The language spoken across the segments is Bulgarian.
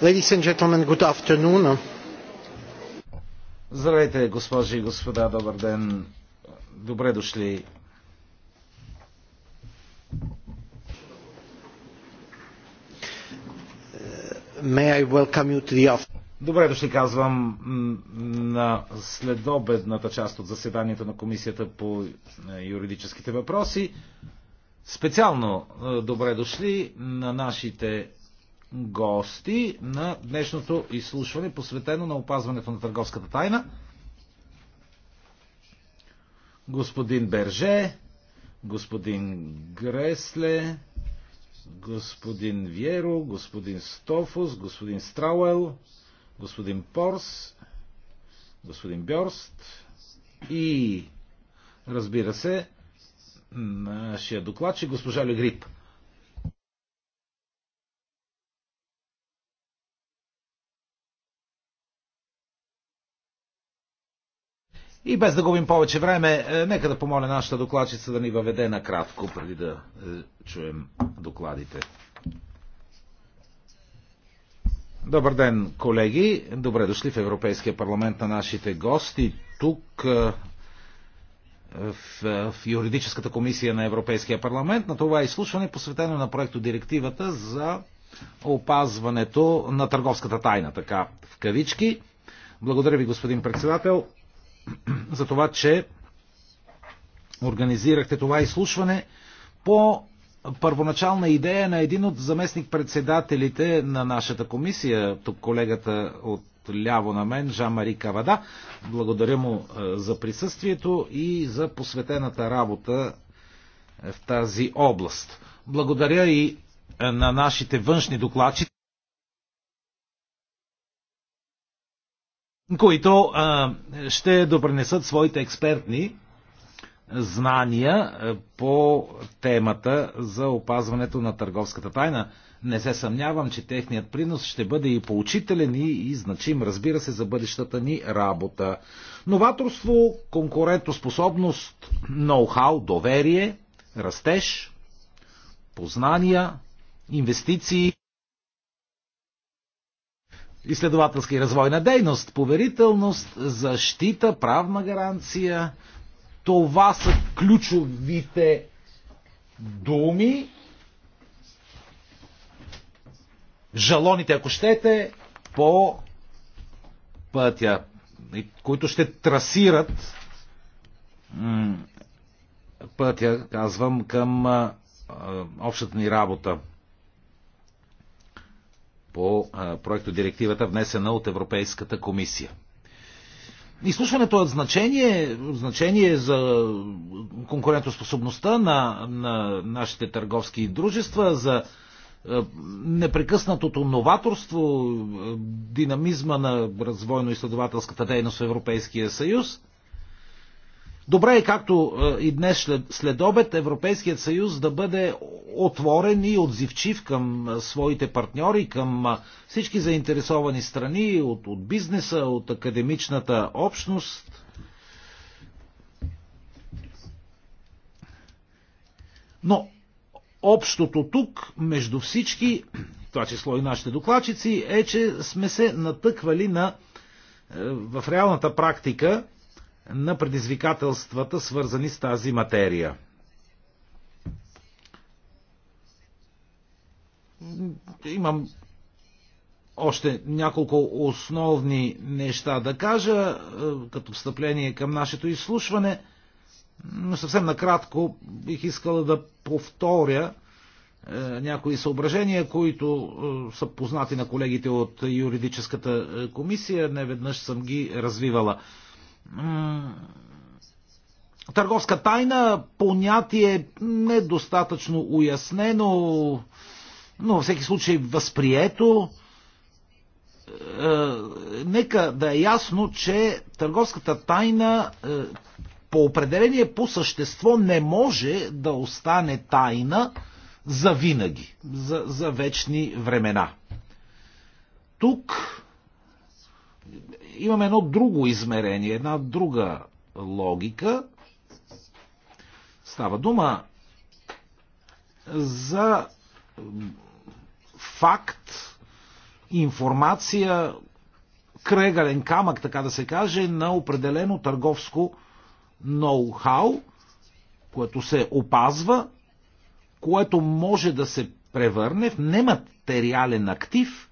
Ladies and gentlemen, good afternoon. Здравейте, госпожи и господа, добър ден. Добре дошли. May I welcome you to the office? Добре дошли, казвам, на следобедната част от заседанието на Комисията по е, юридическите въпроси. Специално е, добре дошли на нашите гости на днешното изслушване, посветено на опазването на търговската тайна. Господин Берже, господин Гресле, господин Веро, господин Стофус, господин Страуел, господин Порс, господин Бьорст и, разбира се, нашия докладчик, госпожа Легрип. И без да губим повече време, е, нека да помоля нашата докладчица да ни въведе накратко, преди да е, чуем докладите. Добър ден, колеги! Добре дошли в Европейския парламент на нашите гости. Тук е, в, в юридическата комисия на Европейския парламент на това изслушване, посветено на проекто директивата за опазването на търговската тайна, така в кавички. Благодаря ви, господин председател за това, че организирахте това изслушване по първоначална идея на един от заместник-председателите на нашата комисия, тук колегата от ляво на мен, Жан-Мари Кавада. Благодаря му е, за присъствието и за посветената работа е, в тази област. Благодаря и е, на нашите външни докладчици. които а, ще допринесат своите експертни знания по темата за опазването на търговската тайна. Не се съмнявам, че техният принос ще бъде и поучителен и, и значим, разбира се, за бъдещата ни работа. Новаторство, конкурентоспособност, ноу-хау, доверие, растеж, познания, инвестиции, изследователска и развойна дейност, поверителност, защита, правна гаранция. Това са ключовите думи, жалоните, ако щете, по пътя, които ще трасират пътя, казвам, към общата ни работа по проекто директивата, внесена от Европейската комисия. Изслушването е значение, значение за конкурентоспособността на, на нашите търговски дружества, за непрекъснатото новаторство, динамизма на развойно-изследователската дейност в Европейския съюз. Добре е както е, и днес след, обед Европейският съюз да бъде отворен и отзивчив към е, своите партньори, към е, всички заинтересовани страни, от, от бизнеса, от академичната общност. Но общото тук, между всички, това число и нашите докладчици, е, че сме се натъквали на в реалната практика на предизвикателствата, свързани с тази материя. Имам още няколко основни неща да кажа, е, като встъпление към нашето изслушване, но съвсем накратко бих искала да повторя е, някои съображения, които е, са познати на колегите от юридическата комисия, не веднъж съм ги развивала търговска тайна понятие недостатъчно уяснено, но във всеки случай възприето. Е, нека да е ясно, че търговската тайна е, по определение по същество не може да остане тайна за винаги, за, за вечни времена. Тук имаме едно друго измерение, една друга логика. Става дума за факт, информация, крегален камък, така да се каже, на определено търговско ноу-хау, което се опазва, което може да се превърне в нематериален актив,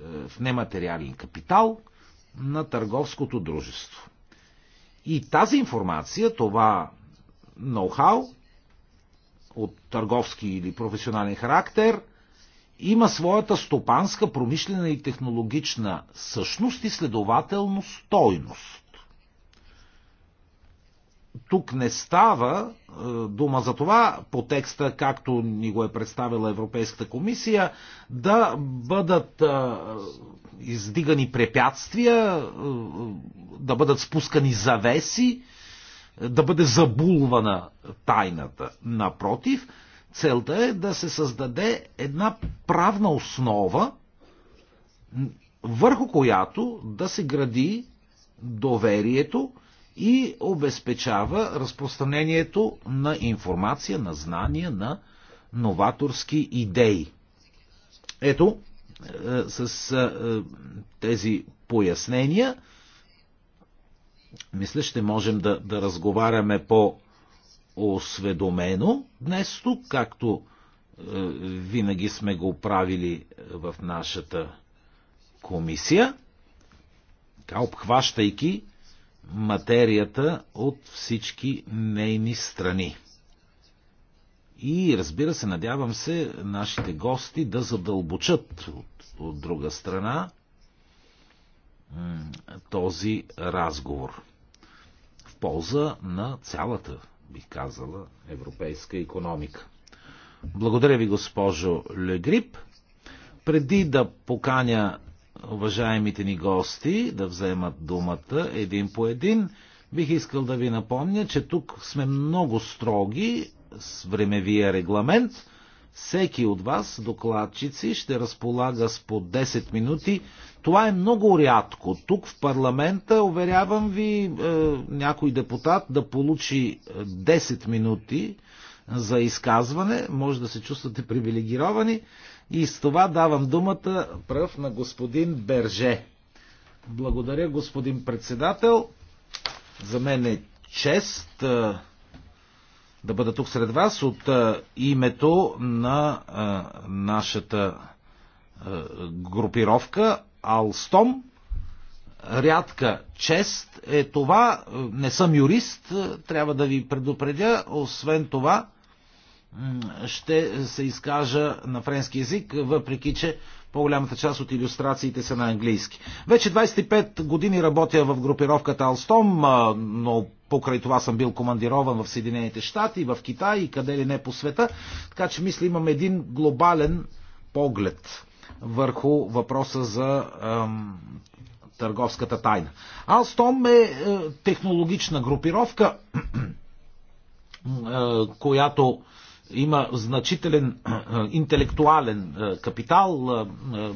е, в нематериален капитал – на търговското дружество. И тази информация, това ноу-хау от търговски или професионален характер, има своята стопанска, промишлена и технологична същност и следователно стойност. Тук не става е, дума за това по текста, както ни го е представила Европейската комисия, да бъдат е, издигани препятствия, е, да бъдат спускани завеси, да бъде забулвана тайната. Напротив, целта е да се създаде една правна основа, върху която да се гради доверието и обезпечава разпространението на информация, на знания, на новаторски идеи. Ето, е, с а, е, тези пояснения, мисля, ще можем да, да разговаряме по-осведомено днес тук, както а, е, винаги сме го правили в нашата комисия, така обхващайки материята от всички нейни страни. И разбира се, надявам се нашите гости да задълбочат от, от друга страна този разговор в полза на цялата, бих казала, европейска економика. Благодаря ви, госпожо Легрип. Преди да поканя уважаемите ни гости да вземат думата един по един, бих искал да ви напомня, че тук сме много строги с времевия регламент. Всеки от вас, докладчици, ще разполага с по 10 минути. Това е много рядко. Тук в парламента, уверявам ви, е, някой депутат да получи 10 минути за изказване, може да се чувствате привилегировани. И с това давам думата пръв на господин Берже. Благодаря, господин председател. За мен е чест е, да бъда тук сред вас от името на нашата групировка Алстом. Рядка чест е това. Не съм юрист, трябва да ви предупредя. Освен това, ще се изкажа на френски язик, въпреки че по-голямата част от иллюстрациите са на английски. Вече 25 години работя в групировката Алстом, но Покрай това съм бил командирован в Съединените щати, в Китай и къде ли не по света. Така че мисля, имам един глобален поглед върху въпроса за ем, търговската тайна. Алстом е, е технологична групировка, е, която има значителен е, интелектуален е, капитал. Е, е,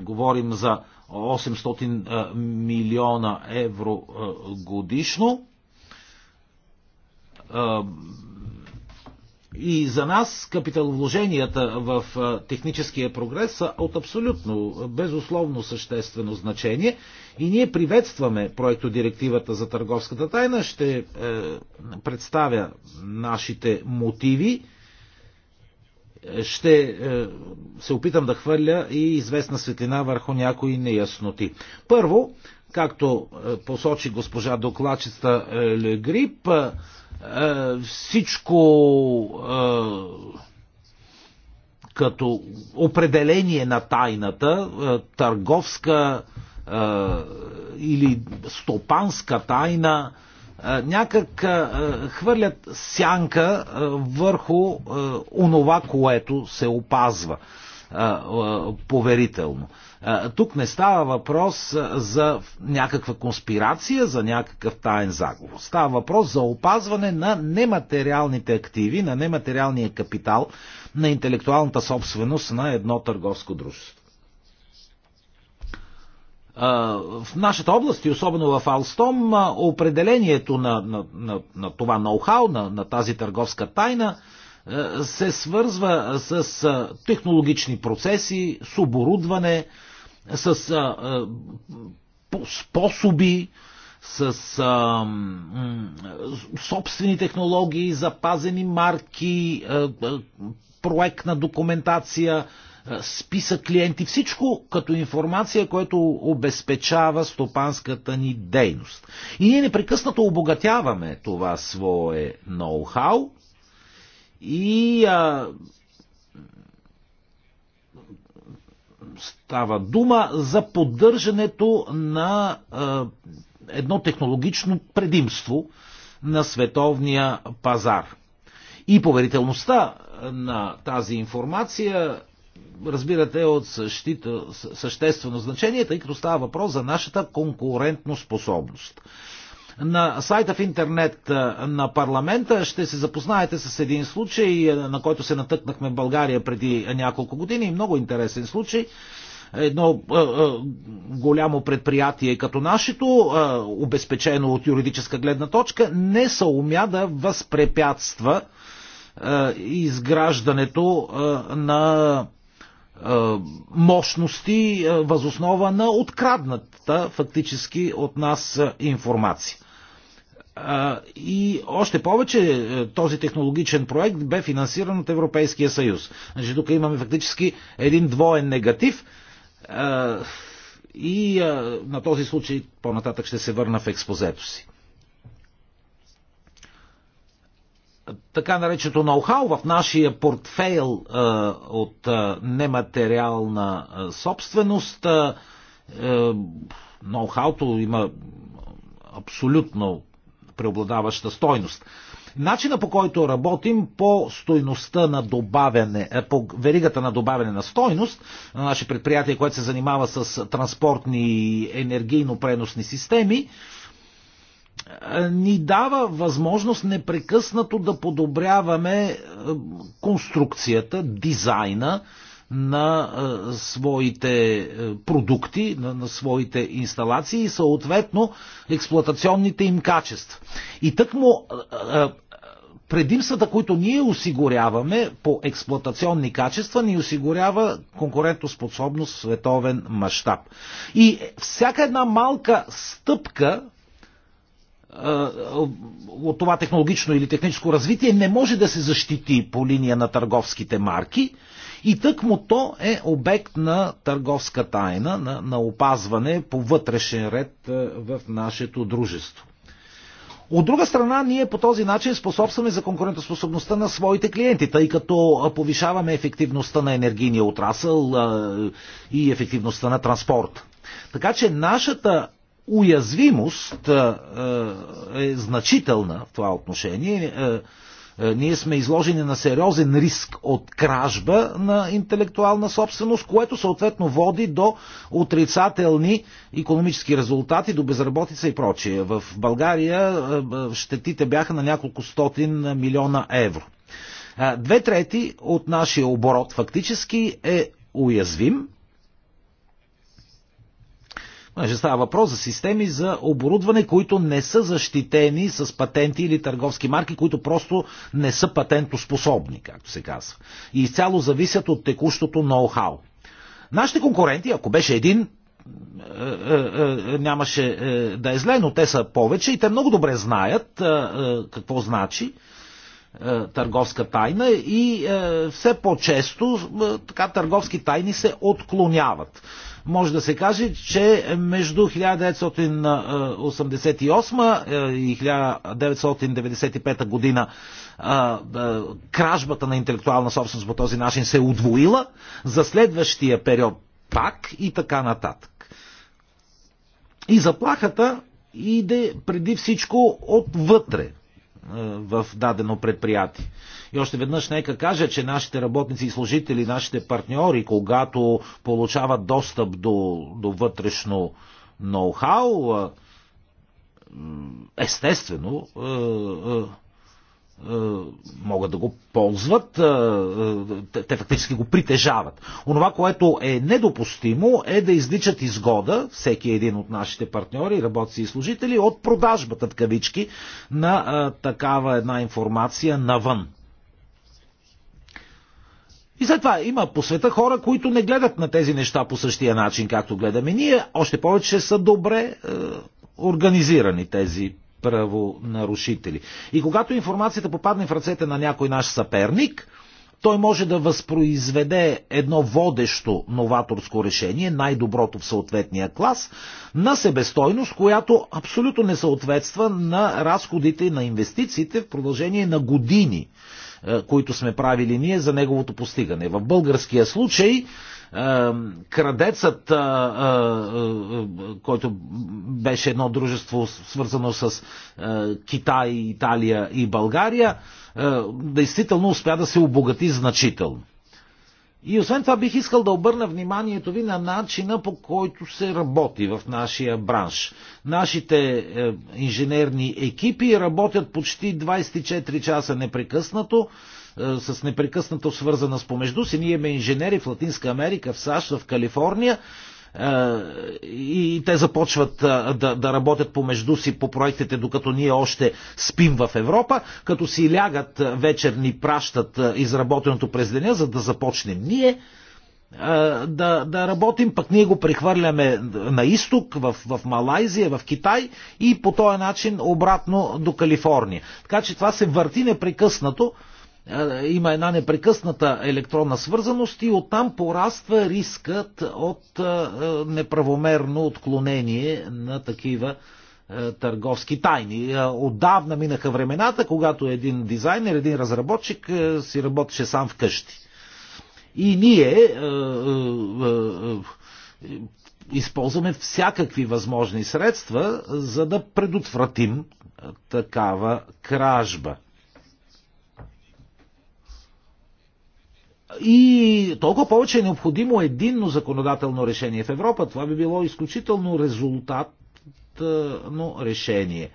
говорим за 800 милиона евро годишно. И за нас капиталовложенията в техническия прогрес са от абсолютно безусловно съществено значение и ние приветстваме проекто директивата за търговската тайна. Ще е, представя нашите мотиви ще е, се опитам да хвърля и известна светлина върху някои неясноти. Първо, както е, посочи госпожа докладчица е, Легрип, всичко като определение на тайната, търговска или стопанска тайна, някак хвърлят сянка върху онова, което се опазва поверително. Тук не става въпрос за някаква конспирация, за някакъв таен заговор. Става въпрос за опазване на нематериалните активи, на нематериалния капитал, на интелектуалната собственост на едно търговско дружество в нашата област и особено в Алстом определението на, на, на, на това ноу-хау, на, на тази търговска тайна се свързва с технологични процеси, с оборудване, с способи, с а, собствени технологии, запазени марки, проектна документация, е, списък клиенти, всичко като информация, което обезпечава стопанската ни дейност. И ние непрекъснато обогатяваме това свое ноу-хау и а, става дума за поддържането на а, едно технологично предимство на световния пазар. И поверителността на тази информация разбирате, е от същита, съществено значение, тъй като става въпрос за нашата конкурентно способност. На сайта в интернет на парламента ще се запознаете с един случай, на който се натъкнахме в България преди няколко години. Много интересен случай. Едно е, е, голямо предприятие като нашето, е, обезпечено от юридическа гледна точка, не съумя да възпрепятства изграждането на мощности възоснова на открадната фактически от нас информация. И още повече е, този технологичен проект бе финансиран от Европейския съюз. Значи тук имаме фактически един двоен негатив и на този случай по-нататък ще се върна в експозето си. така наречето ноу-хау в нашия портфейл а, от а, нематериална а, собственост. а, е, ноу-хауто има абсолютно преобладаваща стойност. Начина по който работим по стойността на добавяне, е, по веригата на добавяне на стойност на наше предприятие, което се занимава с транспортни и енергийно-преносни системи, е, ни дава възможност непрекъснато да подобряваме е, конструкцията, дизайна на е, своите продукти, на, своите инсталации и съответно експлуатационните им качества. И тъкмо предимствата, които ние осигуряваме по експлуатационни качества, ни осигурява конкурентоспособност в световен мащаб. И всяка една малка стъпка от това технологично или техническо развитие не може да се защити по линия на търговските марки и тъкмо то е обект на търговска тайна, на, на опазване по вътрешен ред в нашето дружество. От друга страна, ние по този начин способстваме за конкурентоспособността на своите клиенти, тъй като повишаваме ефективността на енергийния отрасъл и ефективността на транспорт. Така че нашата уязвимост е значителна в това отношение. Ние сме изложени на сериозен риск от кражба на интелектуална собственост, което съответно води до отрицателни економически резултати, до безработица и прочие. В България щетите бяха на няколко стотин милиона евро. Две трети от нашия оборот фактически е уязвим Понеже значи става въпрос за системи за оборудване, които не са защитени с патенти или търговски марки, които просто не са патентоспособни, както се казва. И изцяло зависят от текущото ноу-хау. Нашите конкуренти, ако беше един, е, е, е, нямаше да е зле, но те са повече и те много добре знаят какво значи търговска тайна и все по-често така търговски тайни се отклоняват може да се каже, че между 1988 и 1995 е, година е, е, кражбата на интелектуална собственост по този начин се е удвоила за следващия период пак и така нататък. И заплахата иде преди всичко отвътре в дадено предприятие. И още веднъж нека кажа, че нашите работници и служители, нашите партньори, когато получават достъп до, до вътрешно ноу-хау, естествено, могат да го ползват, те фактически го притежават. Онова, което е недопустимо, е да изличат изгода, всеки един от нашите партньори, работци и служители, от продажбата, в кавички, на такава една информация навън. И след това има по света хора, които не гледат на тези неща по същия начин, както гледаме ние. Още повече са добре е, организирани тези правонарушители. И когато информацията попадне в ръцете на някой наш съперник, той може да възпроизведе едно водещо новаторско решение, най-доброто в съответния клас, на себестойност, която абсолютно не съответства на разходите и на инвестициите в продължение на години които сме правили ние за неговото постигане. В българския случай крадецът, който беше едно дружество свързано с Китай, Италия и България, действително успя да се обогати значително. И освен това бих искал да обърна вниманието ви на начина по който се работи в нашия бранш. Нашите е, инженерни екипи работят почти 24 часа непрекъснато, е, с непрекъснато свързана с помежду си. Ние имаме инженери в Латинска Америка, в САЩ, в Калифорния е, и те започват е, да, да работят помежду си по проектите, докато ние още спим в Европа, като си лягат е, вечер ни пращат изработеното през деня, за да започнем ние да, да работим, пък ние го прехвърляме на изток, в, в Малайзия, в Китай и по този начин обратно до Калифорния. Така че това се върти непрекъснато има една непрекъсната електронна свързаност и оттам пораства рискът от неправомерно отклонение на такива търговски тайни. Отдавна минаха времената, когато един дизайнер, един разработчик си работеше сам вкъщи. И ние използваме всякакви възможни средства, за да предотвратим такава кражба. И толкова повече е необходимо единно законодателно решение в Европа. Това би било изключително резултатно решение.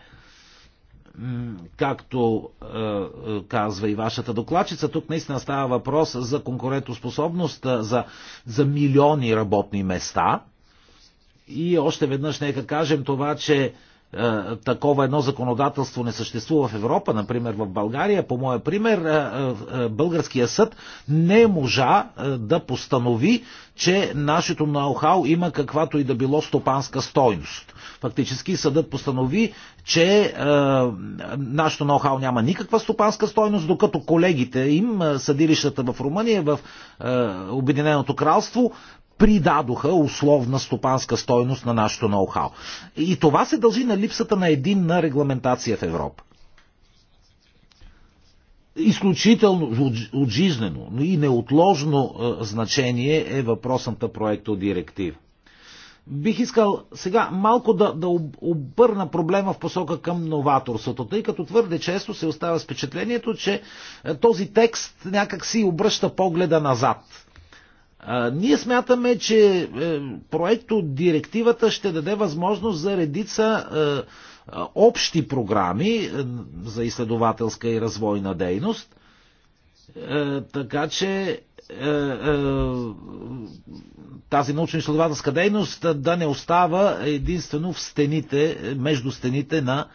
Както е, е, казва и вашата докладчица, тук наистина става въпрос за конкурентоспособност, е, за, за милиони работни места. И още веднъж нека кажем това, че е, такова едно законодателство не съществува в Европа, например в България, по моя пример, е, е, българския съд не можа да постанови, че нашето ноу-хау има каквато и да било стопанска стойност. Фактически съдът постанови, че нашето ноу-хау няма никаква стопанска стойност, докато колегите им, съдилищата в Румъния, в Обединеното кралство, придадоха условна стопанска стойност на нашето ноу-хау. И това се дължи на липсата на единна регламентация в Европа. Изключително отжизнено, и неотложно значение е въпросната проекто директива. Бих искал сега малко да, да обърна проблема в посока към новаторството, тъй като твърде често се остава с впечатлението, че този текст някак си обръща погледа назад ние смятаме, че е, проекто директивата ще даде възможност за редица е, е, общи програми за изследователска и развойна дейност, така че тази научно-изследователска дейност да не остава единствено в стените, между стените на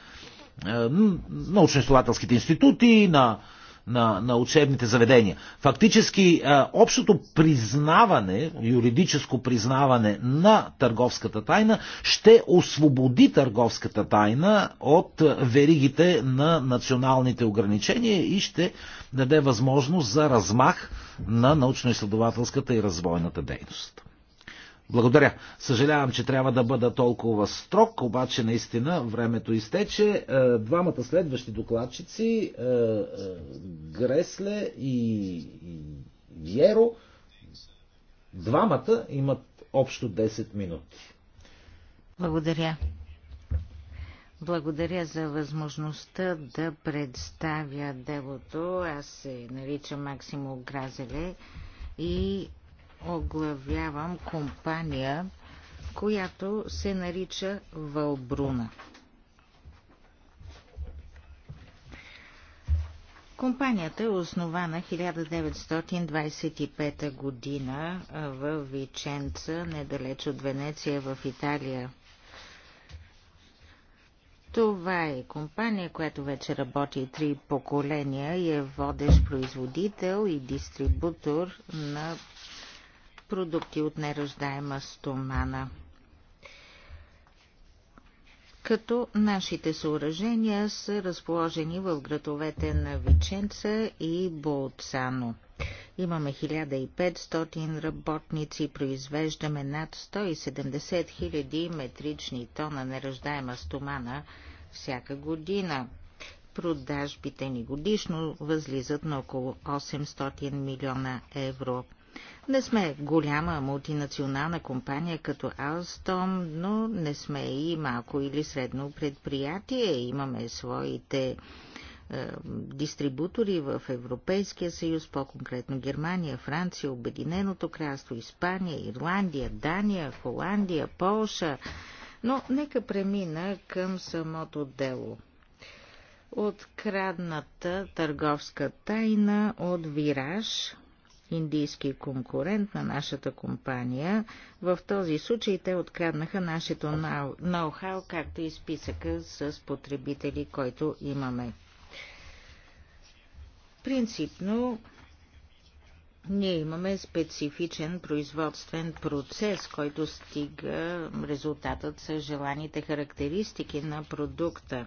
научно-изследователските институти, на на, на учебните заведения. Фактически е, общото признаване, юридическо признаване на търговската тайна ще освободи търговската тайна от е, веригите на националните ограничения и ще даде възможност за размах на научно-изследователската и развойната дейност. Благодаря. Съжалявам, че трябва да бъда толкова строг, обаче наистина времето изтече. Е, двамата следващи докладчици, е, е, Гресле и Вьеро, двамата имат общо 10 минути. Благодаря. Благодаря за възможността да представя делото. Аз се наричам Максимо Гразеле и оглавявам компания, която се нарича Вълбруна. Компанията е основана 1925 година в Виченца, недалеч от Венеция в Италия. Това е компания, която вече работи три поколения и е водещ производител и дистрибутор на продукти от нерождаема стомана. Като нашите съоръжения са разположени в градовете на Виченца и Болцано. Имаме 1500 работници, произвеждаме над 170 000 метрични тона неръждаема стомана всяка година. Продажбите ни годишно възлизат на около 800 милиона евро. Не сме голяма мултинационална компания като Alstom, но не сме и малко или средно предприятие. Имаме своите е, дистрибутори в Европейския съюз, по-конкретно Германия, Франция, Обединеното кралство, Испания, Ирландия, Дания, Холандия, Полша. Но нека премина към самото дело. Открадната търговска тайна от Вираж – индийски конкурент на нашата компания. В този случай те откраднаха нашето ноу-хау, както и списъка с потребители, който имаме. Принципно ние имаме специфичен производствен процес, който стига резултатът с желаните характеристики на продукта.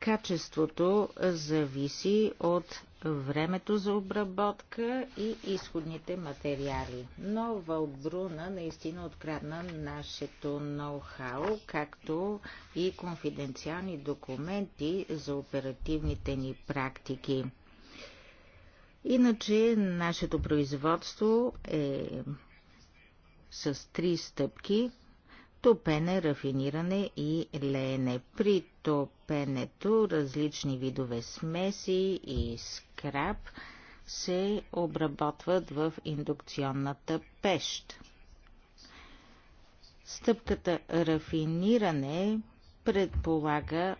Качеството зависи от времето за обработка и изходните материали. Но Валбруна наистина открадна нашето ноу-хау, както и конфиденциални документи за оперативните ни практики. Иначе нашето производство е с три стъпки – топене, рафиниране и леене. При топенето различни видове смеси и скраб се обработват в индукционната пещ. Стъпката рафиниране предполага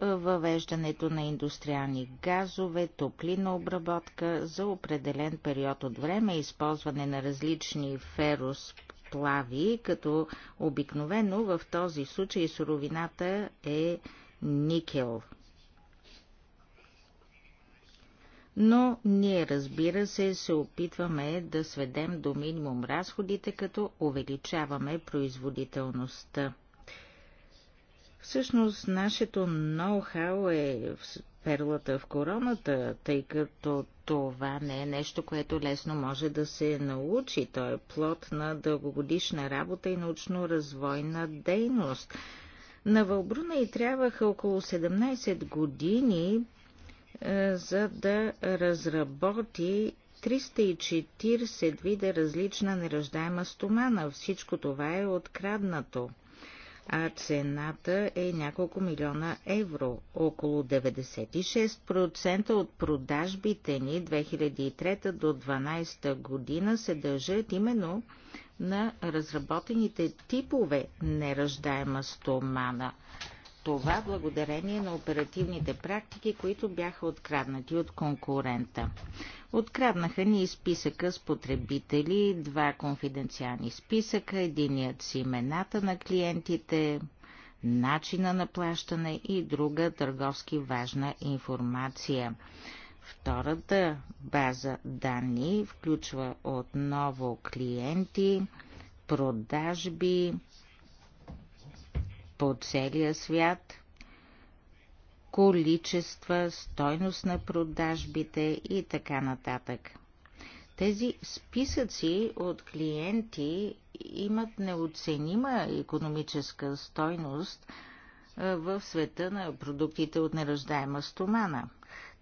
въвеждането на индустриални газове, топлина обработка за определен период от време, използване на различни феросплави, като обикновено в този случай суровината е никел. Но ние, разбира се, се опитваме да сведем до минимум разходите, като увеличаваме производителността. Всъщност, нашето ноу-хау е перлата в короната, тъй като това не е нещо, което лесно може да се научи. То е плод на дългогодишна работа и научно-развойна дейност. На Вълбруна и трябваха около 17 години, е, за да разработи 340 вида различна неръждаема стомана. Всичко това е откраднато а цената е няколко милиона евро. Около 96% от продажбите ни 2003 до 2012 година се дължат именно на разработените типове неръждаема стомана. Това благодарение на оперативните практики, които бяха откраднати от конкурента. Откраднаха ни списъка с потребители, два конфиденциални списъка, единият с имената на клиентите, начина на плащане и друга търговски важна информация. Втората база данни включва отново клиенти, продажби, по целия свят, количества, стойност на продажбите и така нататък. Тези списъци от клиенти имат неоценима економическа стойност в света на продуктите от неръждаема стомана,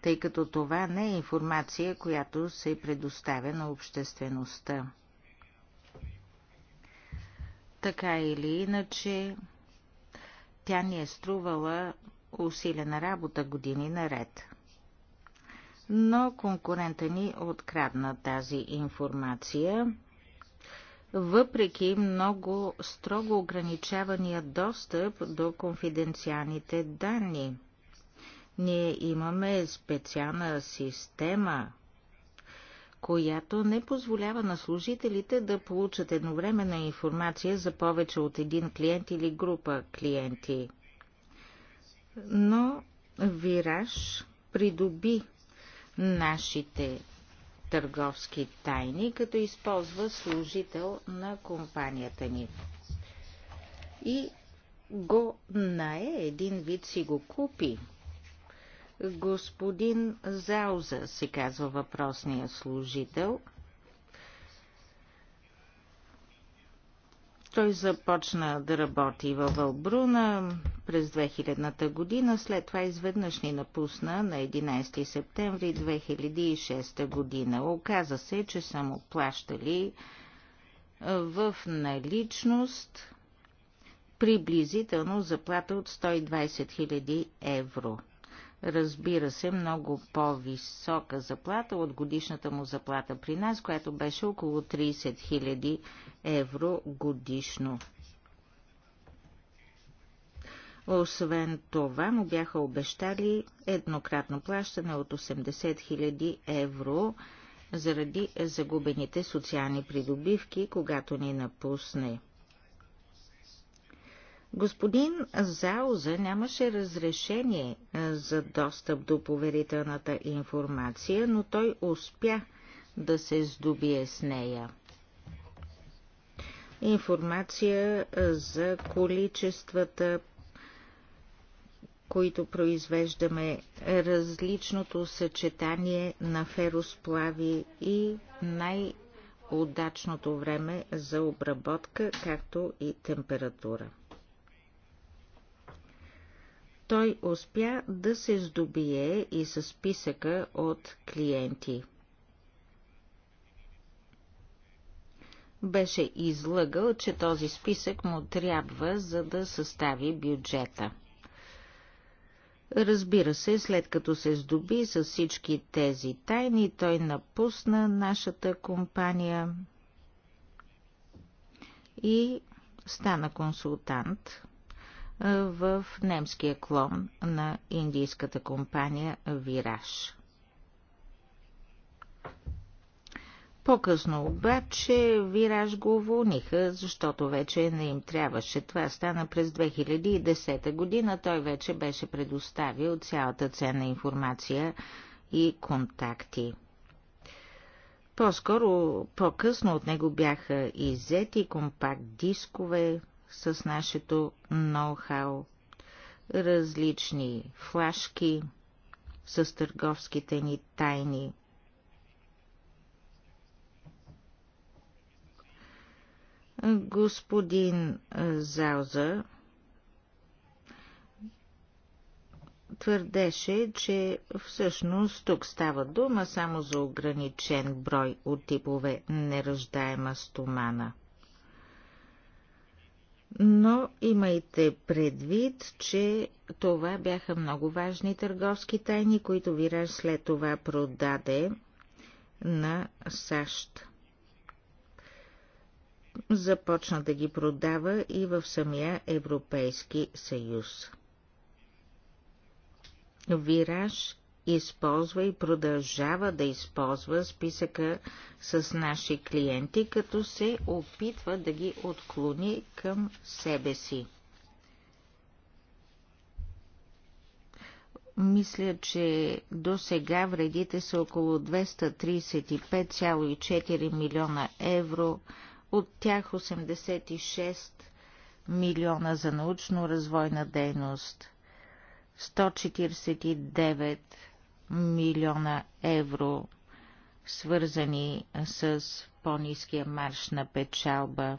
тъй като това не е информация, която се предоставя на обществеността. Така или иначе, тя ни е струвала усилена работа години наред. Но конкурента ни открадна тази информация, въпреки много строго ограничавания достъп до конфиденциалните данни. Ние имаме специална система която не позволява на служителите да получат едновременна информация за повече от един клиент или група клиенти. Но Вираж придоби нашите търговски тайни, като използва служител на компанията ни. И го нае, един вид си го купи Господин Зауза се казва въпросния служител. Той започна да работи във Вълбруна през 2000-та година, след това изведнъж ни напусна на 11 септември 2006 година. Оказа се, че са му плащали в наличност приблизително заплата от 120 000 евро разбира се, много по-висока заплата от годишната му заплата при нас, която беше около 30 000 евро годишно. Освен това му бяха обещали еднократно плащане от 80 000 евро заради загубените социални придобивки, когато ни напусне. Господин Зауза нямаше разрешение за достъп до поверителната информация, но той успя да се здобие с нея. Информация за количествата, които произвеждаме, различното съчетание на феросплави и най-удачното време за обработка, както и температура той успя да се здобие и с списъка от клиенти. Беше излъгал, че този списък му трябва, за да състави бюджета. Разбира се, след като се здоби с всички тези тайни, той напусна нашата компания и стана консултант в немския клон на индийската компания Вираж. По-късно обаче Вираж го уволниха, защото вече не им трябваше. Това стана през 2010 година. Той вече беше предоставил цялата ценна информация и контакти. По-скоро, по-късно от него бяха иззети компакт дискове, с нашето ноу-хау. Различни флашки с търговските ни тайни. Господин Зауза твърдеше, че всъщност тук става дума само за ограничен брой от типове неръждаема стомана но имайте предвид, че това бяха много важни търговски тайни, които Вираж след това продаде на САЩ. Започна да ги продава и в самия Европейски съюз. Вираж използва и продължава да използва списъка с наши клиенти, като се опитва да ги отклони към себе си. Мисля, че до сега вредите са около 235,4 милиона евро, от тях 86 милиона за научно-развойна дейност, 149 милиона евро, свързани с по-низкия марш на печалба.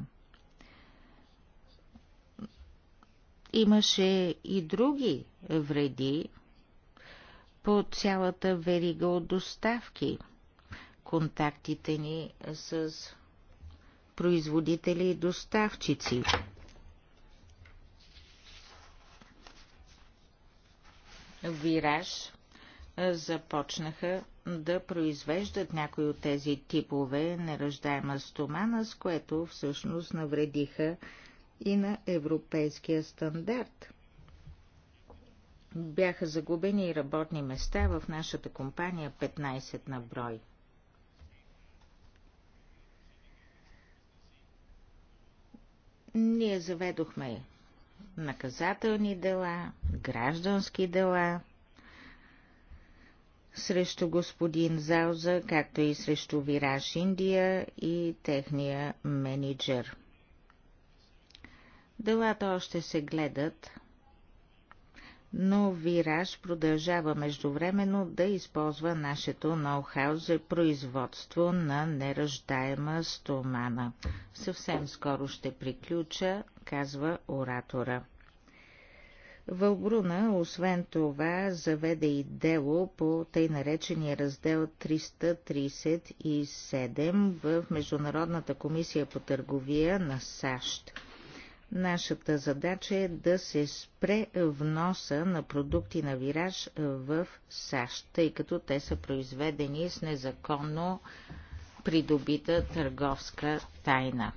Имаше и други вреди по цялата верига от доставки. Контактите ни с производители и доставчици. Вираж започнаха да произвеждат някои от тези типове неръждаема стомана, с което всъщност навредиха и на европейския стандарт. Бяха загубени и работни места в нашата компания 15 на брой. Ние заведохме наказателни дела, граждански дела, срещу господин Зауза, както и срещу Вираж Индия и техния менеджер. Делата още се гледат, но Вираж продължава междувременно да използва нашето ноу-хау за производство на неръждаема стомана. Съвсем скоро ще приключа, казва оратора. Вълбруна, освен това, заведе и дело по тъй наречения раздел 337 в Международната комисия по търговия на САЩ. Нашата задача е да се спре вноса на продукти на вираж в САЩ, тъй като те са произведени с незаконно придобита търговска тайна.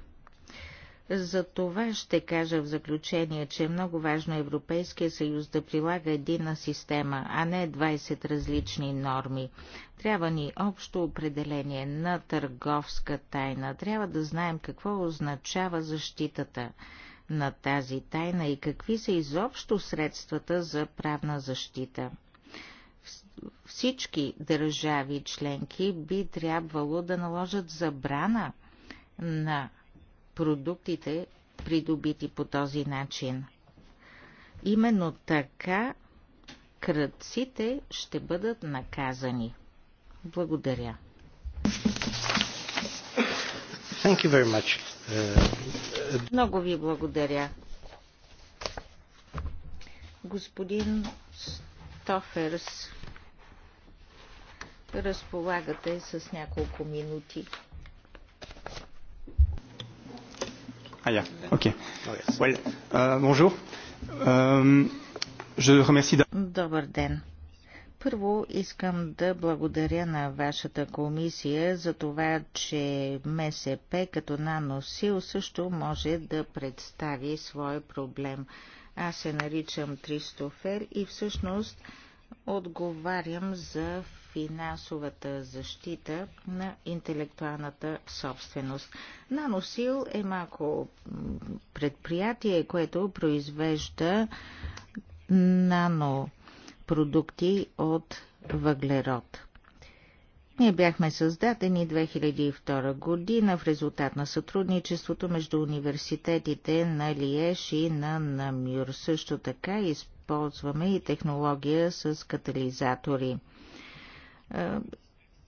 За това ще кажа в заключение, че е много важно Европейския съюз да прилага единна система, а не 20 различни норми. Трябва ни общо определение на търговска тайна. Трябва да знаем какво означава защитата на тази тайна и какви са изобщо средствата за правна защита всички държави членки би трябвало да наложат забрана на продуктите, придобити по този начин. Именно така кръците ще бъдат наказани. Благодаря. Thank you very much. Uh... Много ви благодаря. Господин Стоферс, разполагате с няколко минути. Ah, yeah. okay. Well, uh, bonjour. Uh, je remercie... Добър ден. Първо искам да благодаря на вашата комисия за това, че МСП като наносил също може да представи своя проблем. Аз се наричам Тристофер и всъщност отговарям за финансовата защита на интелектуалната собственост. Наносил е малко предприятие, което произвежда нанопродукти от въглерод. Ние бяхме създадени 2002 година в резултат на сътрудничеството между университетите на Лиеш и на Намюр. Също така използваме и технология с катализатори. Е,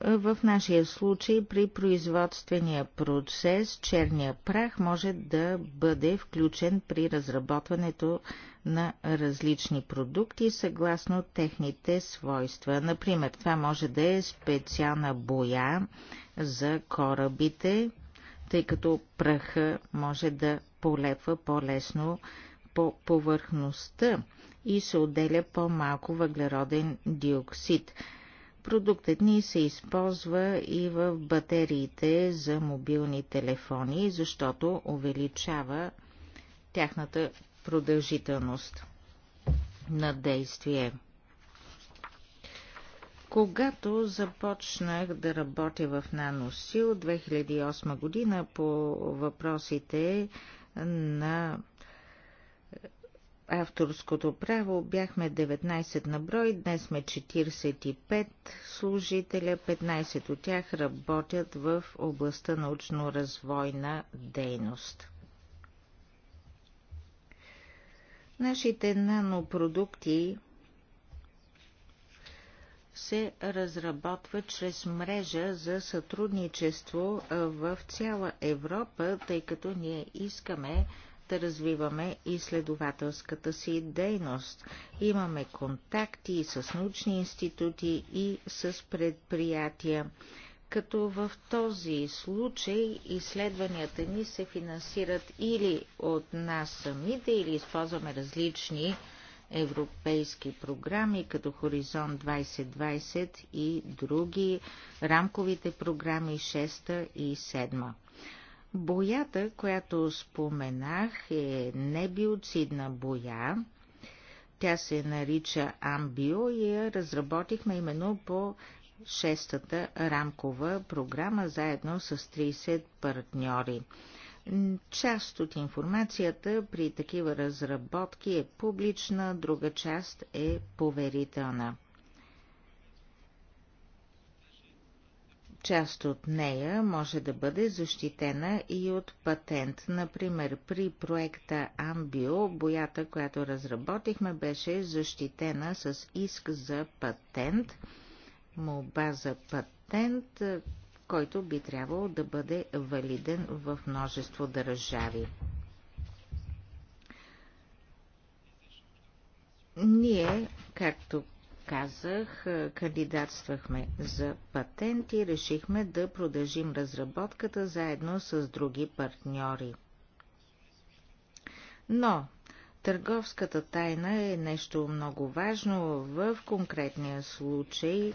в нашия случай при производствения процес черния прах може да бъде включен при разработването на различни продукти съгласно техните свойства. Например, това може да е специална боя за корабите, тъй като праха може да полепва по-лесно по повърхността и се отделя по-малко въглероден диоксид. Продуктът ни се използва и в батериите за мобилни телефони, защото увеличава тяхната продължителност на действие. Когато започнах да работя в Наносил 2008 година по въпросите на авторското право бяхме 19 на брой, днес сме 45 служителя, 15 от тях работят в областта научно-развойна дейност. Нашите нанопродукти се разработват чрез мрежа за сътрудничество в цяла Европа, тъй като ние искаме да развиваме изследователската си дейност. Имаме контакти и с научни институти и с предприятия. Като в този случай изследванията ни се финансират или от нас самите, или използваме различни европейски програми, като Хоризонт 2020 и други, рамковите програми 6 и 7. Боята, която споменах, е небиоцидна боя. Тя се нарича Амбио и я разработихме именно по шестата рамкова програма заедно с 30 партньори. Част от информацията при такива разработки е публична, друга част е поверителна. Част от нея може да бъде защитена и от патент. Например, при проекта Амбио, боята, която разработихме, беше защитена с иск за патент, молба за патент, който би трябвало да бъде валиден в множество държави. Ние, както казах, е, кандидатствахме за патент и решихме да продължим разработката заедно с други партньори. Но търговската тайна е нещо много важно в конкретния случай.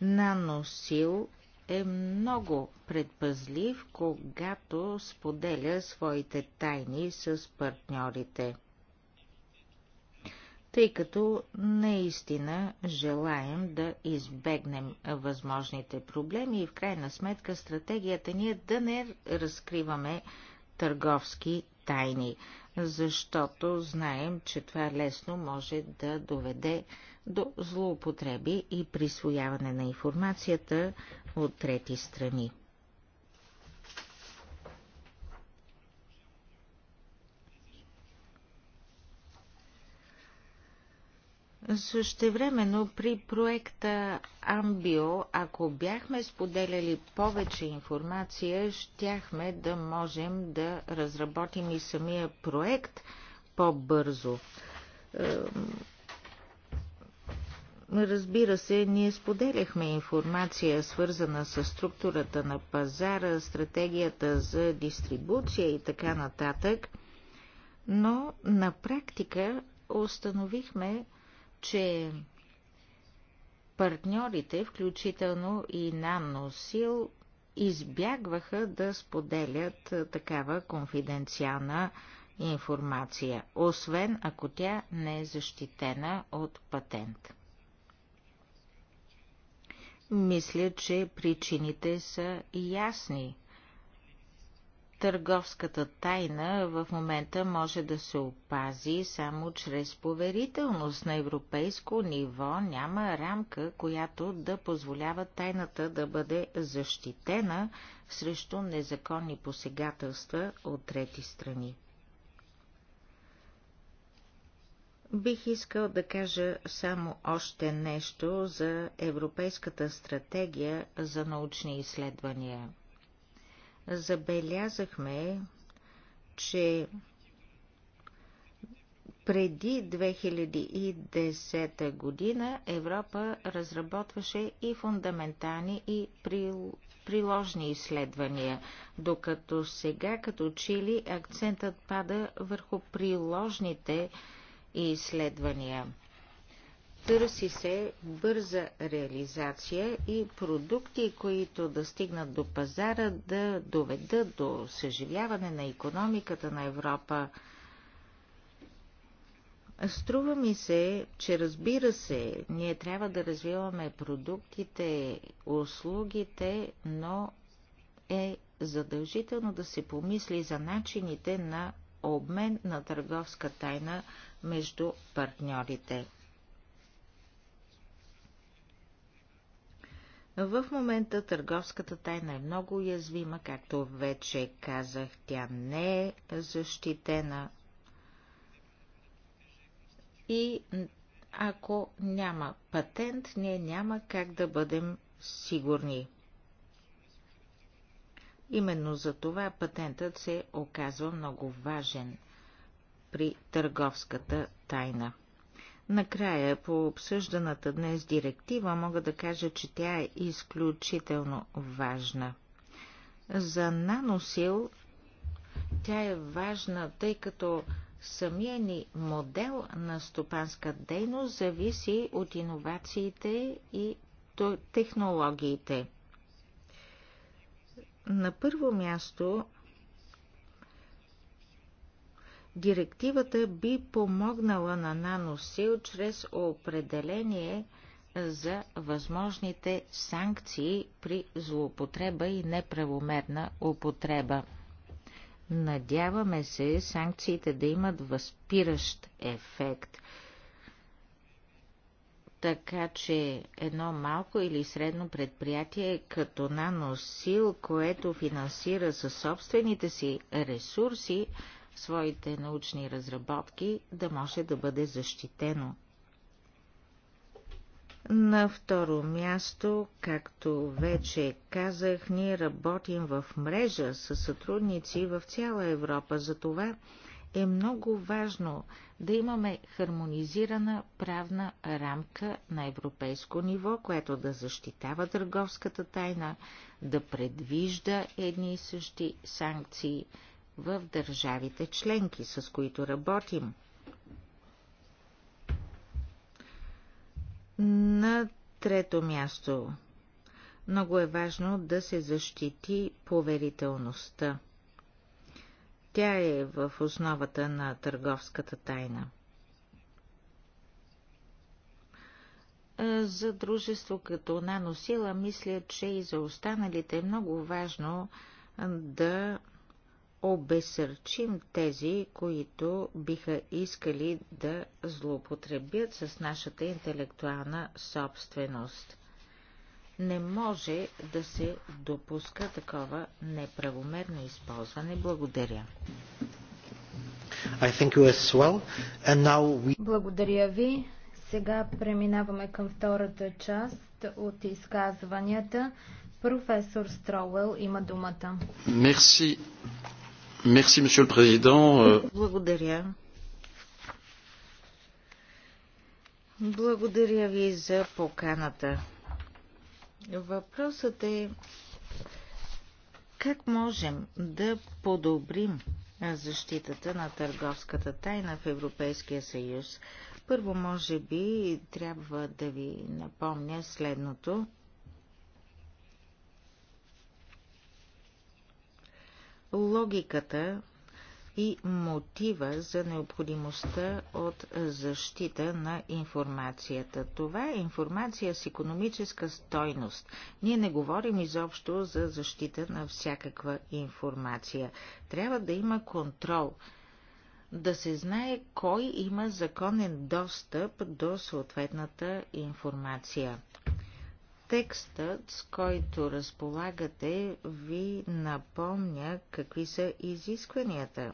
Наносил е много предпазлив, когато споделя своите тайни с партньорите тъй като наистина желаем да избегнем възможните проблеми и в крайна сметка стратегията ни е да не разкриваме търговски тайни, защото знаем, че това лесно може да доведе до злоупотреби и присвояване на информацията от трети страни. Същевременно при проекта Амбио, ако бяхме споделяли повече информация, щяхме да можем да разработим и самия проект по-бързо. Разбира се, ние споделяхме информация, свързана с структурата на пазара, стратегията за дистрибуция и така нататък, но на практика установихме, че партньорите, включително и наносил, избягваха да споделят такава конфиденциална информация, освен ако тя не е защитена от патент. Мисля, че причините са ясни. Търговската тайна в момента може да се опази само чрез поверителност. На европейско ниво няма рамка, която да позволява тайната да бъде защитена срещу незаконни посегателства от трети страни. Бих искал да кажа само още нещо за Европейската стратегия за научни изследвания – забелязахме, че преди 2010 година Европа разработваше и фундаментални и приложни изследвания, докато сега като чили акцентът пада върху приложните изследвания. Търси се бърза реализация и продукти, които да стигнат до пазара, да доведат до съживяване на економиката на Европа. Струва ми се, че разбира се, ние трябва да развиваме продуктите, услугите, но е задължително да се помисли за начините на обмен на търговска тайна между партньорите. В момента търговската тайна е много уязвима, както вече казах, тя не е защитена. И ако няма патент, ние няма как да бъдем сигурни. Именно за това патентът се оказва много важен при търговската тайна. Накрая, по обсъжданата днес директива, мога да кажа, че тя е изключително важна. За наносил тя е важна, тъй като самия ни модел на стопанска дейност зависи от иновациите и технологиите. На първо място Директивата би помогнала на наносил чрез определение за възможните санкции при злоупотреба и неправомерна употреба. Надяваме се санкциите да имат възпиращ ефект, така че едно малко или средно предприятие като наносил, което финансира със собствените си ресурси, своите научни разработки да може да бъде защитено. На второ място, както вече казах, ние работим в мрежа с сътрудници в цяла Европа. Затова е много важно да имаме хармонизирана правна рамка на европейско ниво, което да защитава търговската тайна, да предвижда едни и същи санкции в държавите членки, с които работим. На трето място много е важно да се защити поверителността. Тя е в основата на търговската тайна. За дружество като наносила мисля, че и за останалите е много важно да обесърчим тези, които биха искали да злоупотребят с нашата интелектуална собственост. Не може да се допуска такова неправомерно използване. Благодаря. I thank you as well. And now we... Благодаря ви. Сега преминаваме към втората част от изказванията. Професор Строуел има думата. Мерси. Merci, monsieur le président. Благодаря. Благодаря ви за поканата. Въпросът е как можем да подобрим защитата на търговската тайна в Европейския съюз. Първо, може би, трябва да ви напомня следното. логиката и мотива за необходимостта от защита на информацията. Това е информация с економическа стойност. Ние не говорим изобщо за защита на всякаква информация. Трябва да има контрол, да се знае кой има законен достъп до съответната информация. Текстът, с който разполагате, ви напомня какви са изискванията.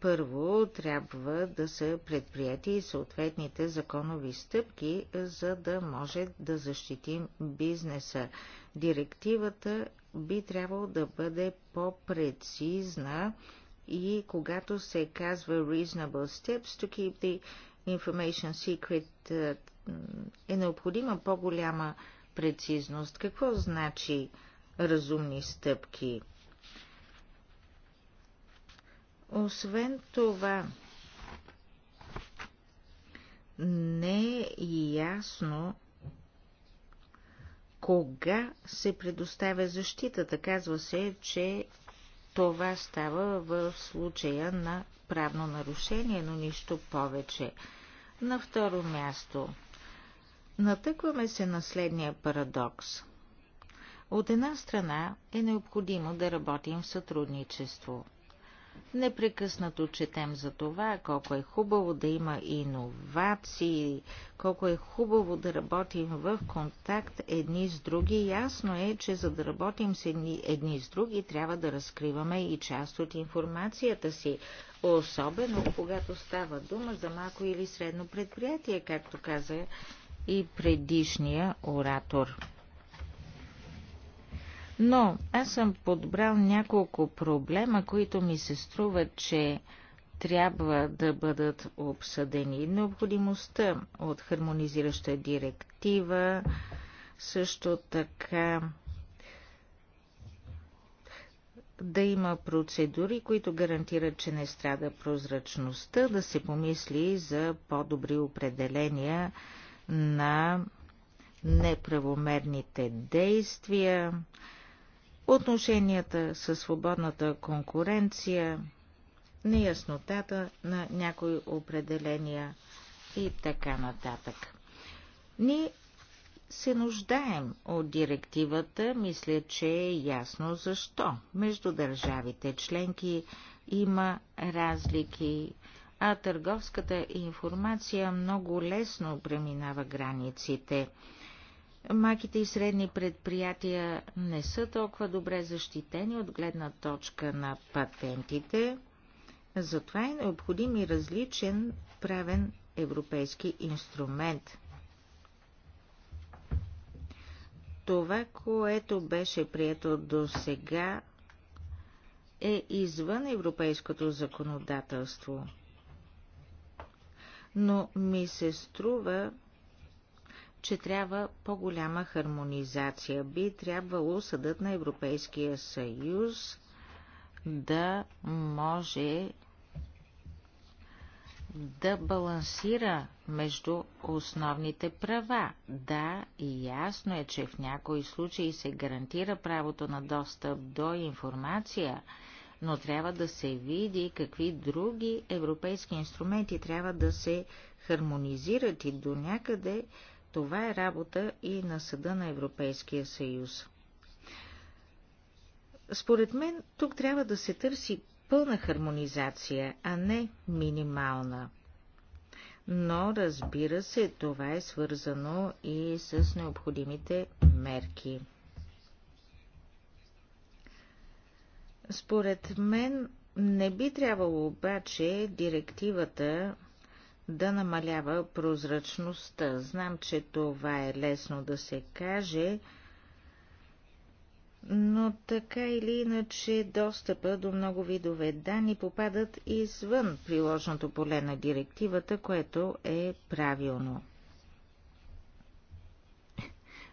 Първо трябва да са предприяти съответните законови стъпки, за да може да защитим бизнеса. Директивата би трябвало да бъде по-прецизна и когато се казва reasonable steps to keep the information secret, е, е необходима по-голяма прецизност. Какво значи разумни стъпки? Освен това, не е ясно кога се предоставя защитата. Казва се, че това става в случая на правно нарушение, но нищо повече. На второ място, Натъкваме се на следния парадокс. От една страна е необходимо да работим в сътрудничество. Непрекъснато четем за това, колко е хубаво да има иновации, колко е хубаво да работим в контакт едни с други. Ясно е, че за да работим с едни, едни с други, трябва да разкриваме и част от информацията си. Особено когато става дума за малко или средно предприятие, както каза и предишния оратор. Но аз съм подбрал няколко проблема, които ми се струват, че трябва да бъдат обсъдени. Необходимостта от хармонизираща директива, също така да има процедури, които гарантират, че не страда прозрачността, да се помисли за по-добри определения на неправомерните действия, отношенията със свободната конкуренция, неяснотата на някои определения и така нататък. Ние се нуждаем от директивата, мисля, че е ясно защо. Между държавите членки има разлики а търговската информация много лесно преминава границите. Маките и средни предприятия не са толкова добре защитени от гледна точка на патентите, затова е необходим и различен правен европейски инструмент. Това, което беше прието до сега, е извън европейското законодателство но ми се струва, че трябва по-голяма хармонизация. Би трябвало съдът на Европейския съюз да може да балансира между основните права. Да, ясно е, че в някои случаи се гарантира правото на достъп до информация, но трябва да се види какви други европейски инструменти трябва да се хармонизират и до някъде това е работа и на Съда на Европейския съюз. Според мен тук трябва да се търси пълна хармонизация, а не минимална. Но, разбира се, това е свързано и с необходимите мерки. Според мен не би трябвало обаче директивата да намалява прозрачността. Знам, че това е лесно да се каже, но така или иначе достъпа до много видове данни попадат извън приложното поле на директивата, което е правилно.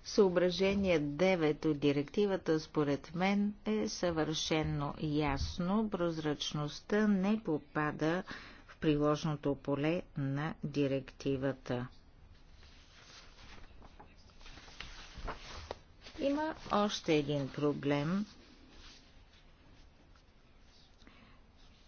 Съображение 9 от директивата според мен е съвършенно ясно. Прозрачността не попада в приложното поле на директивата. Има още един проблем,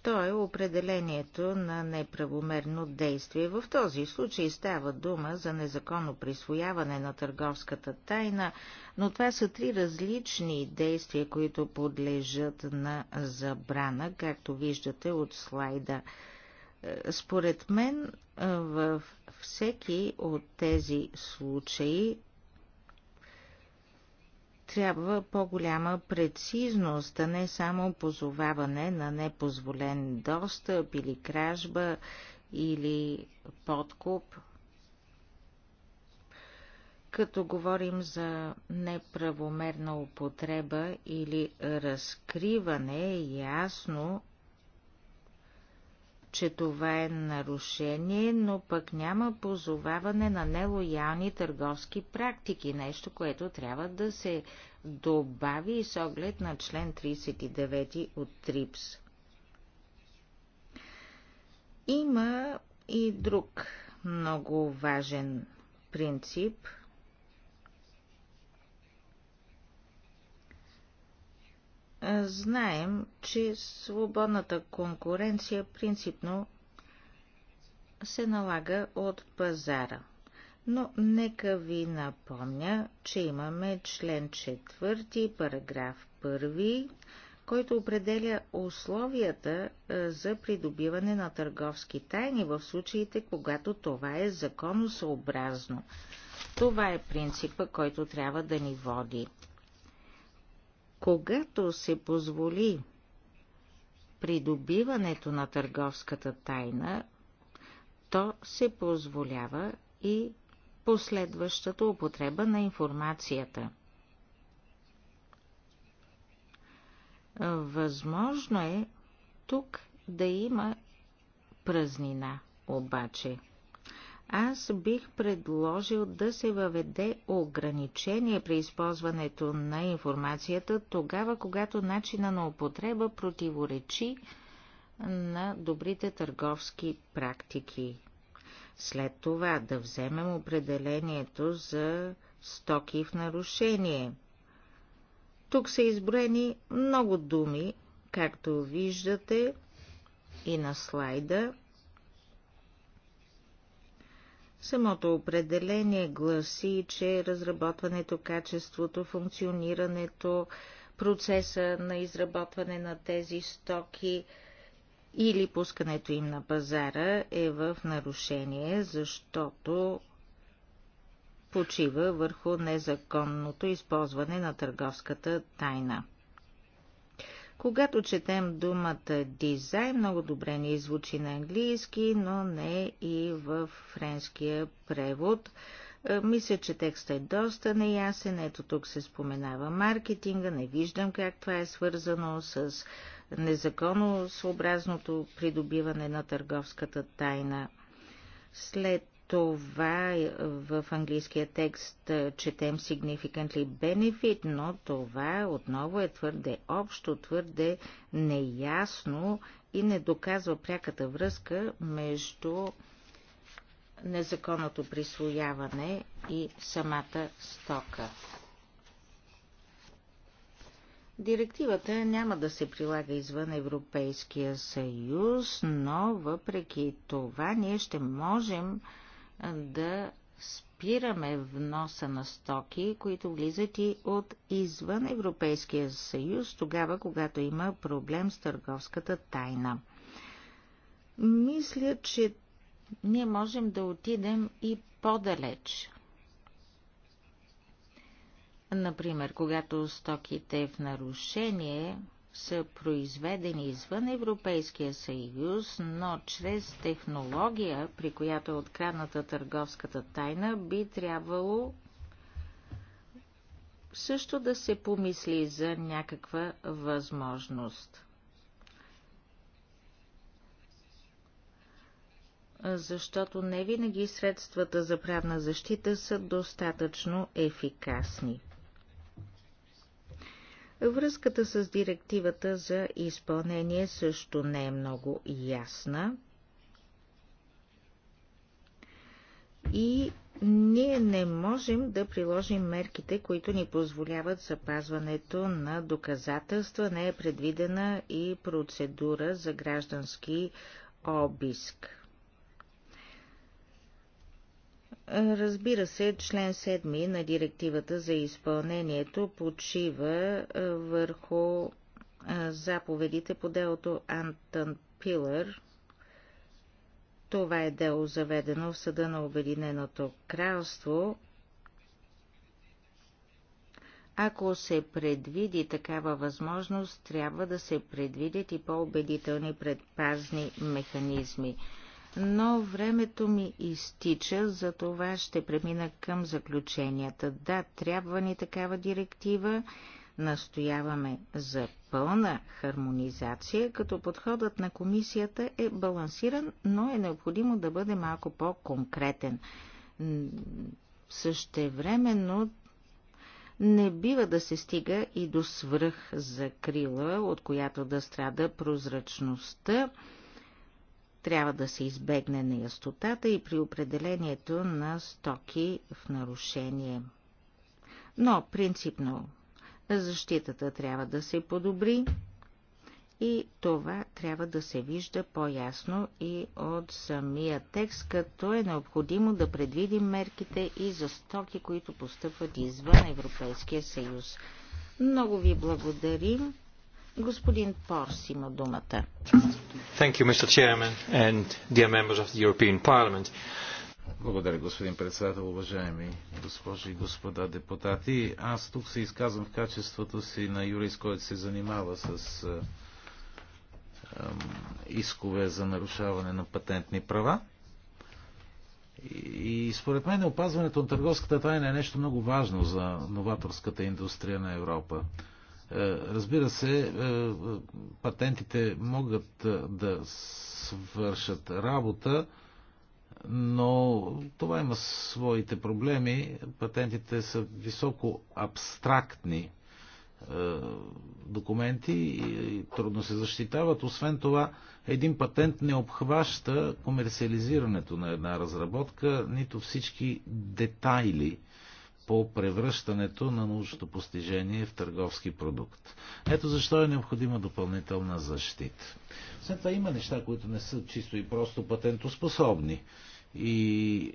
То е определението на неправомерно действие. В този случай става дума за незаконно присвояване на търговската тайна, но това са три различни действия, които подлежат на забрана, както виждате от слайда. Е, според мен е, във всеки от тези случаи трябва по-голяма прецизност, а не само позоваване на непозволен достъп или кражба или подкуп. Като говорим за неправомерна употреба или разкриване, е ясно, че това е нарушение, но пък няма позоваване на нелоялни търговски практики, нещо, което трябва да се добави с оглед на член 39 от ТРИПС. Има и друг много важен принцип – знаем, че свободната конкуренция принципно се налага от пазара. Но нека ви напомня, че имаме член 4, параграф 1, който определя условията е, за придобиване на търговски тайни в случаите, когато това е законосъобразно. Това е принципа, който трябва да ни води. Когато се позволи придобиването на търговската тайна, то се позволява и последващата употреба на информацията. Възможно е тук да има празнина, обаче – аз бих предложил да се въведе ограничение при използването на информацията тогава, когато начина на употреба противоречи на добрите търговски практики. След това да вземем определението за стоки в нарушение. Тук са изброени много думи, както виждате и на слайда – Самото определение гласи, че разработването, качеството, функционирането, процеса на изработване на тези стоки или пускането им на пазара е в нарушение, защото почива върху незаконното използване на търговската тайна. Когато четем думата дизайн, много добре ни звучи на английски, но не и в френския превод. Е, мисля, че текстът е доста неясен. Ето тук се споменава маркетинга. Не виждам как това е свързано с незаконно съобразното придобиване на търговската тайна. След това е, в английския текст е, четем significantly benefit, но това отново е твърде общо, твърде неясно и не доказва пряката връзка между незаконното присвояване и самата стока. Директивата няма да се прилага извън Европейския съюз, но въпреки това ние ще можем да спираме вноса на стоки, които влизат и от извън Европейския съюз, тогава, когато има проблем с търговската тайна. Мисля, че ние можем да отидем и по-далеч. Например, когато стоките е в нарушение са произведени извън Европейския съюз, но чрез технология, при която е открадната търговската тайна, би трябвало също да се помисли за някаква възможност. Защото не винаги средствата за правна защита са достатъчно ефикасни. Връзката с директивата за изпълнение също не е много ясна. И ние не можем да приложим мерките, които ни позволяват запазването на доказателства. Не е предвидена и процедура за граждански обиск. Разбира се, член 7 на директивата за изпълнението почива върху заповедите по делото Антон Пилър. Това е дело заведено в Съда на Обединеното кралство. Ако се предвиди такава възможност, трябва да се предвидят и по-убедителни предпазни механизми но времето ми изтича, за това ще премина към заключенията. Да, трябва ни такава директива, настояваме за пълна хармонизация, като подходът на комисията е балансиран, но е необходимо да бъде малко по-конкретен. Същевременно не бива да се стига и до свръх закрила, от която да страда прозрачността трябва да се избегне неястотата и при определението на стоки в нарушение. Но принципно защитата трябва да се подобри и това трябва да се вижда по-ясно и от самия текст, като е необходимо да предвидим мерките и за стоки, които постъпват извън Европейския съюз. Много ви благодарим. Господин Порс има думата. Thank you, Mr. Chairman and dear members of the European Parliament. Благодаря, господин председател, уважаеми госпожи и господа депутати. Аз тук се изказвам в качеството си на юрист, който се занимава с искове за нарушаване на патентни права. И според мен опазването на търговската тайна е нещо много важно за новаторската индустрия на Европа. Е, разбира се, е, патентите могат е, да свършат работа, но това има своите проблеми. Патентите са високо абстрактни документи и трудно се защитават. Освен това, един патент не обхваща комерциализирането на една разработка, нито всички детайли по превръщането на научното постижение в търговски продукт. Ето защо е необходима допълнителна защита. След това има неща, които не са чисто и просто патентоспособни. И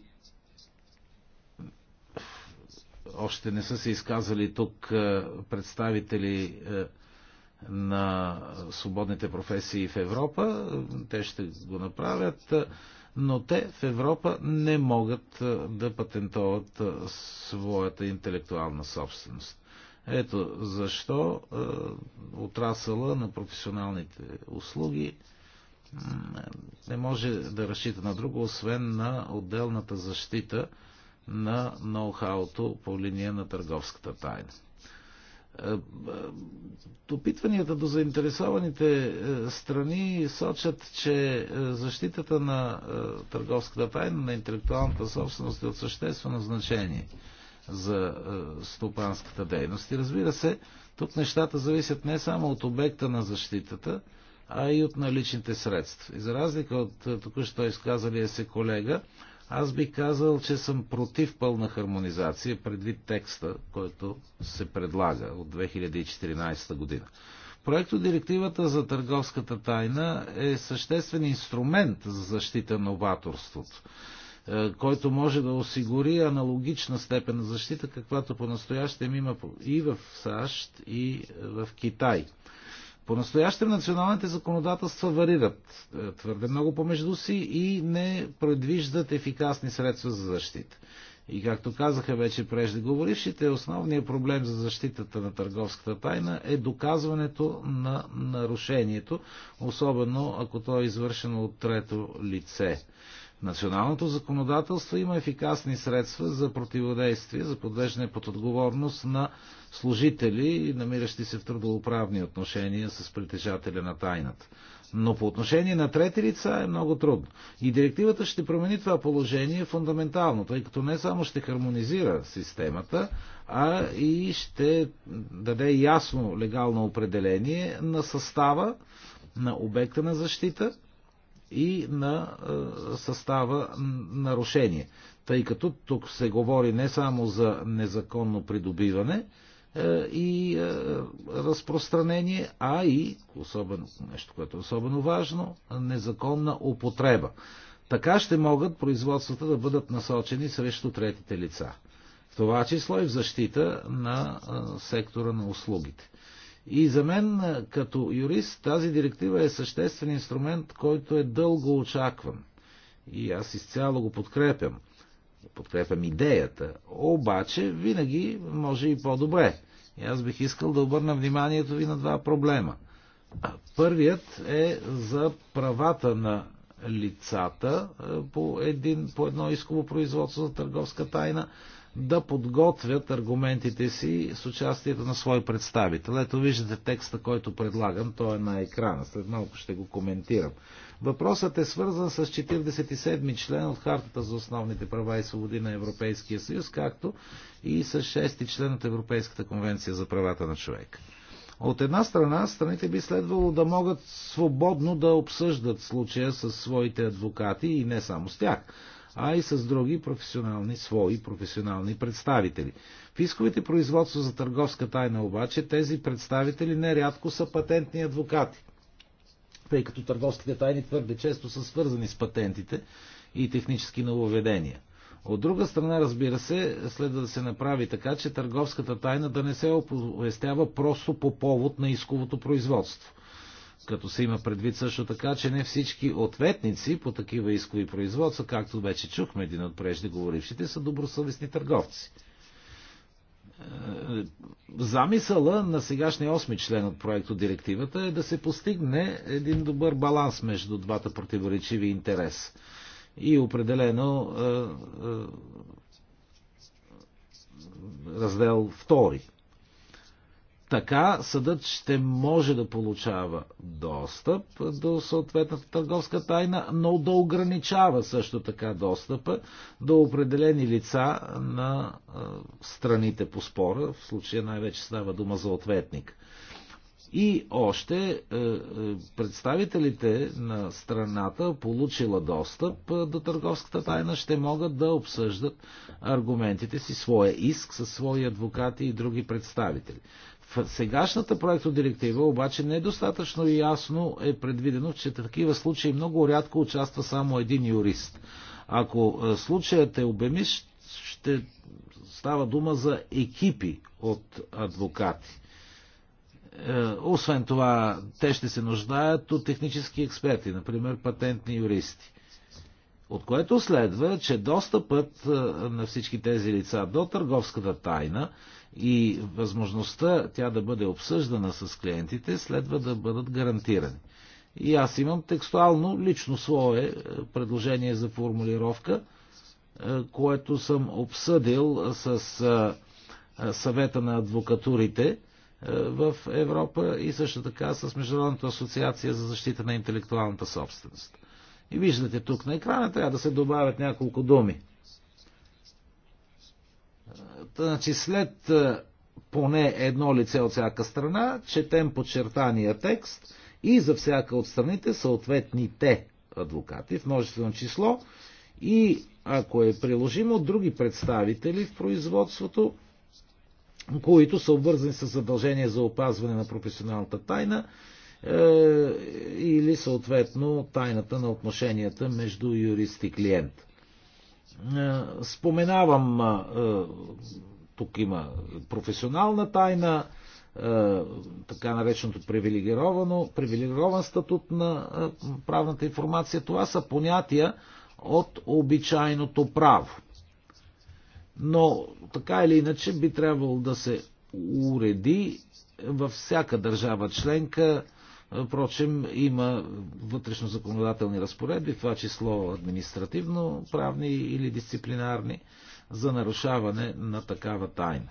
още не са се изказали тук е, представители е, на свободните професии в Европа. Те ще го направят но те в Европа не могат да патентоват своята интелектуална собственост. Ето защо отрасъла на професионалните услуги не може да разчита на друго, освен на отделната защита на ноу-хауто по линия на търговската тайна. Е, е, допитванията до заинтересованите е, страни сочат, че защитата на търговската тайна, на интелектуалната собственост е от съществено значение за стопанската дейност. И разбира се, тук нещата зависят не само от обекта на защитата, а и от наличните средства. И за разлика от току-що изказалия се колега, аз би казал, че съм против пълна хармонизация предвид текста, който се предлага от 2014 година. Проекто директивата за търговската тайна е съществен инструмент за защита на новаторството, е, който може да осигури аналогична степен на защита, каквато по-настоящем има и в САЩ, и е, в Китай – по-настоящем националните законодателства варират е, твърде много помежду си и не предвиждат ефикасни средства за защита. И както казаха вече преждеговорившите, основният проблем за защитата на търговската тайна е доказването на нарушението, особено ако то е извършено от трето лице. Националното законодателство има ефикасни средства за противодействие, за подвеждане под отговорност на служители, намиращи се в трудоуправни отношения с притежателя на тайната. Но по отношение на трети лица е много трудно. И директивата ще промени това положение фундаментално, тъй като не само ще хармонизира системата, а и ще даде ясно легално определение на състава, на обекта на защита – и на е, състава нарушение. Тъй като тук се говори не само за незаконно придобиване е, и е, разпространение, а и, особено, нещо, което е особено важно, незаконна употреба. Така ще могат производствата да бъдат насочени срещу третите лица. В това число и в защита на сектора на услугите. И за мен, като юрист, тази директива е съществен инструмент, който е дълго очакван. И аз изцяло го подкрепям. Подкрепям идеята. Обаче, винаги може и по-добре. И аз бих искал да обърна вниманието ви на два проблема. Първият е за правата на лицата по, един, по едно исково производство за търговска тайна да подготвят аргументите си с участието на свой представител. Ето виждате текста, който предлагам, той е на екрана, след малко ще го коментирам. Въпросът е свързан с 47-ми член от Хартата за основните права и свободи на Европейския съюз, както и с 6-ти член от Европейската конвенция за правата на човека. От една страна, страните би следвало да могат свободно да обсъждат случая с своите адвокати и не само с тях а и с други професионални, свои професионални представители. В исковите производства за търговска тайна обаче тези представители нерядко са патентни адвокати, тъй като търговските тайни твърде често са свързани с патентите и технически нововедения. От друга страна, разбира се, следва да се направи така, че търговската тайна да не се оповестява просто по повод на исковото производство като се има предвид също така, че не всички ответници по такива искови производства, както вече чухме един от преждеговорившите, са добросъвестни търговци. Е, замисъла на сегашния осми член от проекто директивата е да се постигне един добър баланс между двата противоречиви интерес. И определено е, е, раздел втори. Така съдът ще може да получава достъп до съответната търговска тайна, но да ограничава също така достъпа до определени лица на страните по спора, в случая най-вече става дума за ответник. И още е, е, представителите на страната, получила достъп е, до търговската тайна, ще могат да обсъждат аргументите си, своя иск със свои адвокати и други представители. В сегашната директива обаче недостатъчно и ясно е предвидено, че такива случаи много рядко участва само един юрист. Ако е, случаят е обемиш, ще става дума за екипи от адвокати. Е, освен това, те ще се нуждаят от технически експерти, например патентни юристи. От което следва, че достъпът е, на всички тези лица до търговската тайна и възможността тя да бъде обсъждана с клиентите следва да бъдат гарантирани. И аз имам текстуално лично свое е, предложение за формулировка, е, което съм обсъдил с е, съвета на адвокатурите в Европа и също така с Международната асоциация за защита на интелектуалната собственост. И виждате тук на екрана, трябва да се добавят няколко думи – Значи след е, поне едно лице от всяка страна, четем подчертания текст и за всяка от страните съответните адвокати в множествено число и ако е приложимо други представители в производството, които са обвързани с задължение за опазване на професионалната тайна е, или съответно тайната на отношенията между юрист и клиент. Е, споменавам, е, тук има професионална тайна, е, така нареченото привилегировано, привилегирован статут на правната информация. Това са понятия от обичайното право. Но така или иначе би трябвало да се уреди във всяка държава членка Впрочем, има вътрешно законодателни разпоредби, в това число административно, правни или дисциплинарни, за нарушаване на такава тайна.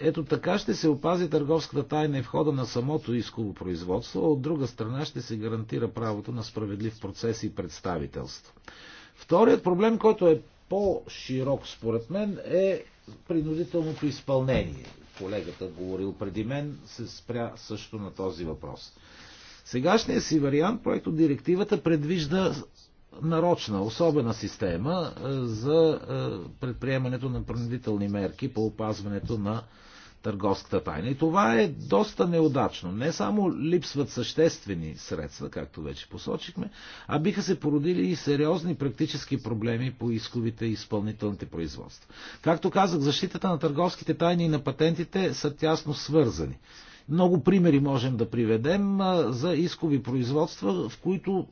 Ето така ще се опази търговската тайна и входа на самото исково производство, а от друга страна ще се гарантира правото на справедлив процес и представителство. Вторият проблем, който е по-широк според мен, е принудителното изпълнение колегата говорил преди мен, се спря също на този въпрос. Сегашният си вариант, проекто директивата предвижда нарочна, особена система е, за е, предприемането на принудителни мерки по опазването на е, търговската тайна. И това е доста неудачно. Не само липсват съществени средства, както вече посочихме, а биха се породили и сериозни практически проблеми по исковите и изпълнителните производства. Както казах, защитата на търговските тайни и на патентите са тясно свързани. Много примери можем да приведем за искови производства, в които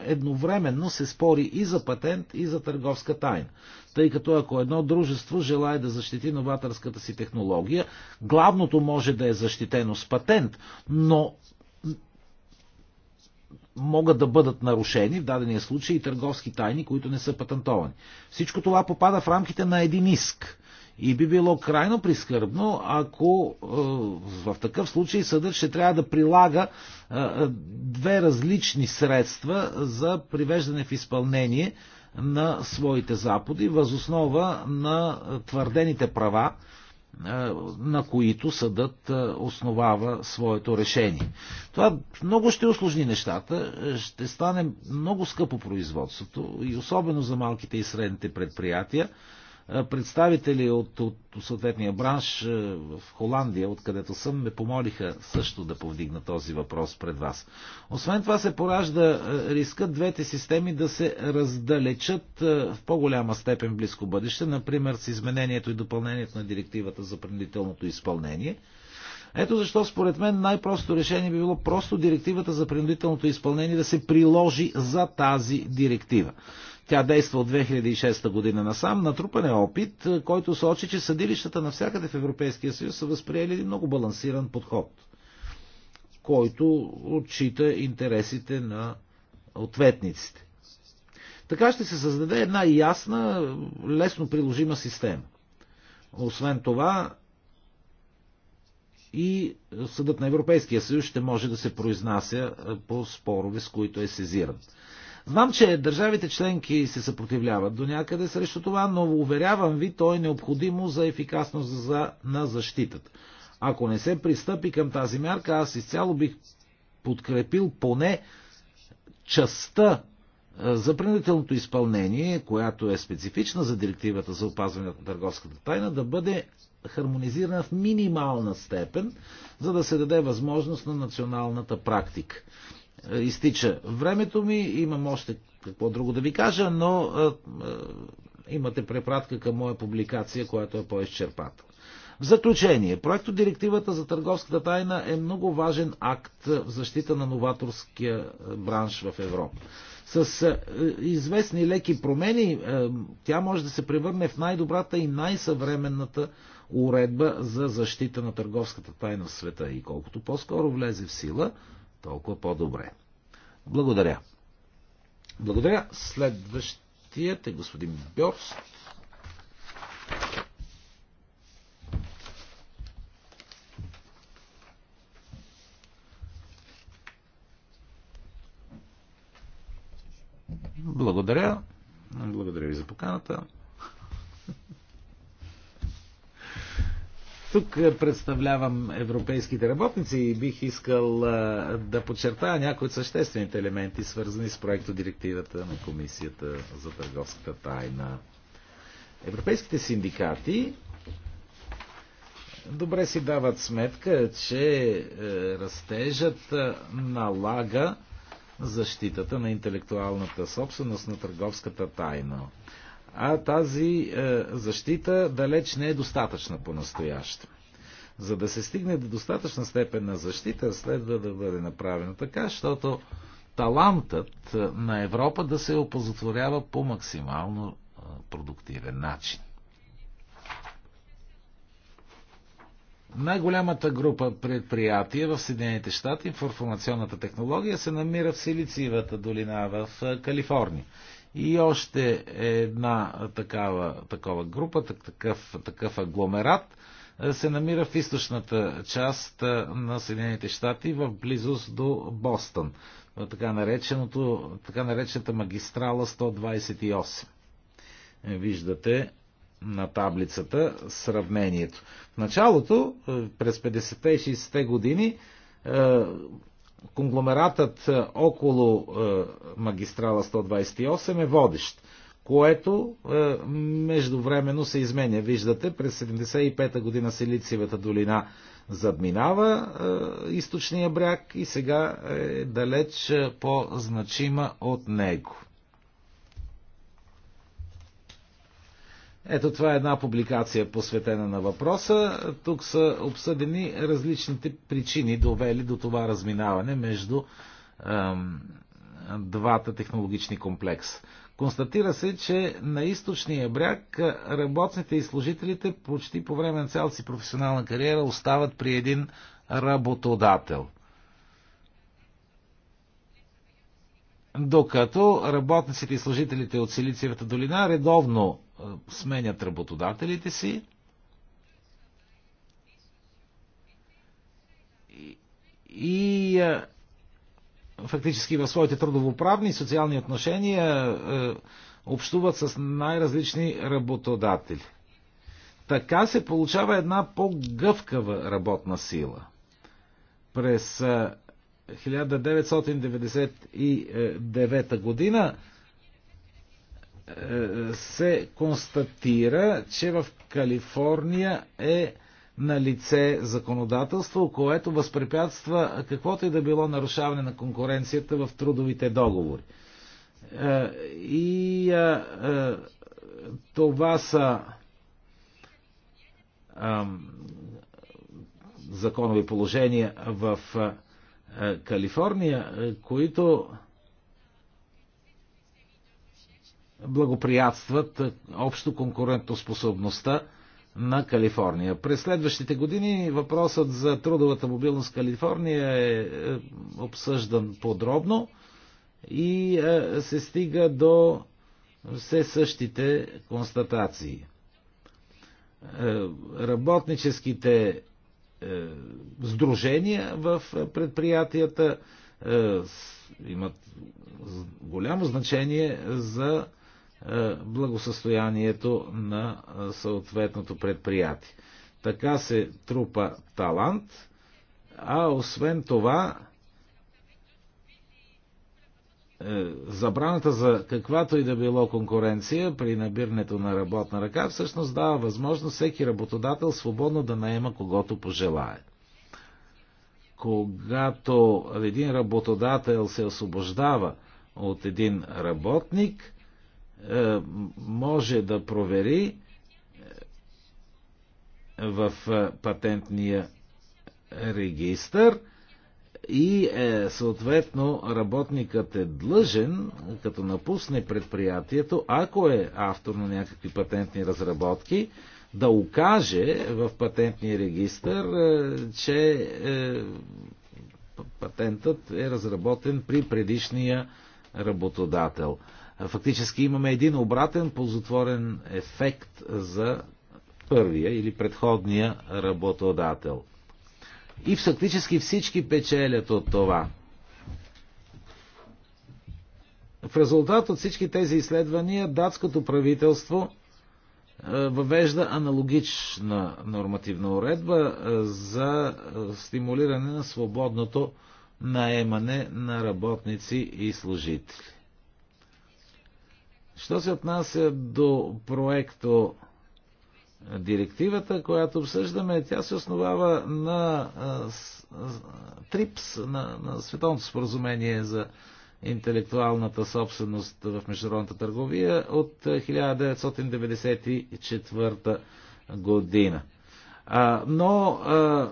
едновременно се спори и за патент, и за търговска тайна. Тъй като ако едно дружество желая да защити новаторската си технология, главното може да е защитено с патент, но могат да бъдат нарушени в дадения случай и търговски тайни, които не са патентовани. Всичко това попада в рамките на един иск. И би било крайно прискърбно, ако е, в такъв случай съдът ще трябва да прилага е, две различни средства за привеждане в изпълнение на своите заподи, възоснова на твърдените права, е, на които съдът основава своето решение. Това много ще усложни нещата, ще стане много скъпо производството и особено за малките и средните предприятия, е, представители от, от съответния бранш е, в Холандия, откъдето съм, ме помолиха също да повдигна този въпрос пред вас. Освен това се поражда е, риска двете системи да се раздалечат в по-голяма степен близко бъдеще, например с изменението и допълнението на директивата за принудителното изпълнение. Ето защо според мен най-простото решение би било просто директивата за принудителното изпълнение да се приложи за тази директива. Тя действа от 2006 година насам. Натрупан е опит, е, който сочи, че съдилищата навсякъде в Европейския съюз са възприели много балансиран подход, който отчита интересите на ответниците. Така ще се създаде една ясна, лесно приложима система. Освен това, и Съдът на Европейския съюз ще може да се произнася е, по спорове, с които е сезиран. Знам, че държавите членки се съпротивляват до някъде срещу това, но уверявам ви, то е необходимо за ефикасност за, на защитата. Ако не се пристъпи към тази мярка, аз изцяло бих подкрепил поне частта е, за принудителното изпълнение, която е специфична за директивата за опазване на търговската тайна, да бъде хармонизирана в минимална степен, за да се даде възможност на националната практика. Е, изтича времето ми, имам още какво друго да ви кажа, но а, е, а, е, имате препратка към моя публикация, която е по изчерпата В заключение, проекто Директивата за търговската тайна е много важен акт в защита на новаторския бранш в Европа. С известни леки промени тя може да се превърне в най-добрата и най-съвременната уредба за защита на търговската тайна в света. И колкото по-скоро влезе в сила, толкова по-добре. Благодаря. Благодаря. Следващият е господин Бьорст. Благодаря. Благодаря ви за поканата. Тук е, представлявам европейските работници и бих искал е, да подчертая някои от съществените елементи, свързани с проекто директивата на Комисията за търговската тайна. Европейските синдикати добре си дават сметка, че е, растежът налага защитата на интелектуалната собственост на търговската тайна а тази е, защита далеч не е достатъчна по-настояще. За да се стигне до достатъчна степен на защита, следва да бъде направено така, защото талантът е, на Европа да се опозотворява по максимално е, продуктивен начин. Най-голямата група предприятия в Съединените щати в информационната технология се намира в Силициевата долина в Калифорния. И още една такава, такова група, такъв, такъв агломерат е, се намира в източната част е, на Съединените щати в близост до Бостън, е, така, нареченото, така наречената магистрала 128. Виждате на таблицата сравнението. В началото, през 50-те и 60-те години, конгломератът е, около е, магистрала 128 е водещ, което е, междувременно се изменя. Виждате, през 75-та година Силициевата долина задминава източния бряг и сега е далеч по-значима от него. Ето това е една публикация посветена на въпроса. Тук са обсъдени различните причини, довели до това разминаване между ем, двата технологични комплекса. Констатира се, че на източния бряг работните и служителите почти по време на цялата си професионална кариера остават при един работодател – докато работниците и служителите от Силициевата долина редовно сменят работодателите си и фактически в своите трудовоправни и социални отношения общуват с най-различни работодатели. Така се получава една по-гъвкава работна сила. През 1999 година е, се констатира, че в Калифорния е на лице законодателство, което възпрепятства каквото и да било нарушаване на конкуренцията в трудовите договори. Е, и е, това са законови положения в е, Калифорния, е, които благоприятстват е, общо конкурентоспособността на Калифорния. През следващите години въпросът за трудовата мобилност в Калифорния е обсъждан подробно и се стига до все същите констатации. Работническите е, сдружения в предприятията е, имат голямо значение за е, благосъстоянието на съответното предприятие. Така се трупа талант, а освен това е, забраната за каквато и да било конкуренция при набирането на работна ръка всъщност дава възможност всеки работодател свободно да наема когото пожелае. Когато един работодател се освобождава от един работник, е, може да провери е, в патентния регистър – и е, съответно работникът е длъжен, като напусне предприятието, ако е автор на някакви патентни разработки, да окаже в патентния регистр, е, че е, патентът е разработен при предишния работодател. Фактически имаме един обратен ползотворен ефект за първия или предходния работодател. И фактически всички печелят от това. В резултат от всички тези изследвания датското правителство е, въвежда аналогична нормативна уредба е, за е, стимулиране на свободното наемане на работници и служители. Що се отнася до проекто Директивата, която обсъждаме, тя се основава на ТРИПС, на, на Световното споразумение за интелектуалната собственост в международната търговия от 1994 година. А, но а,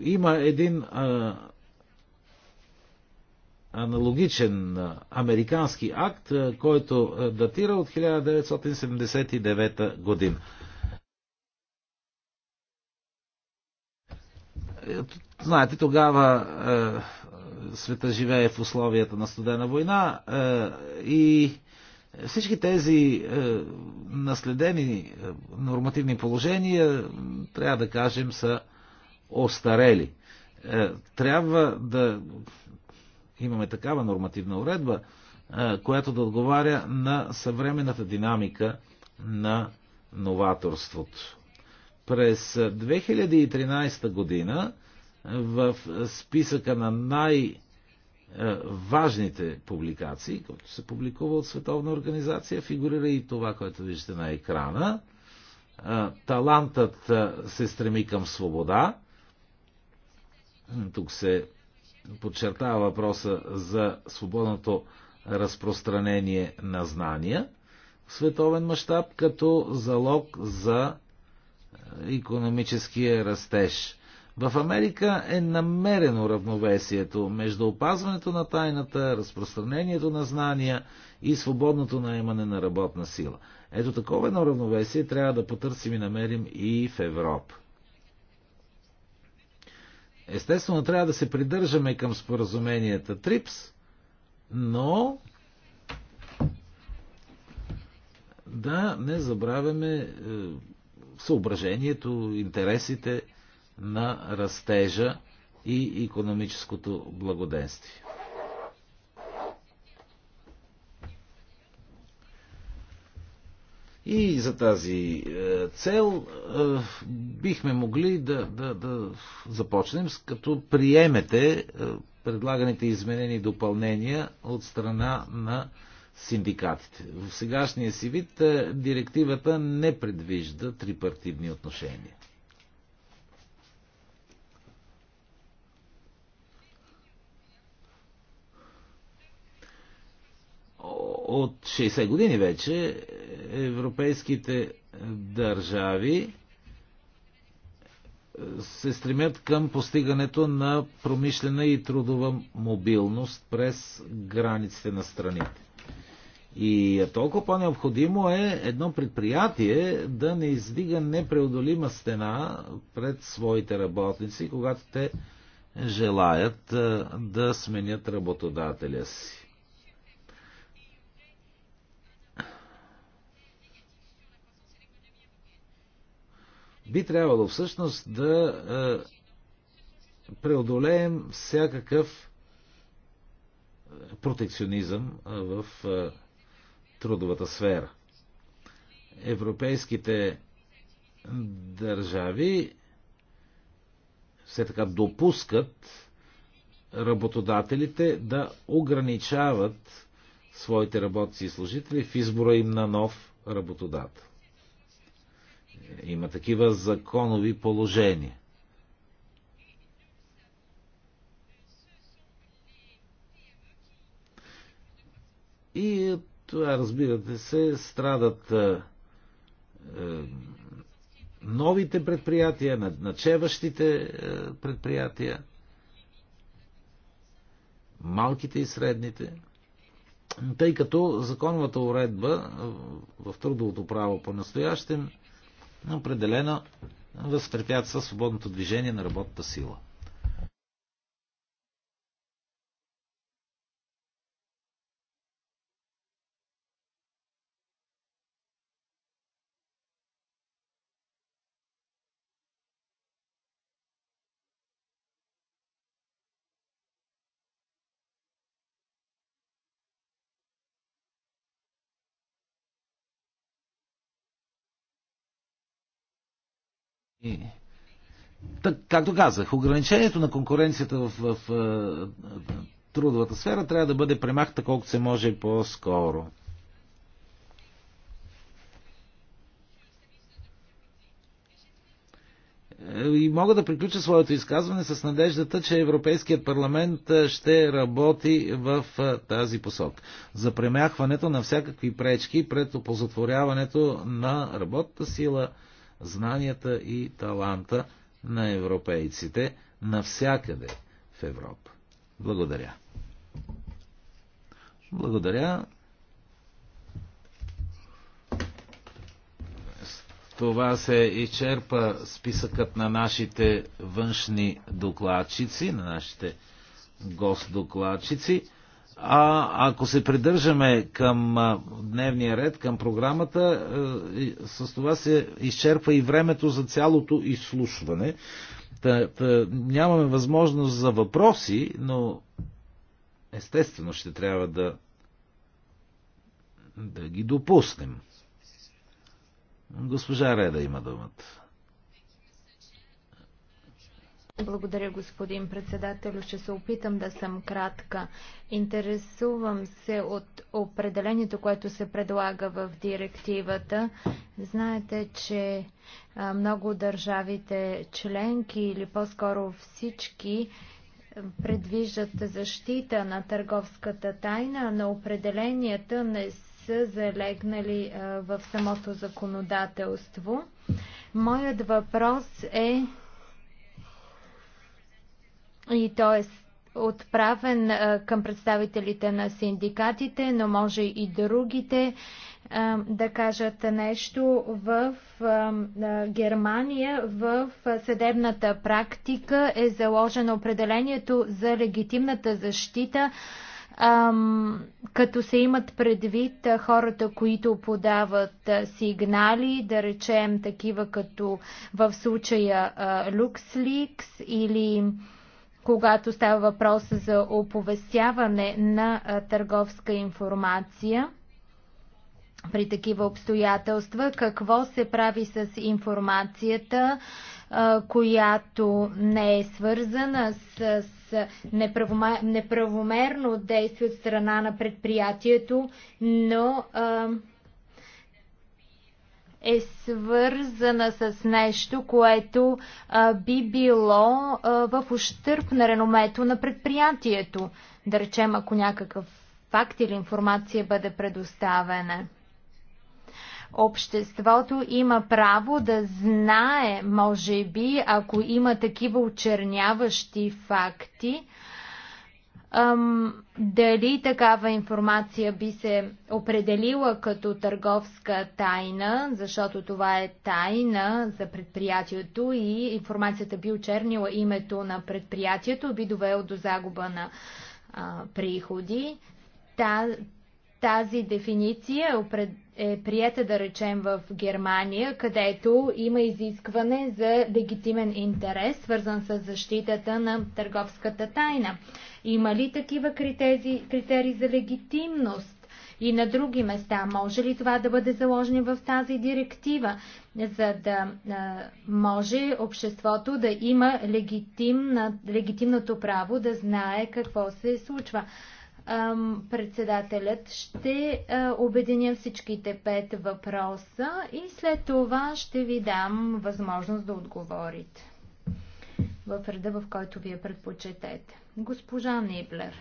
има един а, аналогичен американски акт, който датира от 1979 година. Знаете, тогава е, света живее в условията на студена война е, и всички тези е, наследени е, нормативни положения, трябва да кажем, са остарели. Е, трябва да имаме такава нормативна уредба, е, която да отговаря на съвременната динамика на новаторството. През 2013 година в списъка на най- важните публикации, който се публикува от Световна организация, фигурира и това, което виждате на екрана. Талантът се стреми към свобода. Тук се подчертава въпроса за свободното разпространение на знания в световен мащаб като залог за економическия растеж. В Америка е намерено равновесието между опазването на тайната, разпространението на знания и свободното наемане на работна сила. Ето такова едно равновесие трябва да потърсим и намерим и в Европа. Естествено, трябва да се придържаме към споразуменията ТРИПС, но да не забравяме е, съображението, интересите на растежа и економическото благоденствие. И за тази е, цел е, бихме могли да, да, да започнем с като приемете е, предлаганите изменени допълнения от страна на синдикатите. В сегашния си вид е, директивата не предвижда трипартитни отношения. От 60 години вече европейските държави е, се стремят към постигането на промишлена и трудова мобилност през границите на страните. И толкова по-необходимо е едно предприятие да не издига непреодолима стена пред своите работници, когато те желаят да сменят работодателя си. Би трябвало всъщност да преодолеем всякакъв протекционизъм в трудовата сфера. Европейските държави все така допускат работодателите да ограничават своите работници и служители в избора им на нов работодател. Има такива законови положения. И това, разбирате се, страдат е, новите предприятия, начеващите е, предприятия, малките и средните, тъй като законовата уредба е, в трудовото право по-настоящем е определено възпрепятства свободното движение на работната сила. Так, както казах, ограничението на конкуренцията в, в, в трудовата сфера трябва да бъде премахта колкото се може по-скоро. И мога да приключа своето изказване с надеждата, че Европейският парламент ще работи в тази посок. За премяхването на всякакви пречки пред опозатворяването на работната сила – знанията и таланта на европейците навсякъде в Европа. Благодаря. Благодаря. това се изчерпа списъкът на нашите външни докладчици, на нашите гостдокладчици. А ако се придържаме към дневния ред, към програмата, е, с това се изчерпва и времето за цялото изслушване. Та, та, нямаме възможност за въпроси, но естествено ще трябва да, да ги допуснем. Госпожа Реда има думата. Благодаря, господин председател. Ще се опитам да съм кратка. Интересувам се от определението, което се предлага в директивата. Знаете, че много държавите членки или по-скоро всички предвиждат защита на търговската тайна, но определенията не са залегнали в самото законодателство. Моят въпрос е и той е отправен към представителите на синдикатите, но може и другите да кажат нещо. В Германия в съдебната практика е заложено определението за легитимната защита, като се имат предвид хората, които подават сигнали, да речем такива като в случая LuxLeaks или когато става въпрос за оповестяване на търговска информация при такива обстоятелства, какво се прави с информацията, която не е свързана с неправомерно действие от страна на предприятието, но е свързана с нещо, което а, би било а, в ущърп на реномето на предприятието. Да речем, ако някакъв факт или информация бъде предоставена. Обществото има право да знае, може би, ако има такива очерняващи факти, а, дали такава информация би се определила като търговска тайна, защото това е тайна за предприятието и информацията би очернила името на предприятието, би довело до загуба на а, приходи. Та, тази дефиниция е е прията, да речем, в Германия, където има изискване за легитимен интерес, свързан с защитата на търговската тайна. Има ли такива критерии, критерии за легитимност? И на други места, може ли това да бъде заложено в тази директива, за да може обществото да има легитимна, легитимното право да знае какво се случва? председателят ще обединя всичките пет въпроса и след това ще ви дам възможност да отговорите в реда, в който вие предпочетете. Госпожа Ниблер.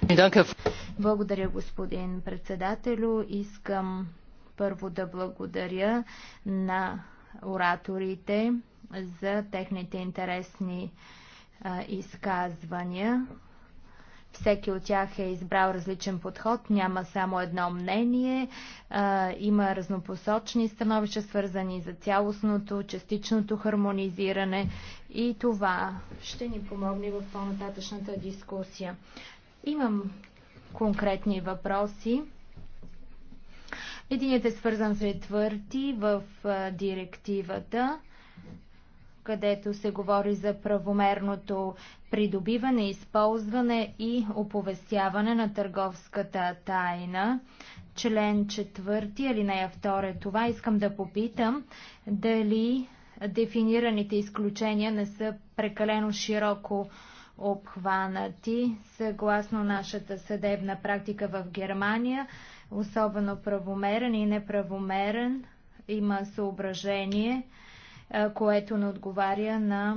Благодаря, господин председателю. Искам първо да благодаря на ораторите за техните интересни а, изказвания. Всеки от тях е избрал различен подход, няма само едно мнение, а, има разнопосочни становища, свързани за цялостното, частичното хармонизиране и това ще ни помогне в по-нататъчната дискусия. Имам конкретни въпроси. Единият е свързан с четвърти в директивата където се говори за правомерното придобиване, използване и оповестяване на търговската тайна. Член 4, алинея 2. Е това искам да попитам дали дефинираните изключения не са прекалено широко обхванати. Съгласно нашата съдебна практика в Германия, особено правомерен и неправомерен има съображение – което не отговаря на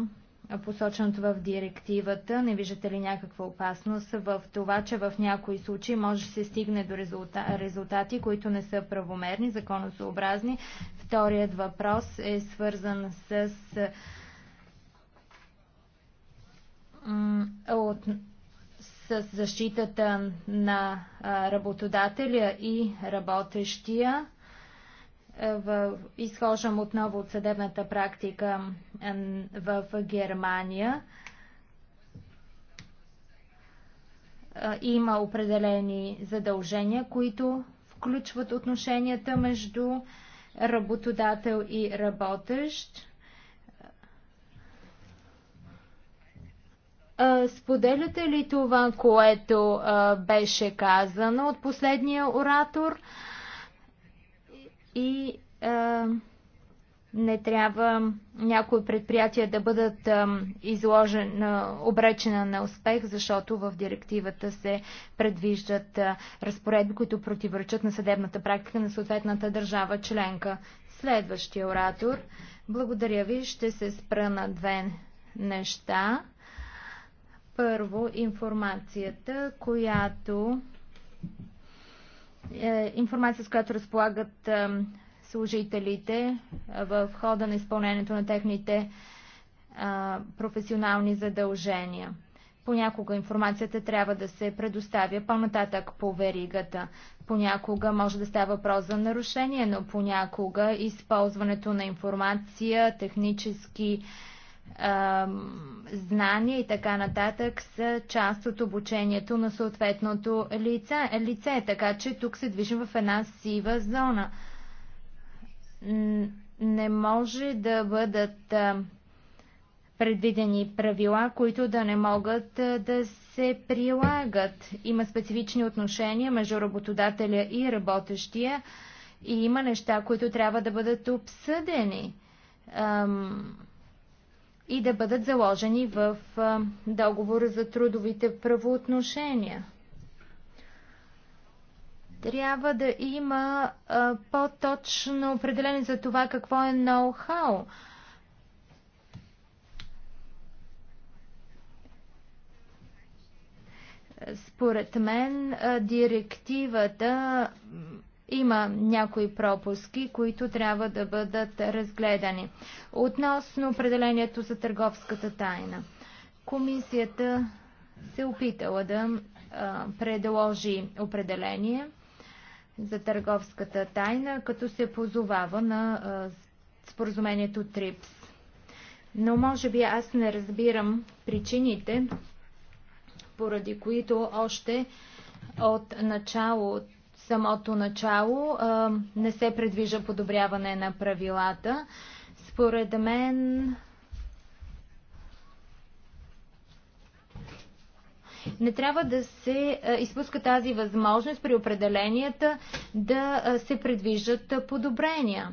посоченото в директивата. Не виждате ли някаква опасност в това, че в някои случаи може да се стигне до резултати, които не са правомерни, законосообразни? Вторият въпрос е свързан с от, с защитата на работодателя и работещия е, в, изхождам отново от съдебната практика в Германия. Е, има определени задължения, които включват отношенията между работодател и работещ. Е, споделяте ли това, което беше казано от последния оратор? и а, не трябва някои предприятия да бъдат а, обречена на успех, защото в директивата се предвиждат разпоредби, които противоречат на съдебната практика на съответната държава членка. Следващия оратор. Благодаря ви. Ще се спра на две неща. Първо, информацията, която е, информация, с която разполагат е, служителите е, в хода на изпълнението на техните професионални задължения. Понякога информацията трябва да се предоставя по-нататък по веригата. Понякога може да става въпрос за нарушение, но понякога използването на информация, технически знания и така нататък са част от обучението на съответното лице, лице така че тук се движим в една сива зона. Не може да бъдат предвидени правила, които да не могат да се прилагат. Има специфични отношения между работодателя и работещия и има неща, които трябва да бъдат обсъдени. Ам, и да бъдат заложени в договора за трудовите правоотношения. Трябва да има по-точно определение за това какво е ноу-хау. Според мен директивата има някои пропуски, които трябва да бъдат разгледани. Относно определението за търговската тайна. Комисията се опитала да а, предложи определение за търговската тайна, като се позовава на а, споразумението ТРИПС. Но може би аз не разбирам причините, поради които още от началото самото начало не се предвижда подобряване на правилата. Според мен не трябва да се изпуска тази възможност при определенията да се предвиждат подобрения.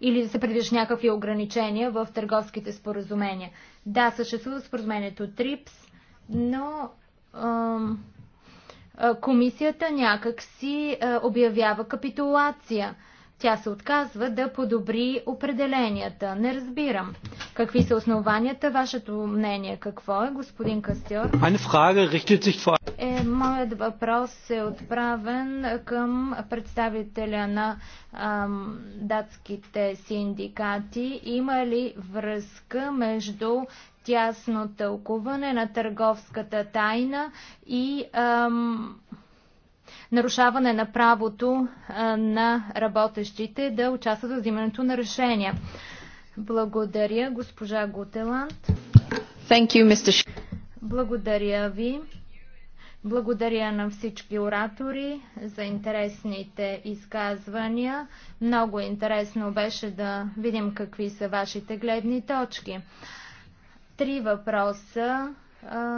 Или да се предвиждат някакви ограничения в търговските споразумения. Да, съществува споразумението ТРИПС, но а, комисията някак си обявява капитулация. Тя се отказва да подобри определенията. Не разбирам. Какви са основанията? Вашето мнение какво е, господин Кастьор? Е, моят въпрос е отправен към представителя на ам, датските синдикати. Има ли връзка между тясно тълкуване на търговската тайна и ам, нарушаване на правото а, на работещите да участват в взимането на решения. Благодаря, госпожа Гутеланд. Thank you, Mr. Благодаря ви. Благодаря на всички оратори за интересните изказвания. Много интересно беше да видим какви са вашите гледни точки. Три въпроса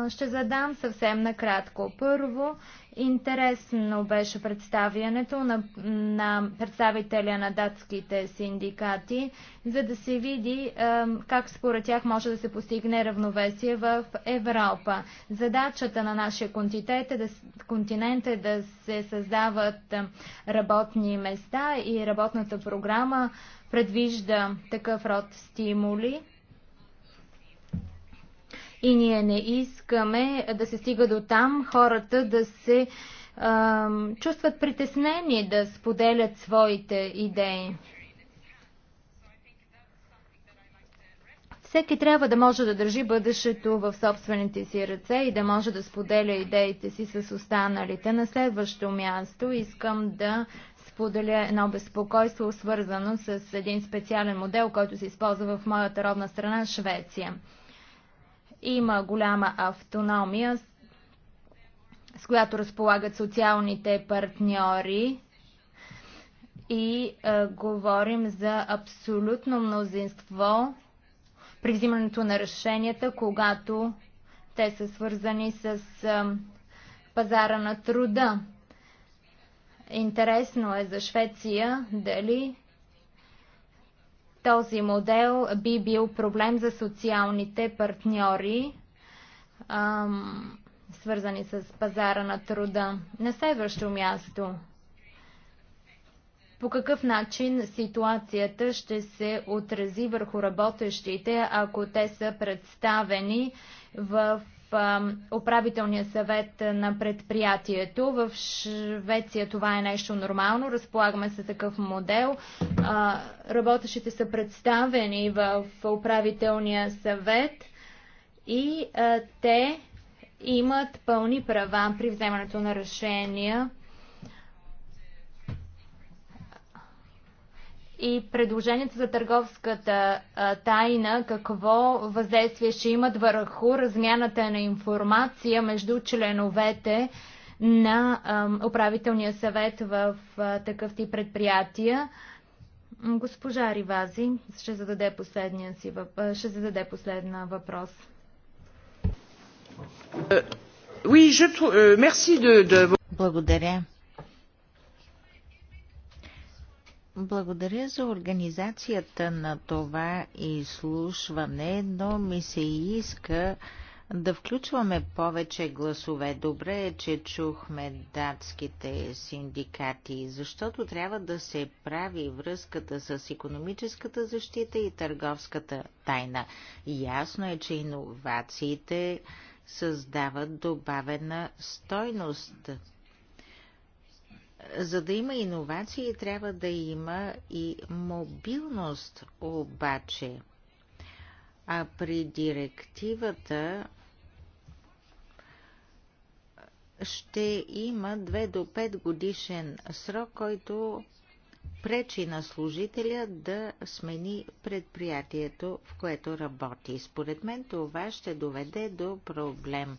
ще задам съвсем накратко. Първо, интересно беше представянето на, на представителя на датските синдикати, за да се види как според тях може да се постигне равновесие в Европа. Задачата на нашия континент е да, континент е да се създават работни места и работната програма предвижда такъв род стимули и ние не искаме да се стига до там хората да се а, чувстват притеснени да споделят своите идеи. Всеки трябва да може да държи бъдещето в собствените си ръце и да може да споделя идеите си с останалите. На следващо място искам да споделя едно безпокойство, свързано с един специален модел, който се използва в моята родна страна Швеция – има голяма автономия, с която разполагат социалните партньори и е, говорим за абсолютно мнозинство при взимането на решенията, когато те са свързани с е, пазара на труда. Интересно е за Швеция дали този модел би бил проблем за социалните партньори, ам, свързани с пазара на труда. На следващо място, по какъв начин ситуацията ще се отрази върху работещите, ако те са представени в управителния съвет на предприятието. В Швеция това е нещо нормално. Разполагаме се такъв модел. Работещите са представени в управителния съвет и те имат пълни права при вземането на решения и предложението за търговската тайна, какво въздействие ще имат върху размяната на информация между членовете на управителния съвет в такъв тип предприятия. Госпожа Ривази ще зададе, последния си, въп... ще зададе последна въпрос. Е, е, Благодаря. Благодаря за организацията на това изслушване, но ми се иска да включваме повече гласове. Добре е, че чухме датските синдикати, защото трябва да се прави връзката с економическата защита и търговската тайна. Ясно е, че иновациите създават добавена стойност. За да има иновации, трябва да има и мобилност, обаче. А при директивата ще има 2 до 5 годишен срок, който пречи на служителя да смени предприятието, в което работи. Според мен това ще доведе до проблем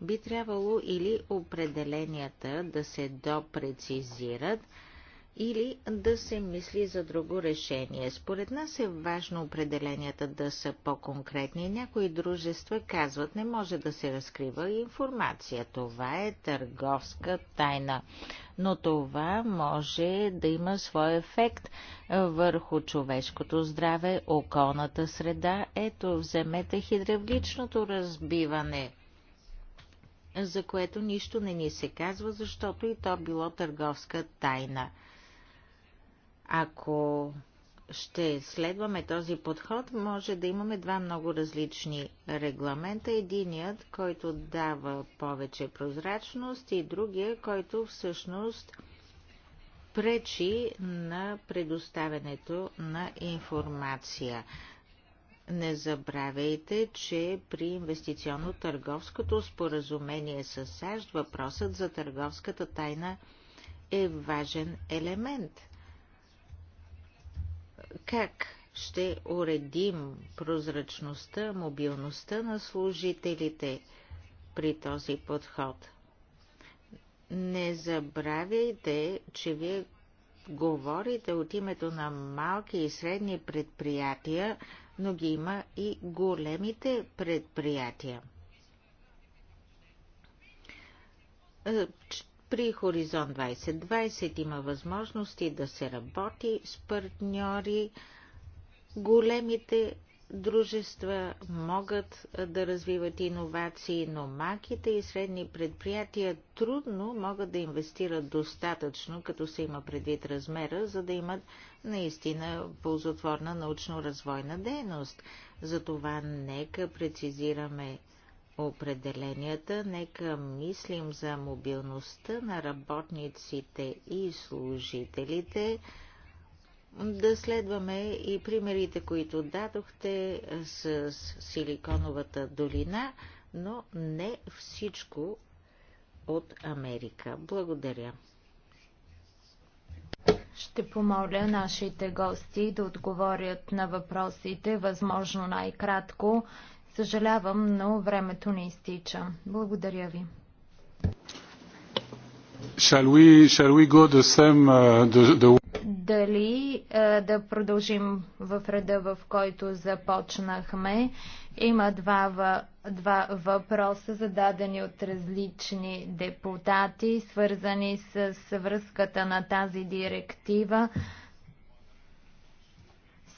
би трябвало или определенията да се допрецизират, или да се мисли за друго решение. Според нас е важно определенията да са по-конкретни. Някои дружества казват, не може да се разкрива информация. Това е търговска тайна. Но това може да има свой ефект върху човешкото здраве, околната среда. Ето, вземете хидравличното разбиване – за което нищо не ни се казва, защото и то било търговска тайна. Ако ще следваме този подход, може да имаме два много различни регламента. Единият, който дава повече прозрачност и другия, който всъщност пречи на предоставянето на информация. Не забравяйте, че при инвестиционно-търговското споразумение с САЩ въпросът за търговската тайна е важен елемент. Как ще уредим прозрачността, мобилността на служителите при този подход? Не забравяйте, че вие говорите от името на малки и средни предприятия, но ги има и големите предприятия. Е, при Хоризонт 2020 има възможности да се работи с партньори. Големите дружества могат да развиват иновации, но малките и средни предприятия трудно могат да инвестират достатъчно, като се има предвид размера, за да имат наистина ползотворна научно-развойна дейност. Затова нека прецизираме определенията, нека мислим за мобилността на работниците и служителите – да следваме и примерите, които дадохте с Силиконовата долина, но не всичко от Америка. Благодаря. Ще помоля нашите гости да отговорят на въпросите, възможно най-кратко. Съжалявам, но времето не изтича. Благодаря ви. Shall we, shall we go the same, uh, the, the дали е, да продължим в реда, в който започнахме. Има два, два въпроса, зададени от различни депутати, свързани с връзката на тази директива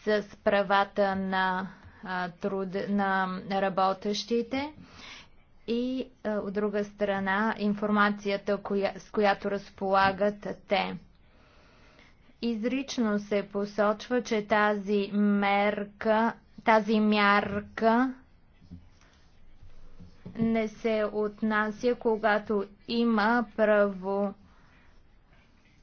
с правата на, а, труд, на работещите и от друга страна информацията, коя, с която разполагат те. Изрично се посочва, че тази мерка, тази мярка не се отнася, когато има право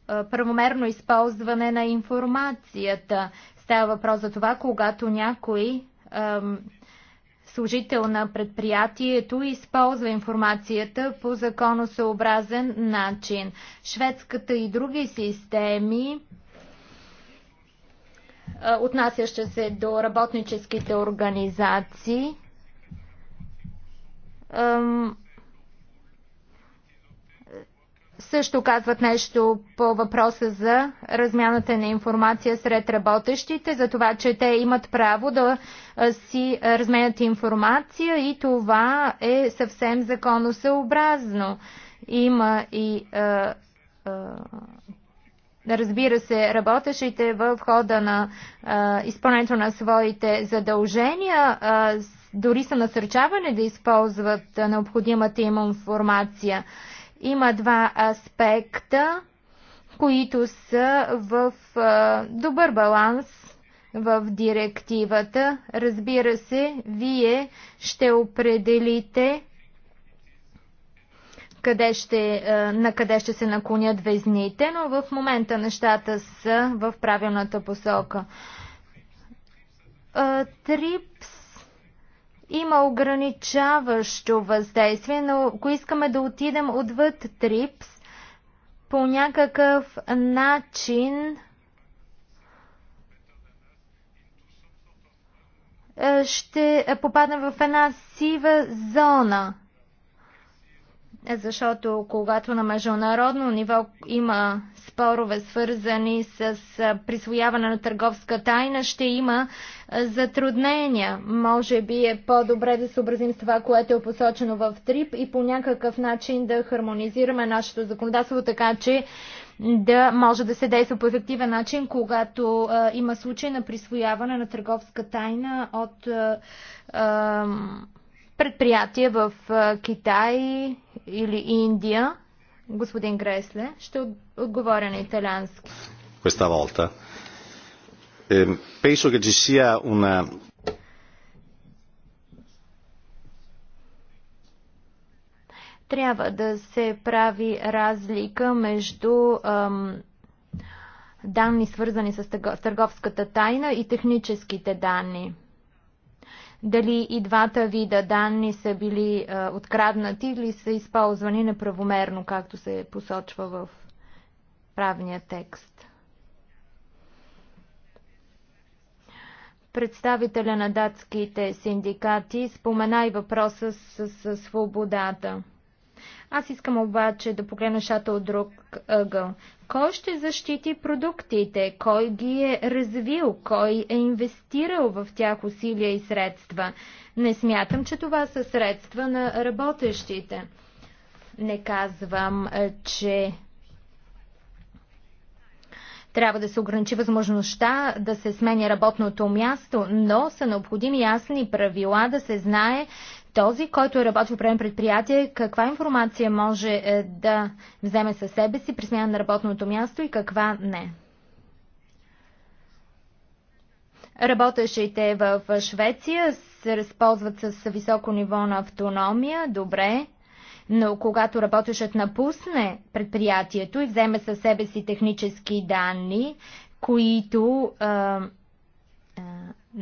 правомерно използване на информацията. Става въпрос за това, когато някой ем, служител на предприятието използва информацията по законосъобразен начин. Шведската и други системи е, отнасяща се до работническите организации. Също казват нещо по въпроса за размяната на информация сред работещите, за това, че те имат право да е, си разменят информация и това е съвсем законосъобразно. Има и е, Разбира се, работещите в хода на а, изпълнението на своите задължения а, дори са насърчавани да използват необходимата им информация. Има два аспекта, които са в а, добър баланс в директивата. Разбира се, вие ще определите къде ще, е, на къде ще се наклонят везните, но в момента нещата са в правилната посока. Е, Трипс има ограничаващо въздействие, но ако искаме да отидем отвъд Трипс, по някакъв начин е, ще попаднем в една сива зона защото когато на международно ниво има спорове свързани с присвояване на търговска тайна, ще има затруднения. Може би е по-добре да съобразим с това, което е посочено в ТРИП и по някакъв начин да хармонизираме нашето законодателство, така че да може да се действа по ефективен начин, когато а, има случай на присвояване на търговска тайна от а, а, Предприятия в Китай или Индия. Господин Гресле, ще отговоря на италиански. Questa volta. Ehm, penso che ci sia una трябва да се прави разлика между ам, данни, свързани с търговската тайна и техническите данни дали и двата вида данни са били а, откраднати или са използвани неправомерно, както се посочва в правния текст. Представителя на датските синдикати спомена и въпроса с, с свободата. Аз искам обаче да погледна шата от друг ъгъл. Кой ще защити продуктите? Кой ги е развил? Кой е инвестирал в тях усилия и средства? Не смятам, че това са средства на работещите. Не казвам, че трябва да се ограничи възможността да се сменя работното място, но са необходими ясни правила да се знае този, който е работил в предприятие, каква информация може е, да вземе със себе си при смяна на работното място и каква не. Работещите в Швеция се разползват с високо ниво на автономия, добре, но когато работещът напусне предприятието и вземе със себе си технически данни, които а, а,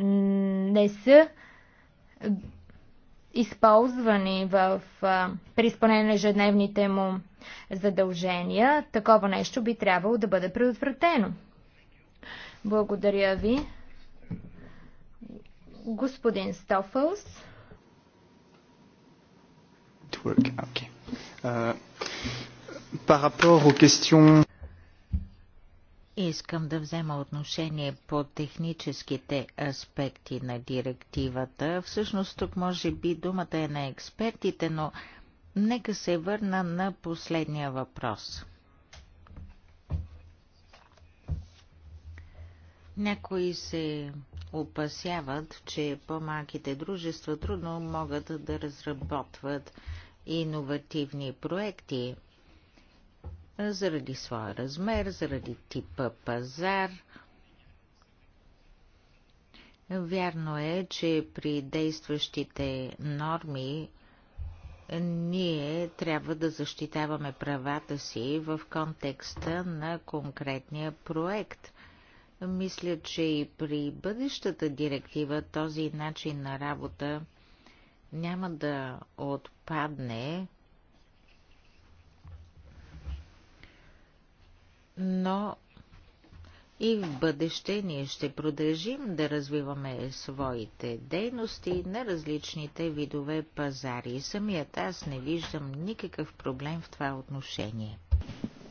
не са използвани в, при изпълнение на ежедневните му задължения, такова нещо би трябвало да бъде предотвратено. Благодаря ви. Господин Стофълс. Okay. Uh, par rapport aux questions Искам да взема отношение по техническите аспекти на директивата. Всъщност тук може би думата е на експертите, но нека се върна на последния въпрос. Някои се опасяват, че по-малките дружества трудно могат да разработват иновативни проекти заради своя размер, заради типа пазар. Вярно е, че при действащите норми ние трябва да защитаваме правата си в контекста на конкретния проект. Мисля, че и при бъдещата директива този начин на работа няма да отпадне, но и в бъдеще ние ще продължим да развиваме своите дейности на различните видове пазари. Самият аз не виждам никакъв проблем в това отношение.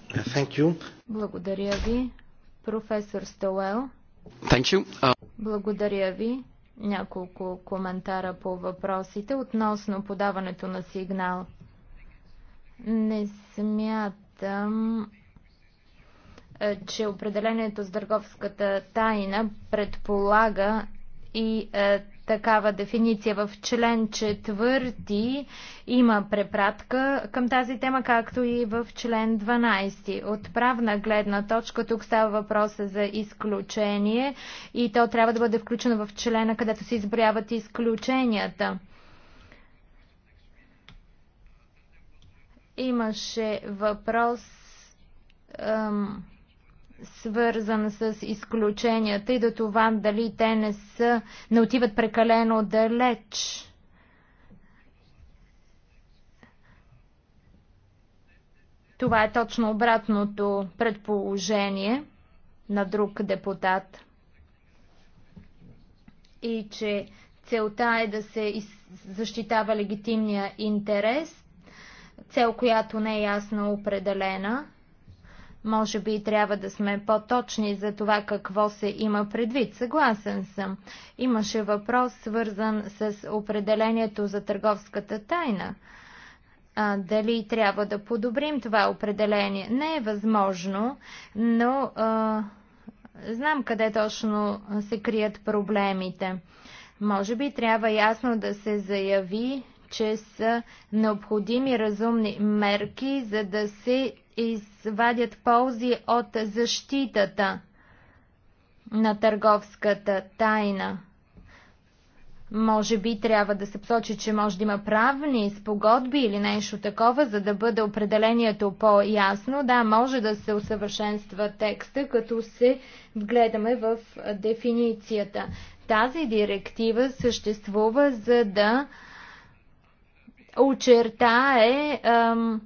Thank you. Благодаря ви, професор Стоел. Thank you. Uh... Благодаря ви. Няколко коментара по въпросите относно подаването на сигнал. Не смятам, е, че определението с дърговската тайна предполага и е, такава дефиниция. В член четвърти има препратка към тази тема, както и в член 12. От правна гледна точка тук става въпроса за изключение и то трябва да бъде включено в члена, където се изброяват изключенията. Имаше въпрос. Ам свързан с изключенията и до това дали те не, са, не отиват прекалено далеч. Това е точно обратното предположение на друг депутат. И че целта е да се защитава легитимния интерес, цел, която не е ясно определена. Може би трябва да сме по-точни за това какво се има предвид. Съгласен съм. Имаше въпрос, свързан с определението за търговската тайна. А, дали трябва да подобрим това определение? Не е възможно, но а, знам къде точно се крият проблемите. Може би трябва ясно да се заяви, че са необходими разумни мерки, за да се извадят ползи от защитата на търговската тайна. Може би трябва да се посочи, че може да има правни спогодби или нещо такова, за да бъде определението по-ясно. Да, може да се усъвършенства текста, като се вгледаме в дефиницията. Тази директива съществува за да очертае ам,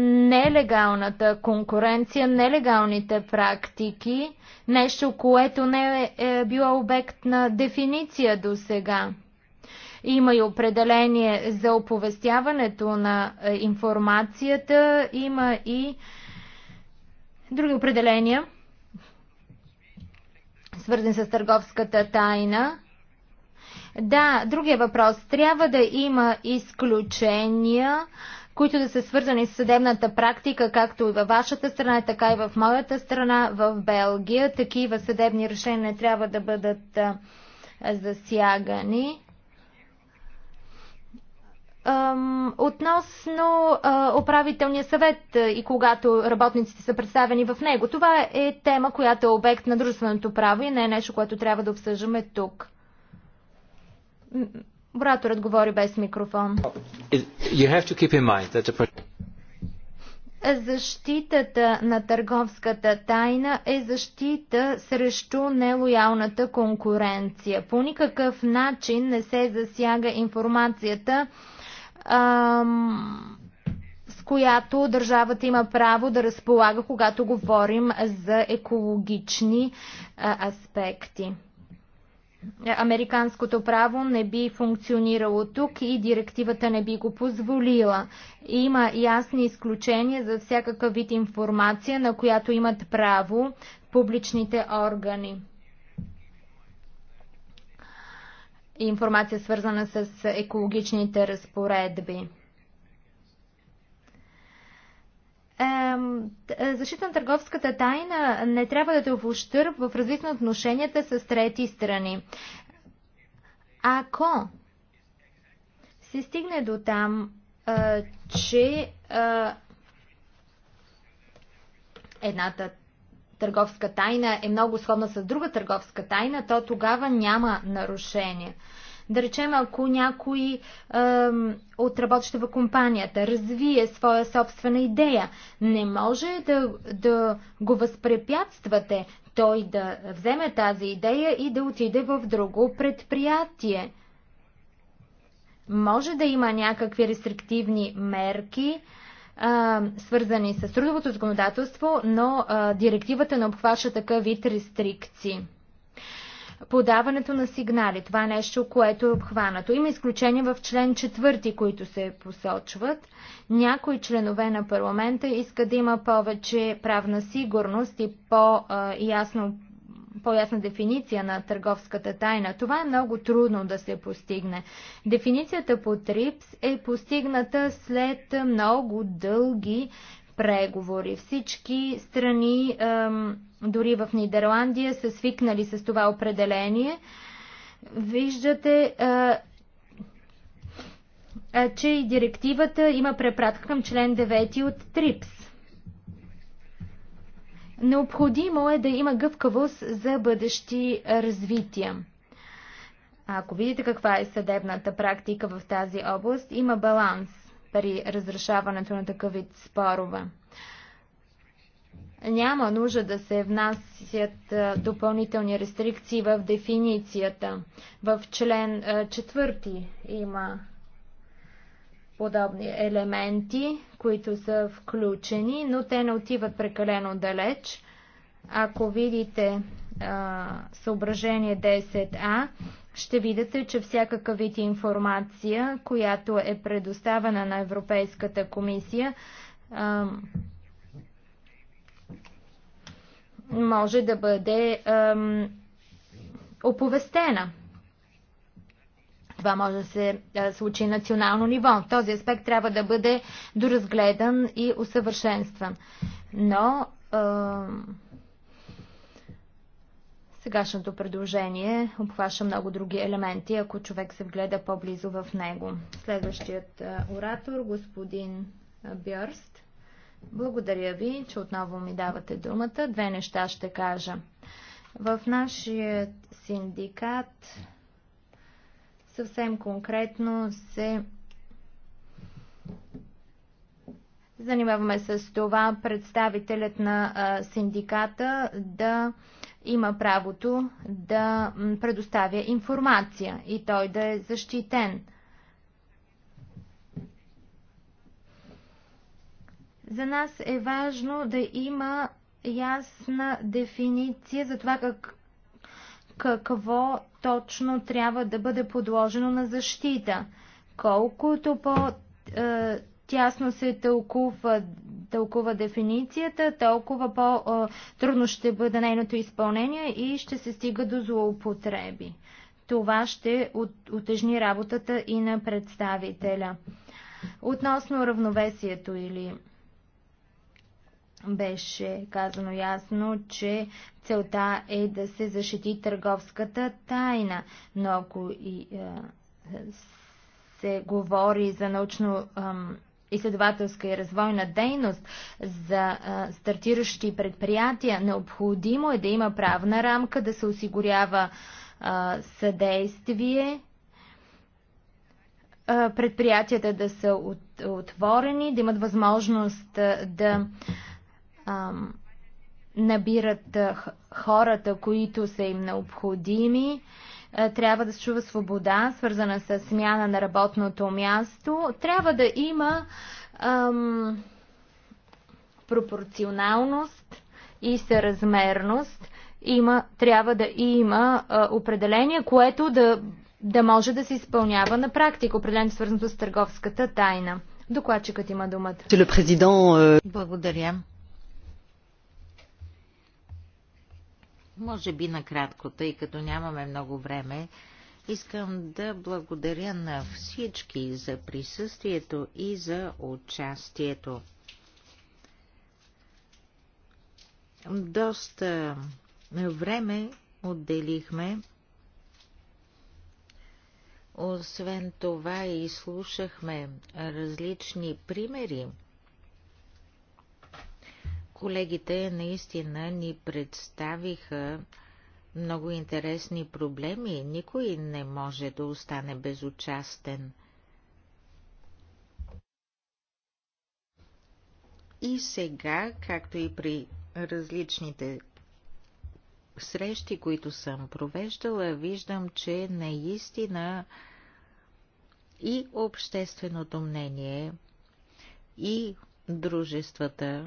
нелегалната конкуренция, нелегалните практики, нещо, което не е, е било обект на дефиниция до сега. Има и определение за оповестяването на е, информацията, има и други определения, свързани с търговската тайна. Да, другия въпрос. Трябва да има изключения които да са свързани с съдебната практика, както и във вашата страна, така и в моята страна, в Белгия. Такива съдебни решения не трябва да бъдат засягани. Относно управителния съвет и когато работниците са представени в него, това е тема, която е обект на дружественото право и не е нещо, което трябва да обсъждаме тук. Браторът говори без микрофон. The... Защитата на търговската тайна е защита срещу нелоялната конкуренция. По никакъв начин не се засяга информацията, ам, с която държавата има право да разполага, когато говорим за екологични а, аспекти американското право не би функционирало тук и директивата не би го позволила. Има ясни изключения за всякакъв вид информация, на която имат право публичните органи. Информация свързана с екологичните разпоредби. защита на търговската тайна не трябва да те в в развитие на отношенията с трети страни. Ако се стигне до там, че едната търговска тайна е много сходна с друга търговска тайна, то тогава няма нарушение. Да речем, ако някой е, от работеща в компанията развие своя собствена идея, не може да, да го възпрепятствате той да вземе тази идея и да отиде в друго предприятие. Може да има някакви рестриктивни мерки, а, свързани с трудовото законодателство, но а, директивата не обхваща такъв вид рестрикции подаването на сигнали. Това е нещо, което е обхванато. Има изключение в член 4, които се посочват. Някои членове на парламента искат да има повече правна сигурност и по-ясно по-ясна дефиниция на търговската тайна. Това е много трудно да се постигне. Дефиницията по ТРИПС е постигната след много дълги преговори. Всички страни, дори в Нидерландия, са свикнали с това определение. Виждате, че и директивата има препратка към член 9 от ТРИПС. Необходимо е да има гъвкавост за бъдещи развития. Ако видите каква е съдебната практика в тази област, има баланс при разрешаването на такъв вид спорове. Няма нужда да се внасят допълнителни рестрикции в дефиницията. В член 4 има подобни елементи, които са включени, но те не отиват прекалено далеч. Ако видите а, съображение 10а, ще видите, че всякакъв вид информация, която е предоставена на Европейската комисия, може да бъде оповестена. Това може да се случи национално ниво. Този аспект трябва да бъде доразгледан и усъвършенстван. Но Сегашното предложение обхваща много други елементи, ако човек се вгледа по-близо в него. Следващият оратор, господин Бьорст. Благодаря ви, че отново ми давате думата. Две неща ще кажа. В нашия синдикат съвсем конкретно се занимаваме с това представителят на синдиката да има правото да предоставя информация и той да е защитен. За нас е важно да има ясна дефиниция за това как, какво точно трябва да бъде подложено на защита. Колкото по е, по-тясно се тълкува, тълкува дефиницията, толкова по-трудно ще бъде нейното изпълнение и ще се стига до злоупотреби. Това ще отежни работата и на представителя. Относно равновесието или беше казано ясно, че целта е да се защити търговската тайна. Но ако и е, се говори за научно ам, изследователска и развойна дейност за а, стартиращи предприятия, необходимо е да има правна рамка, да се осигурява а, съдействие, а, предприятията да са от, отворени, да имат възможност а, да а, набират хората, които са им необходими. А, е, трябва да се чува свобода, свързана с смяна на работното място. Трябва да има ам, пропорционалност и съразмерност. Има, трябва да има а, е, определение, което да, да може да се изпълнява на практика, определено свързано с търговската тайна. Докладчикът има думата. Euh, Благодаря. Може би накратко, тъй като нямаме много време, искам да благодаря на всички за присъствието и за участието. Доста време отделихме. Освен това и слушахме различни примери Колегите наистина ни представиха много интересни проблеми. Никой не може да остане безучастен. И сега, както и при различните срещи, които съм провеждала, виждам, че наистина и общественото мнение, и дружествата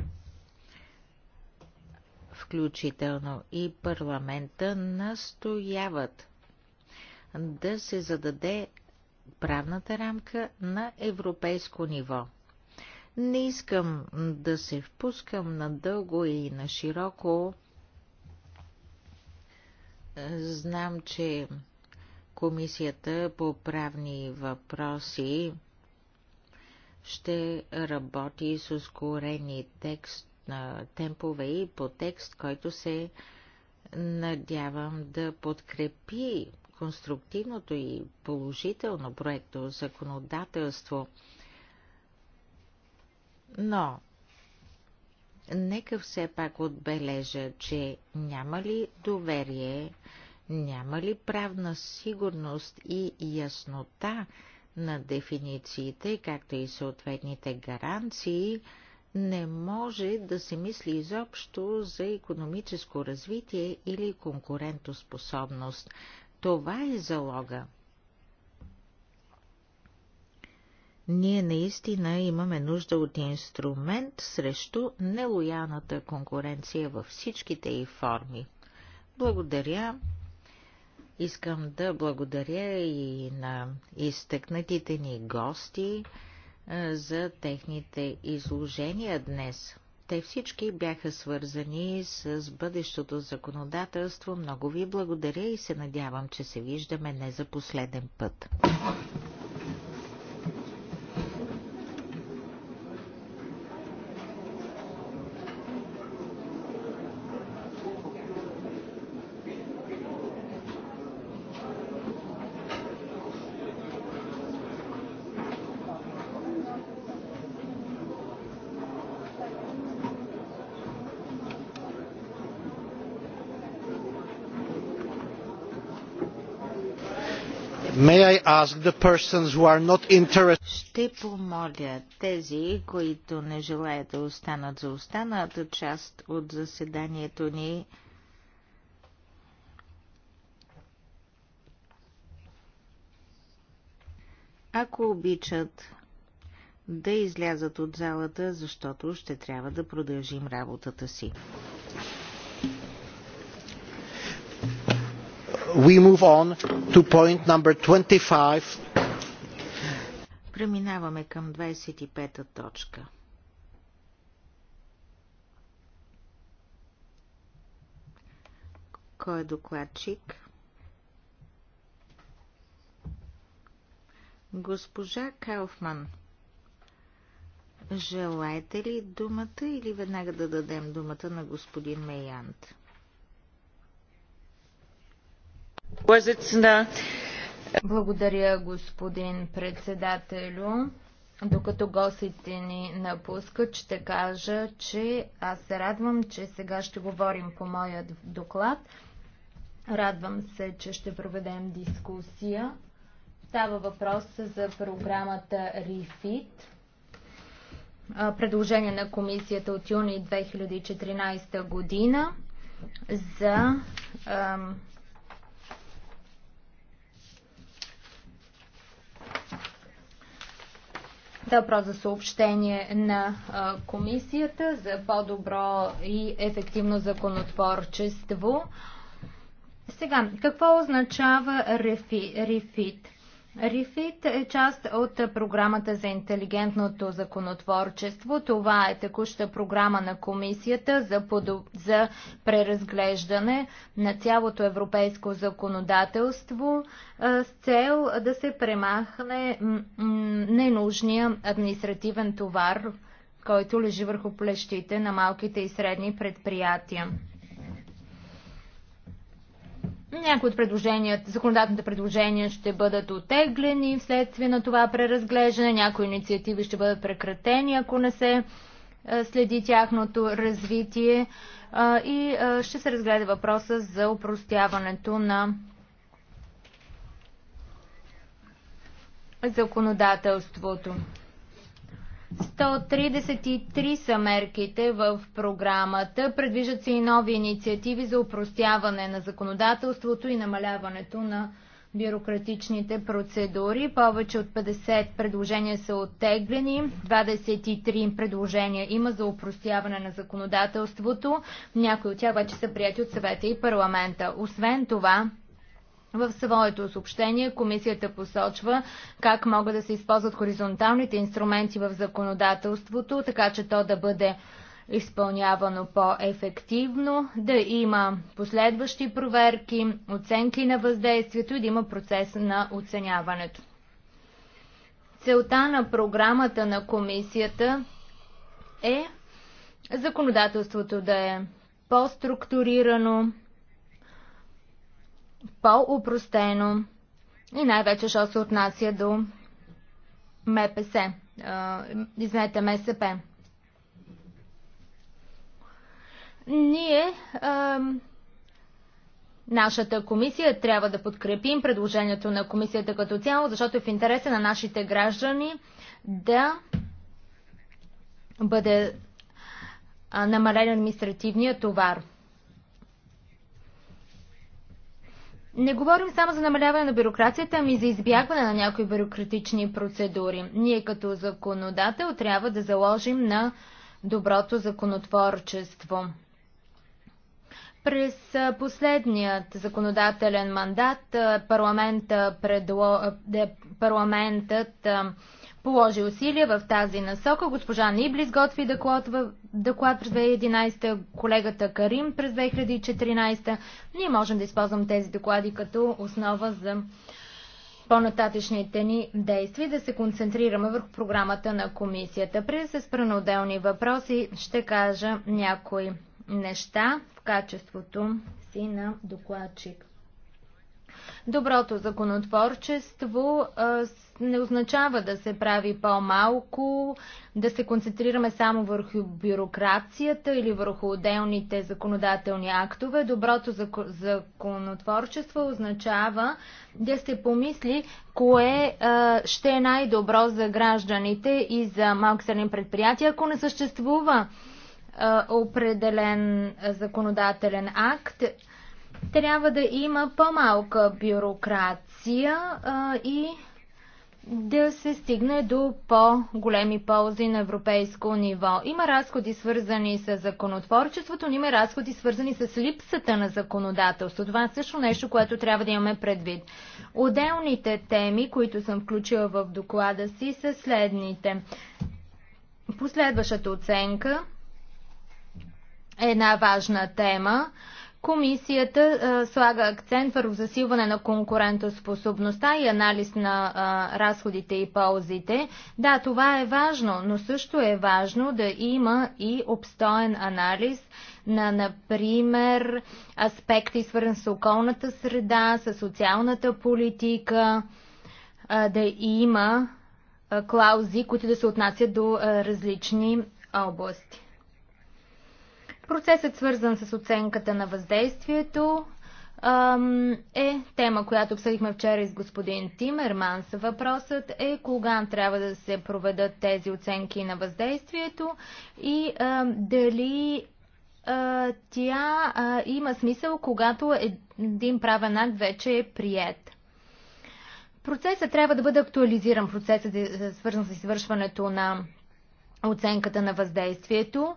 включително и парламента, настояват да се зададе правната рамка на европейско ниво. Не искам да се впускам надълго и на широко. Знам, че Комисията по правни въпроси ще работи с ускорени текст на темпове и по текст, който се надявам да подкрепи конструктивното и положително проекто законодателство. Но нека все пак отбележа, че няма ли доверие, няма ли правна сигурност и яснота на дефинициите, както и съответните гаранции – не може да се мисли изобщо за економическо развитие или конкурентоспособност. Това е залога. Ние наистина имаме нужда от инструмент срещу нелоялната конкуренция във всичките й форми. Благодаря. Искам да благодаря и на изтъкнатите ни гости за техните изложения днес. Те всички бяха свързани с бъдещото законодателство. Много ви благодаря и се надявам, че се виждаме не за последен път. Ще помоля тези, които не желаят да останат за останата част от заседанието ни, ако обичат да излязат от залата, защото ще трябва да продължим работата си. we move on to point number 25. Преминаваме към 25-та точка. Кой е докладчик? Госпожа Кауфман, желаете ли думата или веднага да дадем думата на господин Меянт? Благодаря, господин председателю. Докато гостите ни напускат, ще кажа, че аз се радвам, че сега ще говорим по моя доклад. Радвам се, че ще проведем дискусия. Става въпрос за програмата REFIT. Предложение на комисията от юни 2014 година за въпрос за съобщение на комисията за по-добро и ефективно законотворчество. Сега, какво означава рефи, рефит? Рифит е част от програмата за интелигентното законотворчество. Това е текуща програма на комисията за, подо... за преразглеждане на цялото европейско законодателство с цел да се премахне ненужния административен товар, който лежи върху плещите на малките и средни предприятия. Някои от предложенията, законодателните предложения ще бъдат отеглени вследствие на това преразглеждане, някои инициативи ще бъдат прекратени, ако не се следи тяхното развитие и ще се разгледа въпроса за упростяването на законодателството. 133 са мерките в програмата. Предвиждат се и нови инициативи за упростяване на законодателството и намаляването на бюрократичните процедури. Повече от 50 предложения са оттеглени, 23 предложения има за упростяване на законодателството, някои от тях вече са прияти от съвета и парламента. Освен това, в своето съобщение комисията посочва как могат да се използват хоризонталните инструменти в законодателството, така че то да бъде изпълнявано по-ефективно, да има последващи проверки, оценки на въздействието и да има процес на оценяването. Целта на програмата на комисията е законодателството да е по-структурирано, по-упростено и най-вече, що се отнася до МПС, извинете, МСП. Ние, а, нашата комисия, трябва да подкрепим предложението на комисията като цяло, защото е в интереса на нашите граждани да бъде намален административния товар. Не говорим само за намаляване на бюрокрацията, ами за избягване на някои бюрократични процедури. Ние като законодател трябва да заложим на доброто законотворчество. През последният законодателен мандат парламента предло... парламентът положи усилия в тази насока. Госпожа Ниблис готви доклад, доклад през 2011, колегата Карим през 2014. Ние можем да използвам тези доклади като основа за по-нататъчните ни действия да се концентрираме върху програмата на комисията. Преди да се спра на отделни въпроси, ще кажа някои неща в качеството си на докладчик. Доброто законотворчество не означава да се прави по-малко, да се концентрираме само върху бюрокрацията или върху отделните законодателни актове. Доброто законотворчество означава да се помисли кое а, е, ще е най-добро за гражданите и за малки средни предприятия, ако не съществува а, е, определен законодателен акт трябва да има по-малка бюрокрация а, е, и да се стигне до по-големи ползи на европейско ниво. Има разходи свързани с законотворчеството, но има разходи свързани с липсата на законодателство. Това е също нещо, което трябва да имаме предвид. Отделните теми, които съм включила в доклада си, са следните. Последващата оценка е една важна тема. Комисията а, слага акцент върху засилване на конкурентоспособността и анализ на а, разходите и ползите. Да, това е важно, но също е важно да има и обстоен анализ на, например, аспекти свързани с околната среда, с социалната политика, а, да има а, клаузи, които да се отнасят до а, различни области. Процесът, свързан с оценката на въздействието, е тема, която обсъдихме вчера с господин Тимерманс. Въпросът е кога трябва да се проведат тези оценки на въздействието и дали тя има смисъл, когато един правен акт вече е прият. Процесът трябва да бъде актуализиран, процесът е, е свързан с извършването на оценката на въздействието.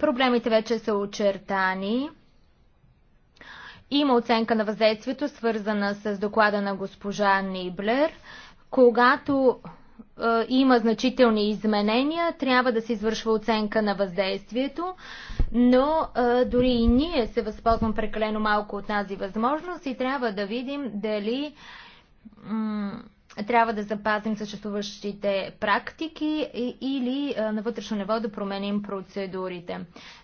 Проблемите вече са очертани. Има оценка на въздействието, свързана с доклада на госпожа Ниблер. Когато има значителни изменения, трябва да се извършва оценка на въздействието, но дори и ние се възползвам прекалено малко от тази възможност и трябва да видим дали трябва да запазим съществуващите практики или на вътрешно ниво да променим процедурите.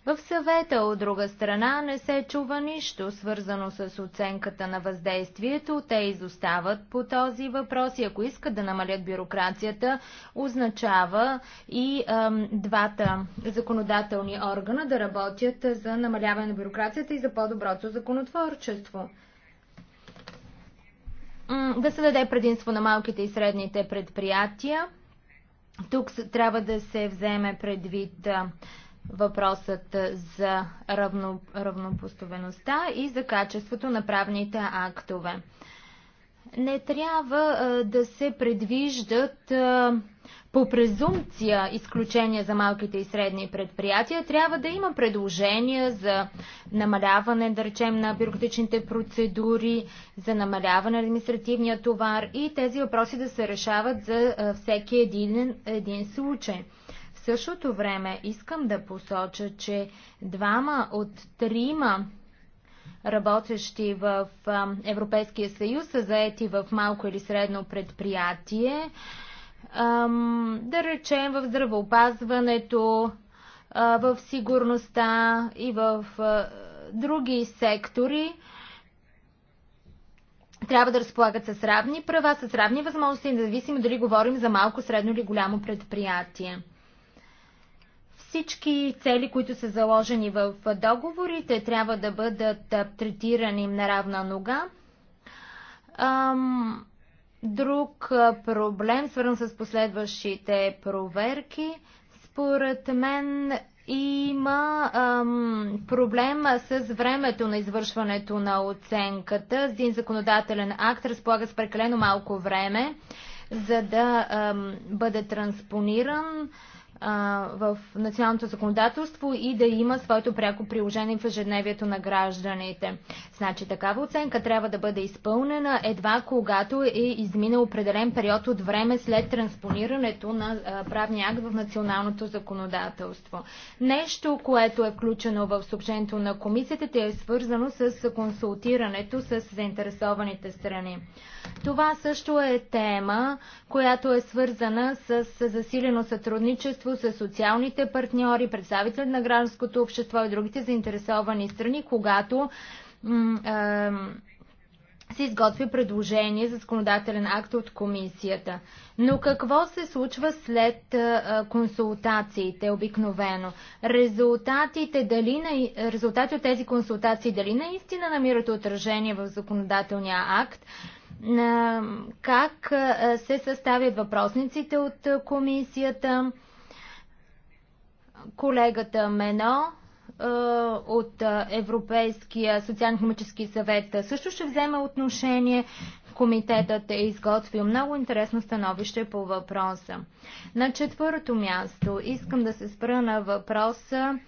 В съвета, от друга страна, не се чува нищо свързано с оценката на въздействието. Те изостават по този въпрос и ако искат да намалят бюрокрацията, означава и ем, двата законодателни органа да работят за намаляване на бюрокрацията и за по-доброто законотворчество да се даде предимство на малките и средните предприятия. Тук трябва да се вземе предвид въпросът за равно, равнопоставеността и за качеството на правните актове. Не трябва да се предвиждат по презумпция изключение за малките и средни предприятия, трябва да има предложения за намаляване, да речем, на бюрократичните процедури, за намаляване на административния товар и тези въпроси да се решават за всеки един, един случай. В същото време искам да посоча, че двама от трима работещи в Европейския съюз са заети в малко или средно предприятие да речем в здравеопазването, в сигурността и в други сектори, трябва да разполагат с равни права, с равни възможности, независимо дали говорим за малко, средно или голямо предприятие. Всички цели, които са заложени в договорите, трябва да бъдат третирани на равна нога. Друг проблем, свързан с последващите проверки, според мен има ам, проблем с времето на извършването на оценката. Един законодателен акт разполага с прекалено малко време, за да ам, бъде транспониран в националното законодателство и да има своето пряко приложение в ежедневието на гражданите. Значи такава оценка трябва да бъде изпълнена едва когато е изминал определен период от време след транспонирането на правния акт в националното законодателство. Нещо, което е включено в съобщението на комисията, е свързано с консултирането с заинтересованите страни. Това също е тема, която е свързана с засилено сътрудничество сътрудничество с социалните партньори, представители на гражданското общество и другите заинтересовани страни, когато се изготви предложение за законодателен акт от комисията. Но какво се случва след консултациите обикновено? Резултатите, дали на, резултати от тези консултации дали наистина намират отражение в законодателния акт? Как се съставят въпросниците от комисията? колегата Мено е, от е, Европейския социално-економически съвет също ще вземе отношение. Комитетът е изготвил много интересно становище по въпроса. На четвърто място искам да се спра на въпроса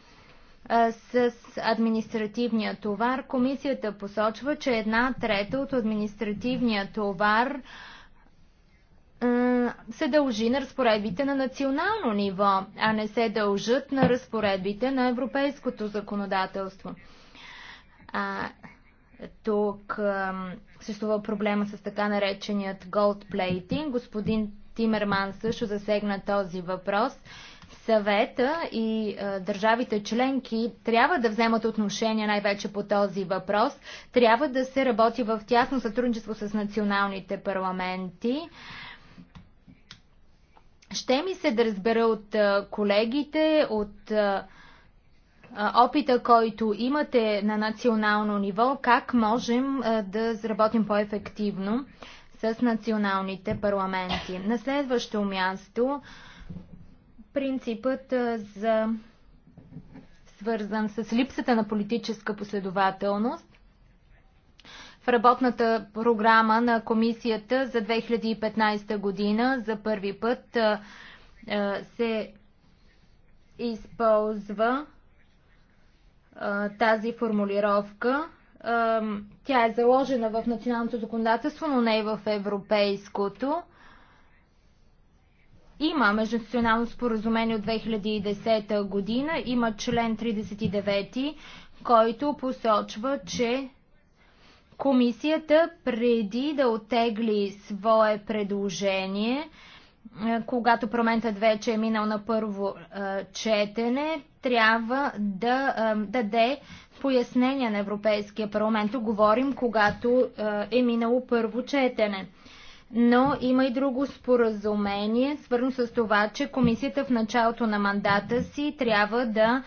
е, с административния товар. Комисията посочва, че една трета от административния товар а, се дължи на разпоредбите на национално ниво, а не се дължат на разпоредбите на европейското законодателство. А, тук съществува проблема с така нареченият gold plating. Господин Тимерман също засегна този въпрос. Съвета и а, държавите членки трябва да вземат отношение най-вече по този въпрос. Трябва да се работи в тясно сътрудничество с националните парламенти. А, ще ми се да разбера от колегите, от опита, който имате на национално ниво, как можем да заработим по-ефективно с националните парламенти. На следващо място принципът за свързан с липсата на политическа последователност в работната програма на комисията за 2015 година за първи път се използва тази формулировка. Тя е заложена в националното законодателство, но не и в европейското. Има междунационално споразумение от 2010 година, има член 39, който посочва, че Комисията преди да отегли свое предложение, е, когато проментът вече е минал на първо е, четене, трябва да е, даде пояснение на Европейския парламент. Говорим, когато е минало първо четене. Но има и друго споразумение, свързано с това, че комисията в началото на мандата си трябва да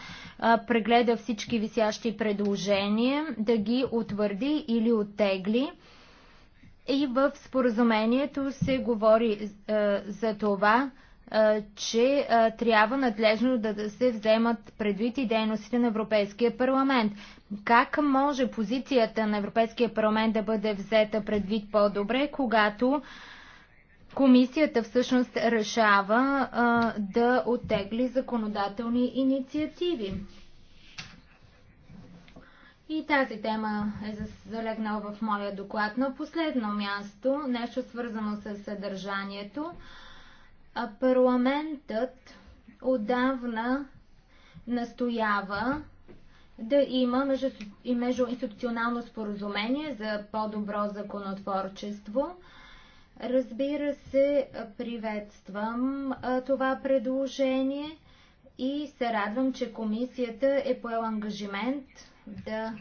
прегледа всички висящи предложения, да ги утвърди или оттегли. И в споразумението се говори за това, че а, трябва надлежно да, да се вземат предвид и дейностите на Европейския парламент. Как може позицията на Европейския парламент да бъде взета предвид по-добре, когато Комисията всъщност решава а, да оттегли законодателни инициативи. И тази тема е залегнала в моя доклад. На последно място, нещо свързано с съдържанието, парламентът отдавна настоява да има междуинституционално споразумение за по-добро законотворчество – Разбира се, приветствам това предложение и се радвам, че комисията е поел ангажимент да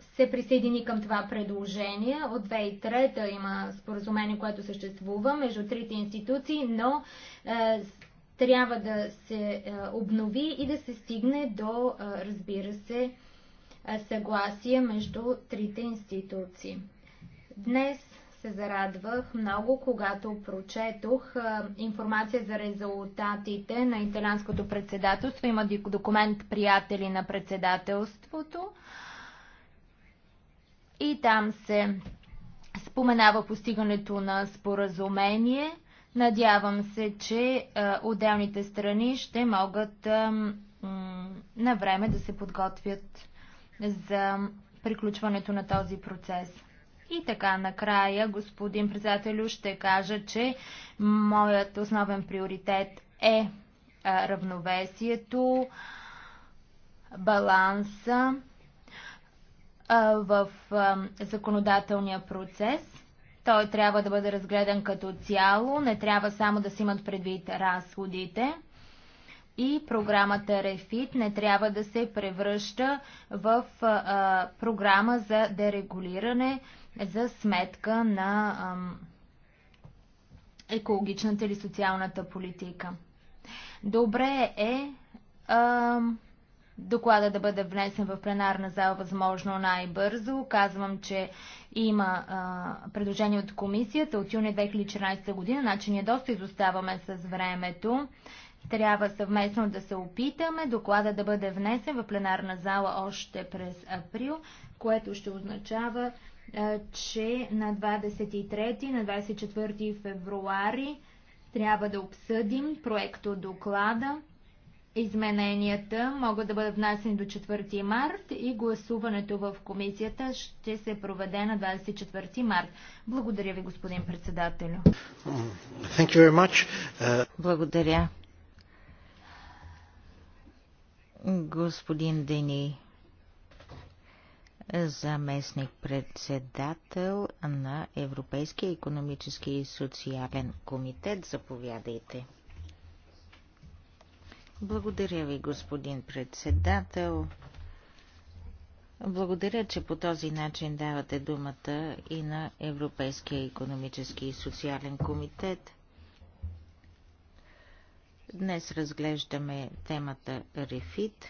се присъедини към това предложение. От 2003 има споразумение, което съществува между трите институции, но е, трябва да се е, обнови и да се стигне до, е, разбира се, е, съгласие между трите институции. Днес се зарадвах много, когато прочетох е, информация за резултатите на италянското председателство. Има документ приятели на председателството. И там се споменава постигането на споразумение. Надявам се, че е, отделните страни ще могат на време да се подготвят за приключването на този процес. И така, накрая, господин председателю, ще кажа, че моят основен приоритет е равновесието, баланса в законодателния процес. Той трябва да бъде разгледан като цяло, не трябва само да се имат предвид разходите и програмата Рефит не трябва да се превръща в а, програма за дерегулиране за сметка на а, екологичната или социалната политика. Добре е а, доклада да бъде внесен в пленарна зала възможно най-бързо. Казвам, че има а, предложение от комисията от юни 2014 година, значи ние доста изоставаме с времето. Трябва съвместно да се опитаме доклада да бъде внесен в пленарна зала още през април, което ще означава, е, че на 23 на 24 февруари трябва да обсъдим проекто доклада. Измененията могат да бъдат внасени до 4 март и гласуването в комисията ще се проведе на 24 март. Благодаря ви, господин председател. Благодаря господин Дени, заместник председател на Европейския економически и социален комитет. Заповядайте. Благодаря ви, господин председател. Благодаря, че по този начин давате думата и на Европейския економически и социален комитет – Днес разглеждаме темата Рефит.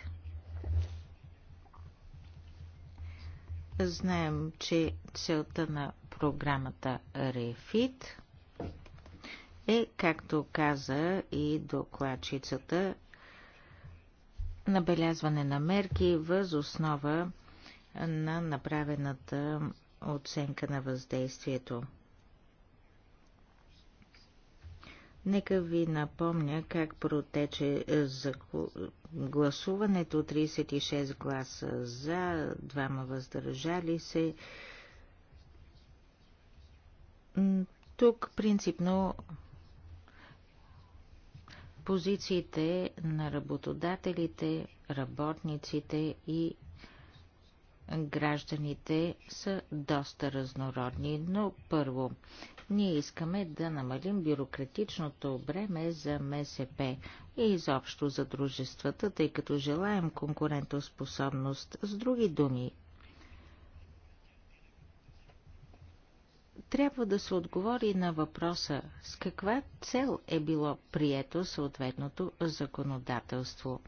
Знаем, че целта на програмата Рефит е, както каза и докладчицата, набелязване на мерки въз основа на направената оценка на въздействието. Нека ви напомня как протече е, за гласуването 36 гласа за, двама въздържали се. Тук принципно позициите на работодателите, работниците и гражданите са доста разнородни, но първо ние искаме да намалим бюрократичното бреме за МСП и изобщо за дружествата, тъй като желаем конкурентоспособност. С други думи, трябва да се отговори на въпроса с каква цел е било прието съответното законодателство,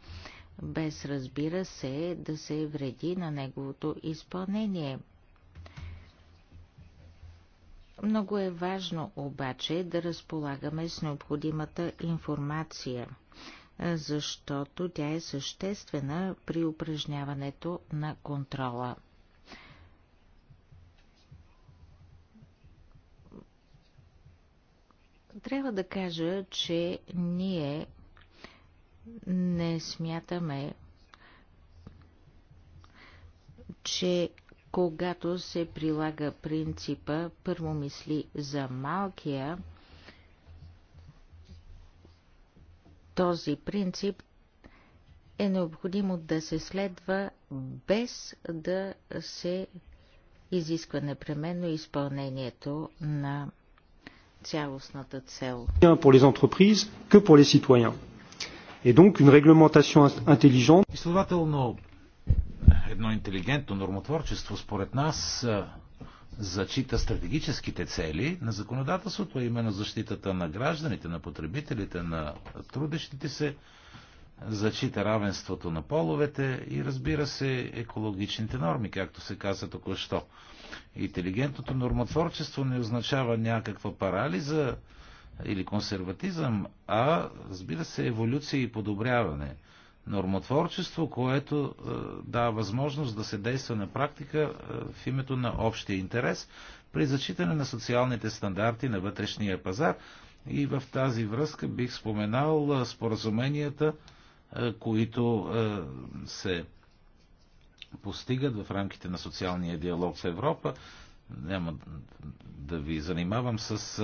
без разбира се да се вреди на неговото изпълнение – много е важно обаче да разполагаме с необходимата информация, защото тя е съществена при упражняването на контрола. Трябва да кажа, че ние не смятаме, че когато се прилага принципа първо мисли за малкия, този принцип е необходимо да се следва без да се изисква непременно изпълнението на цялостната цел. Следователно, едно интелигентно нормотворчество, според нас, зачита стратегическите цели на законодателството, а именно защитата на гражданите, на потребителите, на трудещите се, зачита равенството на половете и разбира се екологичните норми, както се каза току-що. Интелигентното нормотворчество не означава някаква парализа или консерватизъм, а разбира се еволюция и подобряване – нормотворчество, което е, дава възможност да се действа на практика е, в името на общия интерес при зачитане на социалните стандарти на вътрешния пазар. И в тази връзка бих споменал е, споразуменията, които се постигат в рамките на социалния диалог с Европа. Няма да ви занимавам с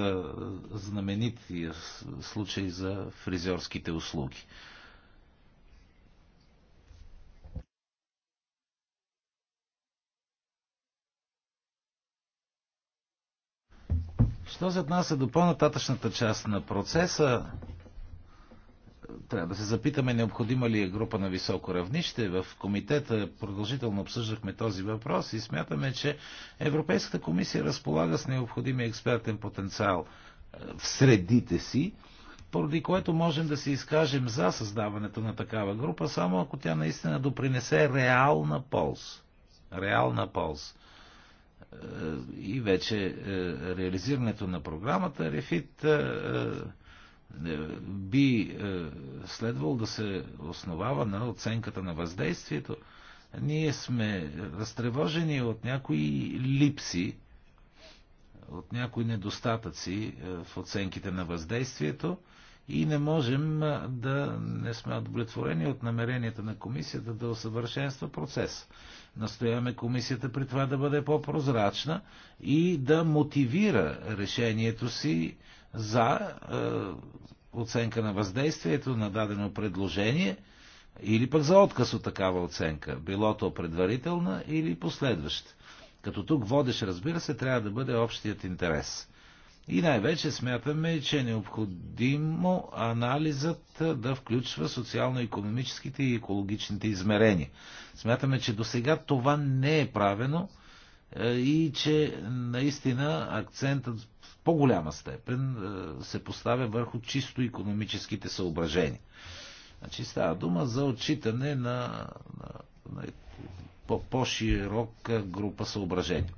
знаменития случай за фризьорските услуги. Що се отнася до по-нататъчната част на процеса, трябва да се запитаме необходима ли е група на високо равнище. В комитета продължително обсъждахме този въпрос и смятаме, че Европейската комисия разполага с необходимия експертен потенциал е, в средите си, поради което можем да се изкажем за създаването на такава група, само ако тя наистина допринесе реална полз. Реална полза и вече е, реализирането на програмата Рефит е, би е, следвало да се основава на оценката на въздействието. Ние сме разтревожени от някои липси, от някои недостатъци в оценките на въздействието и не можем да не сме удовлетворени от намеренията на комисията да усъвършенства процес. Настояваме комисията при това да бъде по-прозрачна и да мотивира решението си за е, оценка на въздействието на дадено предложение или пък за отказ от такава оценка, било то предварителна или последваща. Като тук водещ, разбира се, трябва да бъде общият интерес. И най-вече смятаме, че е необходимо анализът да включва социално-економическите и екологичните измерения. Смятаме, че до сега това не е правено и че наистина акцентът в по-голяма степен се поставя върху чисто економическите съображения. Значи става дума за отчитане на, на, на по по-широка група съображения.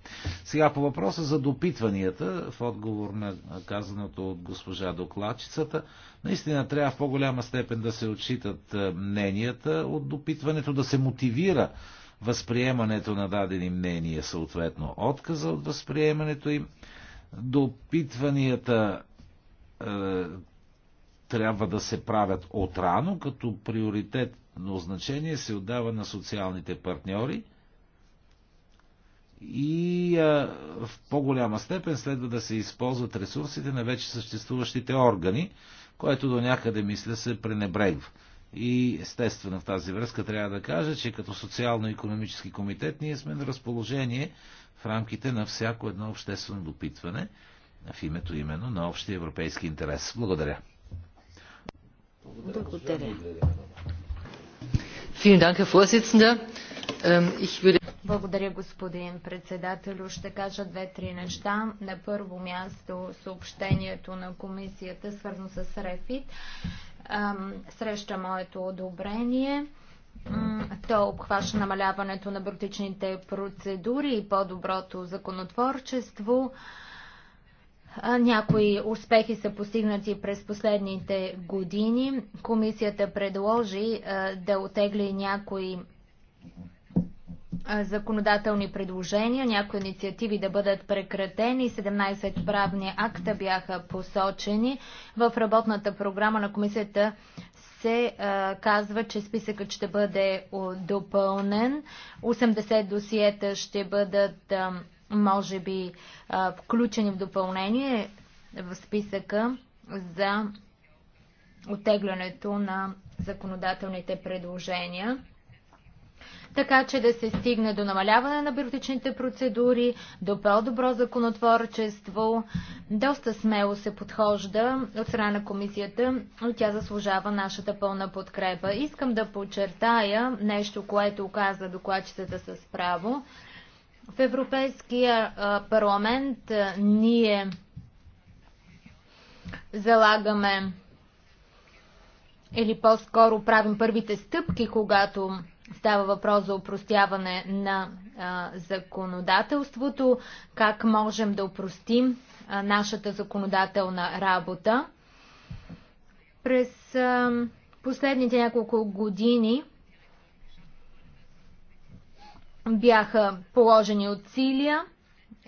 Сега по въпроса за допитванията, в отговор на казаното от госпожа докладчицата, наистина трябва в по-голяма степен да се отчитат е, мненията от допитването, да се мотивира възприемането на дадени мнения, съответно отказа от възприемането им. Допитванията е, трябва да се правят отрано, като приоритет но значение се отдава на социалните партньори и а, в по-голяма степен следва да се използват ресурсите на вече съществуващите органи, което до някъде, мисля, се пренебрегва. И естествено в тази връзка трябва да кажа, че като социално-економически комитет ние сме на разположение в рамките на всяко едно обществено допитване в името именно на общия европейски интерес. Благодаря. Благодаря. Благодаря. Ähm, Благодаря, господин председател. Ще кажа две-три неща. На първо място съобщението на комисията, свързано с Рефит, среща моето одобрение. То обхваща намаляването на бюротичните процедури и по-доброто законотворчество. Някои успехи са постигнати през последните години. Комисията предложи да отегли някои законодателни предложения, някои инициативи да бъдат прекратени, 17 правни акта бяха посочени. В работната програма на комисията се казва, че списъкът ще бъде допълнен, 80 досиета ще бъдат може би включени в допълнение в списъка за отеглянето на законодателните предложения така че да се стигне до намаляване на бюрократичните процедури, до по-добро законотворчество. Доста смело се подхожда от страна на комисията, но тя заслужава нашата пълна подкрепа. Искам да подчертая нещо, което оказа докладчицата с право. В Европейския парламент ние залагаме или по-скоро правим първите стъпки, когато става въпрос за упростяване на законодателството, как можем да упростим нашата законодателна работа. През последните няколко години бяха положени от Силия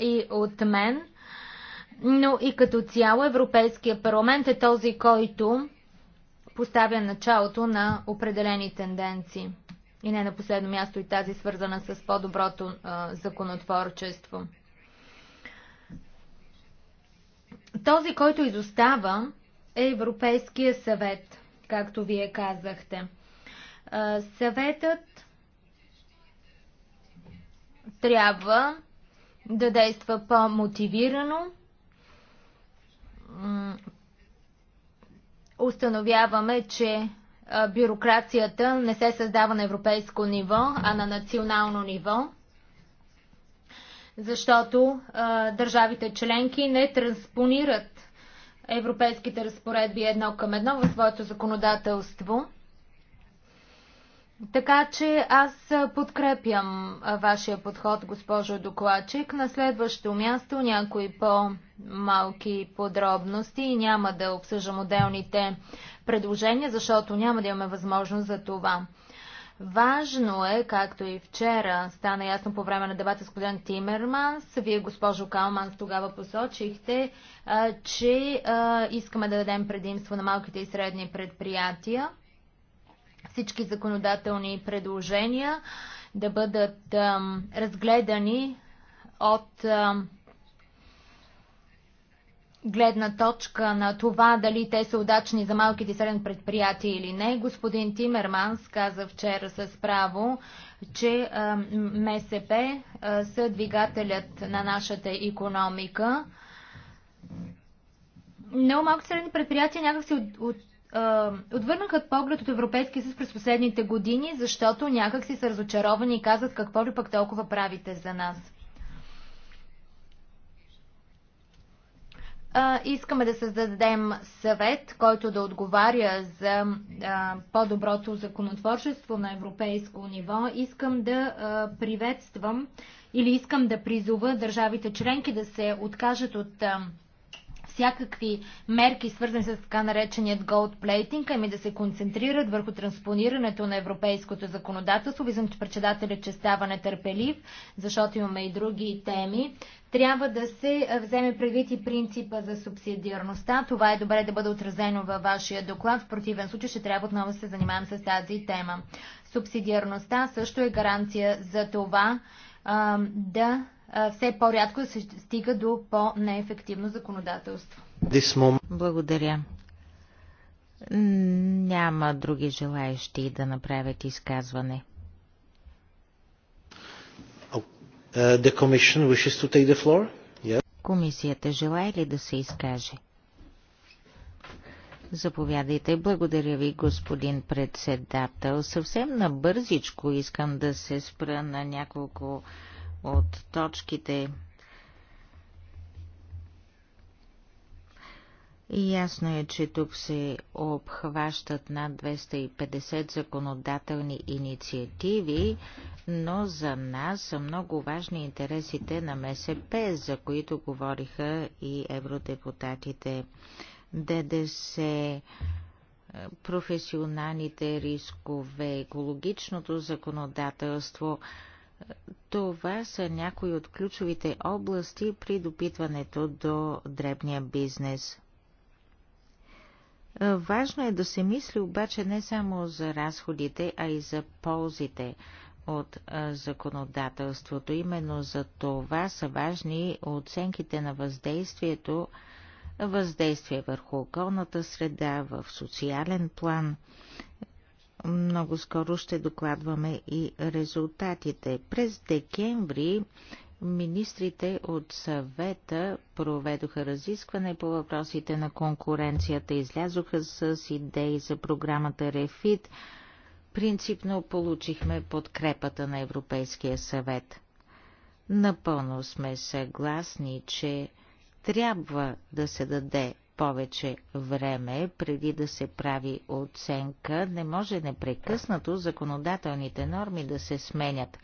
и от мен, но и като цяло Европейския парламент е този, който поставя началото на определени тенденции. И не на последно място и тази свързана с по-доброто законотворчество. Този, който изостава, е Европейския съвет, както вие казахте. А, съветът трябва да действа по-мотивирано. Установяваме, че бюрокрацията не се създава на европейско ниво, а на национално ниво, защото държавите членки не транспонират европейските разпоредби едно към едно в своето законодателство. Така че аз подкрепям вашия подход, госпожо докладчик. На следващо място някои по-малки подробности. Няма да обсъждам отделните предложения, защото няма да имаме възможност за това. Важно е, както и вчера стана ясно по време на дебата с господин Тимерманс, вие, госпожо Калманс, тогава посочихте, че искаме да дадем предимство на малките и средни предприятия всички законодателни предложения да бъдат разгледани от гледна точка на това дали те са удачни за малките и средни предприятия или не. Господин Тимерманс каза вчера с право, че МСП са двигателят на нашата економика. Но малко средни предприятия някак се от, от, отвърнаха поглед от Европейския съюз през последните години, защото някак си са разочаровани и казват какво ли пък толкова правите за нас. А, искаме да създадем съвет, който да отговаря за по-доброто законотворчество на европейско ниво. Искам да а, приветствам или искам да призова държавите членки да се откажат от а, всякакви мерки, свързани с така нареченият gold plating, ами да се концентрират върху транспонирането на европейското законодателство. Виждам, че председателят че става нетърпелив, защото имаме и други теми. Трябва да се вземе предвид и принципа за субсидиарността. Това е добре да бъде отразено във вашия доклад. В противен случай ще трябва отново да се занимаем с тази тема. Субсидиарността също е гаранция за това да все по-рядко се стига до по-неефективно законодателство. Благодаря. Няма други желаещи да направят изказване. Oh, uh, yeah. Комисията желая ли да се изкаже? Заповядайте. Благодаря ви, господин председател. Съвсем набързичко искам да се спра на няколко от точките. И ясно е, че тук се обхващат над 250 законодателни инициативи, но за нас са много важни интересите на МСП, за които говориха и евродепутатите. ДДС, професионалните рискове, екологичното законодателство – това са някои от ключовите области при допитването до дребния бизнес. Важно е да се мисли обаче не само за разходите, а и за ползите от законодателството. Именно за това са важни оценките на въздействието, въздействие върху околната среда в социален план. Много скоро ще докладваме и резултатите. През декември Министрите от съвета проведоха разискване по въпросите на конкуренцията, излязоха с идеи за програмата Рефит. Принципно получихме подкрепата на Европейския съвет. Напълно сме съгласни, че трябва да се даде повече време преди да се прави оценка. Не може непрекъснато законодателните норми да се сменят.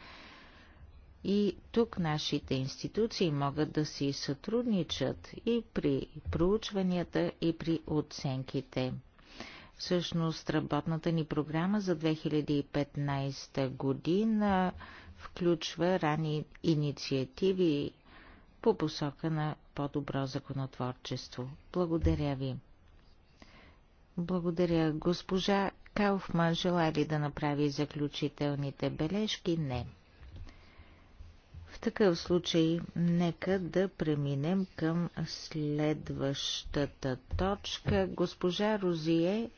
И тук нашите институции могат да си сътрудничат и при проучванията, и при оценките. Всъщност работната ни програма за 2015 година включва рани инициативи по посока на по-добро законотворчество. Благодаря ви. Благодаря. Госпожа Кауфман желая ли да направи заключителните бележки? Не. В такъв случай, нека да преминем към следващата точка. Госпожа Розие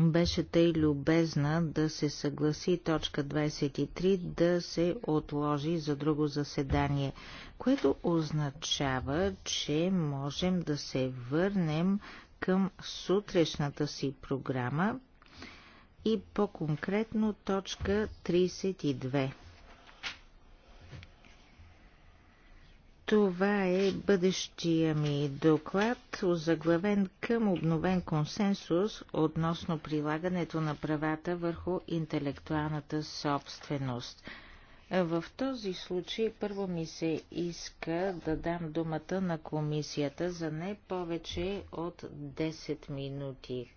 беше тъй любезна да се съгласи точка 23 да се отложи за друго заседание, което означава, че можем да се върнем към сутрешната си програма и по-конкретно точка 32. Това е бъдещия ми доклад, озаглавен към обновен консенсус относно прилагането на правата върху интелектуалната собственост. В този случай първо ми се иска да дам думата на комисията за не повече от 10 минути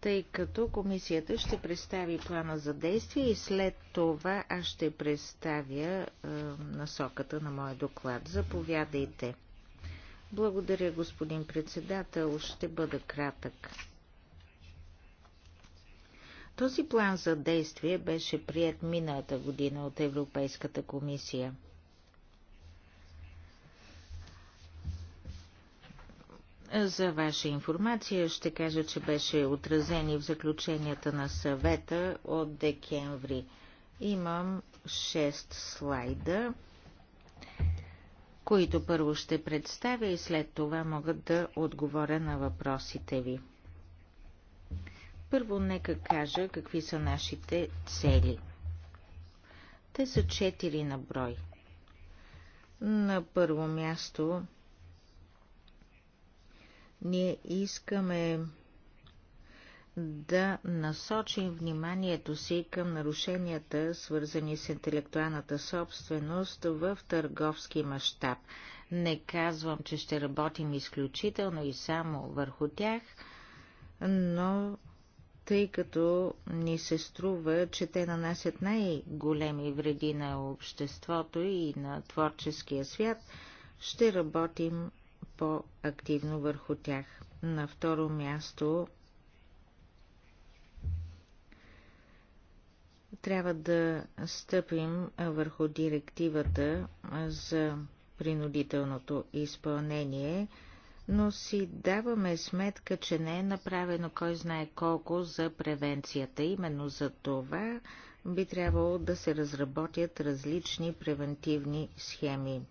тъй като комисията ще представи плана за действие и след това аз ще представя е, насоката на моя доклад. Заповядайте. Благодаря, господин председател. Ще бъда кратък. Този план за действие беше прият миналата година от Европейската комисия – За ваша информация ще кажа, че беше отразени в заключенията на съвета от декември. Имам 6 слайда, които първо ще представя и след това могат да отговоря на въпросите ви. Първо нека кажа какви са нашите цели. Те са 4 на брой. На първо място ние искаме да насочим вниманието си към нарушенията, свързани с интелектуалната собственост в търговски мащаб. Не казвам, че ще работим изключително и само върху тях, но тъй като ни се струва, че те нанасят най-големи вреди на обществото и на творческия свят, ще работим по-активно върху тях. На второ място трябва да стъпим върху директивата за принудителното изпълнение, но си даваме сметка, че не е направено кой знае колко за превенцията. Именно за това би трябвало да се разработят различни превентивни схеми.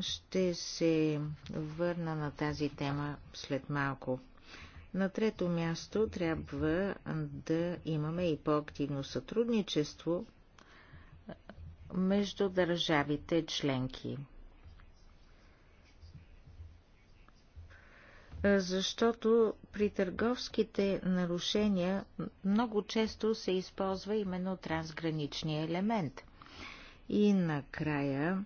Ще се върна на тази тема след малко. На трето място трябва да имаме и по-активно сътрудничество между държавите членки. Защото при търговските нарушения много често се използва именно трансграничния елемент. И накрая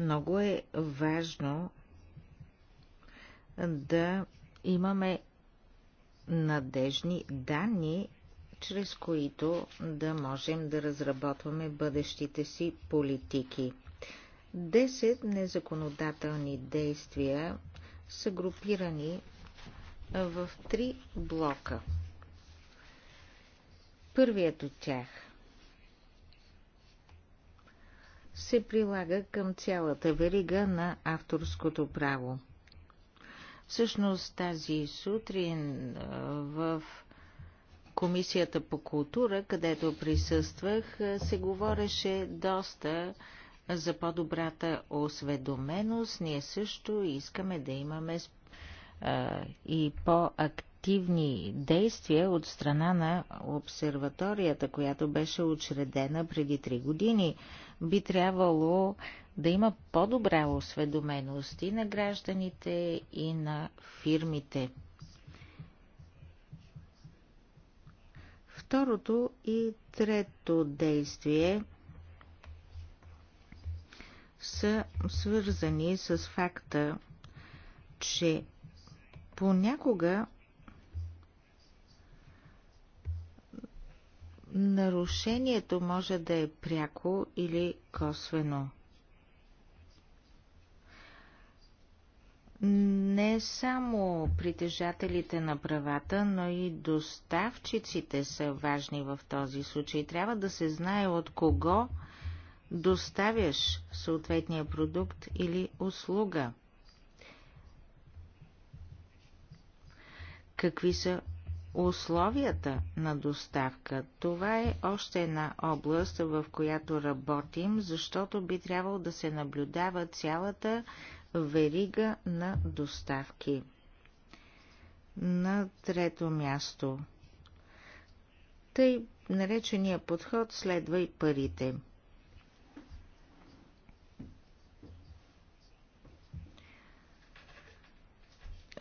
Много е важно да имаме надежни данни, чрез които да можем да разработваме бъдещите си политики. 10 незаконодателни действия са групирани в три блока. Първият от тях – се прилага към цялата верига на авторското право. Всъщност тази сутрин в Комисията по култура, където присъствах, се говореше доста за по-добрата осведоменост. Ние също искаме да имаме и по-активни действия от страна на обсерваторията, която беше учредена преди три години би трябвало да има по-добра осведоменост и на гражданите, и на фирмите. Второто и трето действие са свързани с факта, че понякога Нарушението може да е пряко или косвено. Не само притежателите на правата, но и доставчиците са важни в този случай. Трябва да се знае от кого доставяш съответния продукт или услуга. Какви са условията на доставка. Това е още една област, в която работим, защото би трябвало да се наблюдава цялата верига на доставки. На трето място. Тъй наречения подход следва и парите –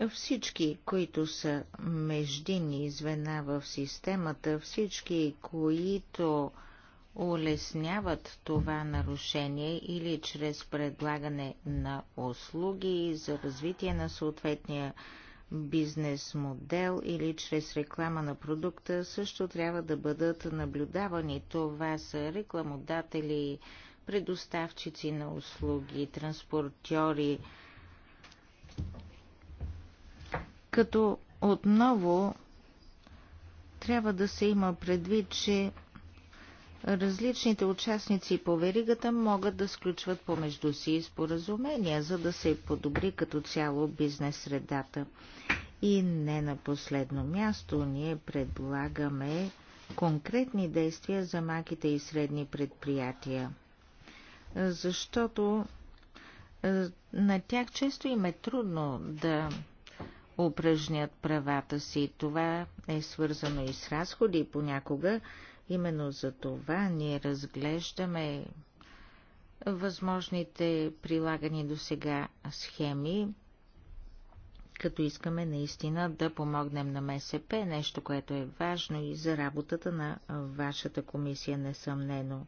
Всички, които са междинни звена в системата, всички, които улесняват това нарушение или чрез предлагане на услуги за развитие на съответния бизнес модел или чрез реклама на продукта също трябва да бъдат наблюдавани. Това са рекламодатели, предоставчици на услуги, транспортьори, като отново трябва да се има предвид, че различните участници по веригата могат да сключват помежду си споразумения, за да се подобри като цяло бизнес средата. И не на последно място ние предлагаме конкретни действия за малките и средни предприятия, защото е, на тях често им е трудно да упражнят правата си. Това е свързано и с разходи понякога. Именно за това ние разглеждаме възможните прилагани до сега схеми, като искаме наистина да помогнем на МСП, нещо, което е важно и за работата на вашата комисия, несъмнено.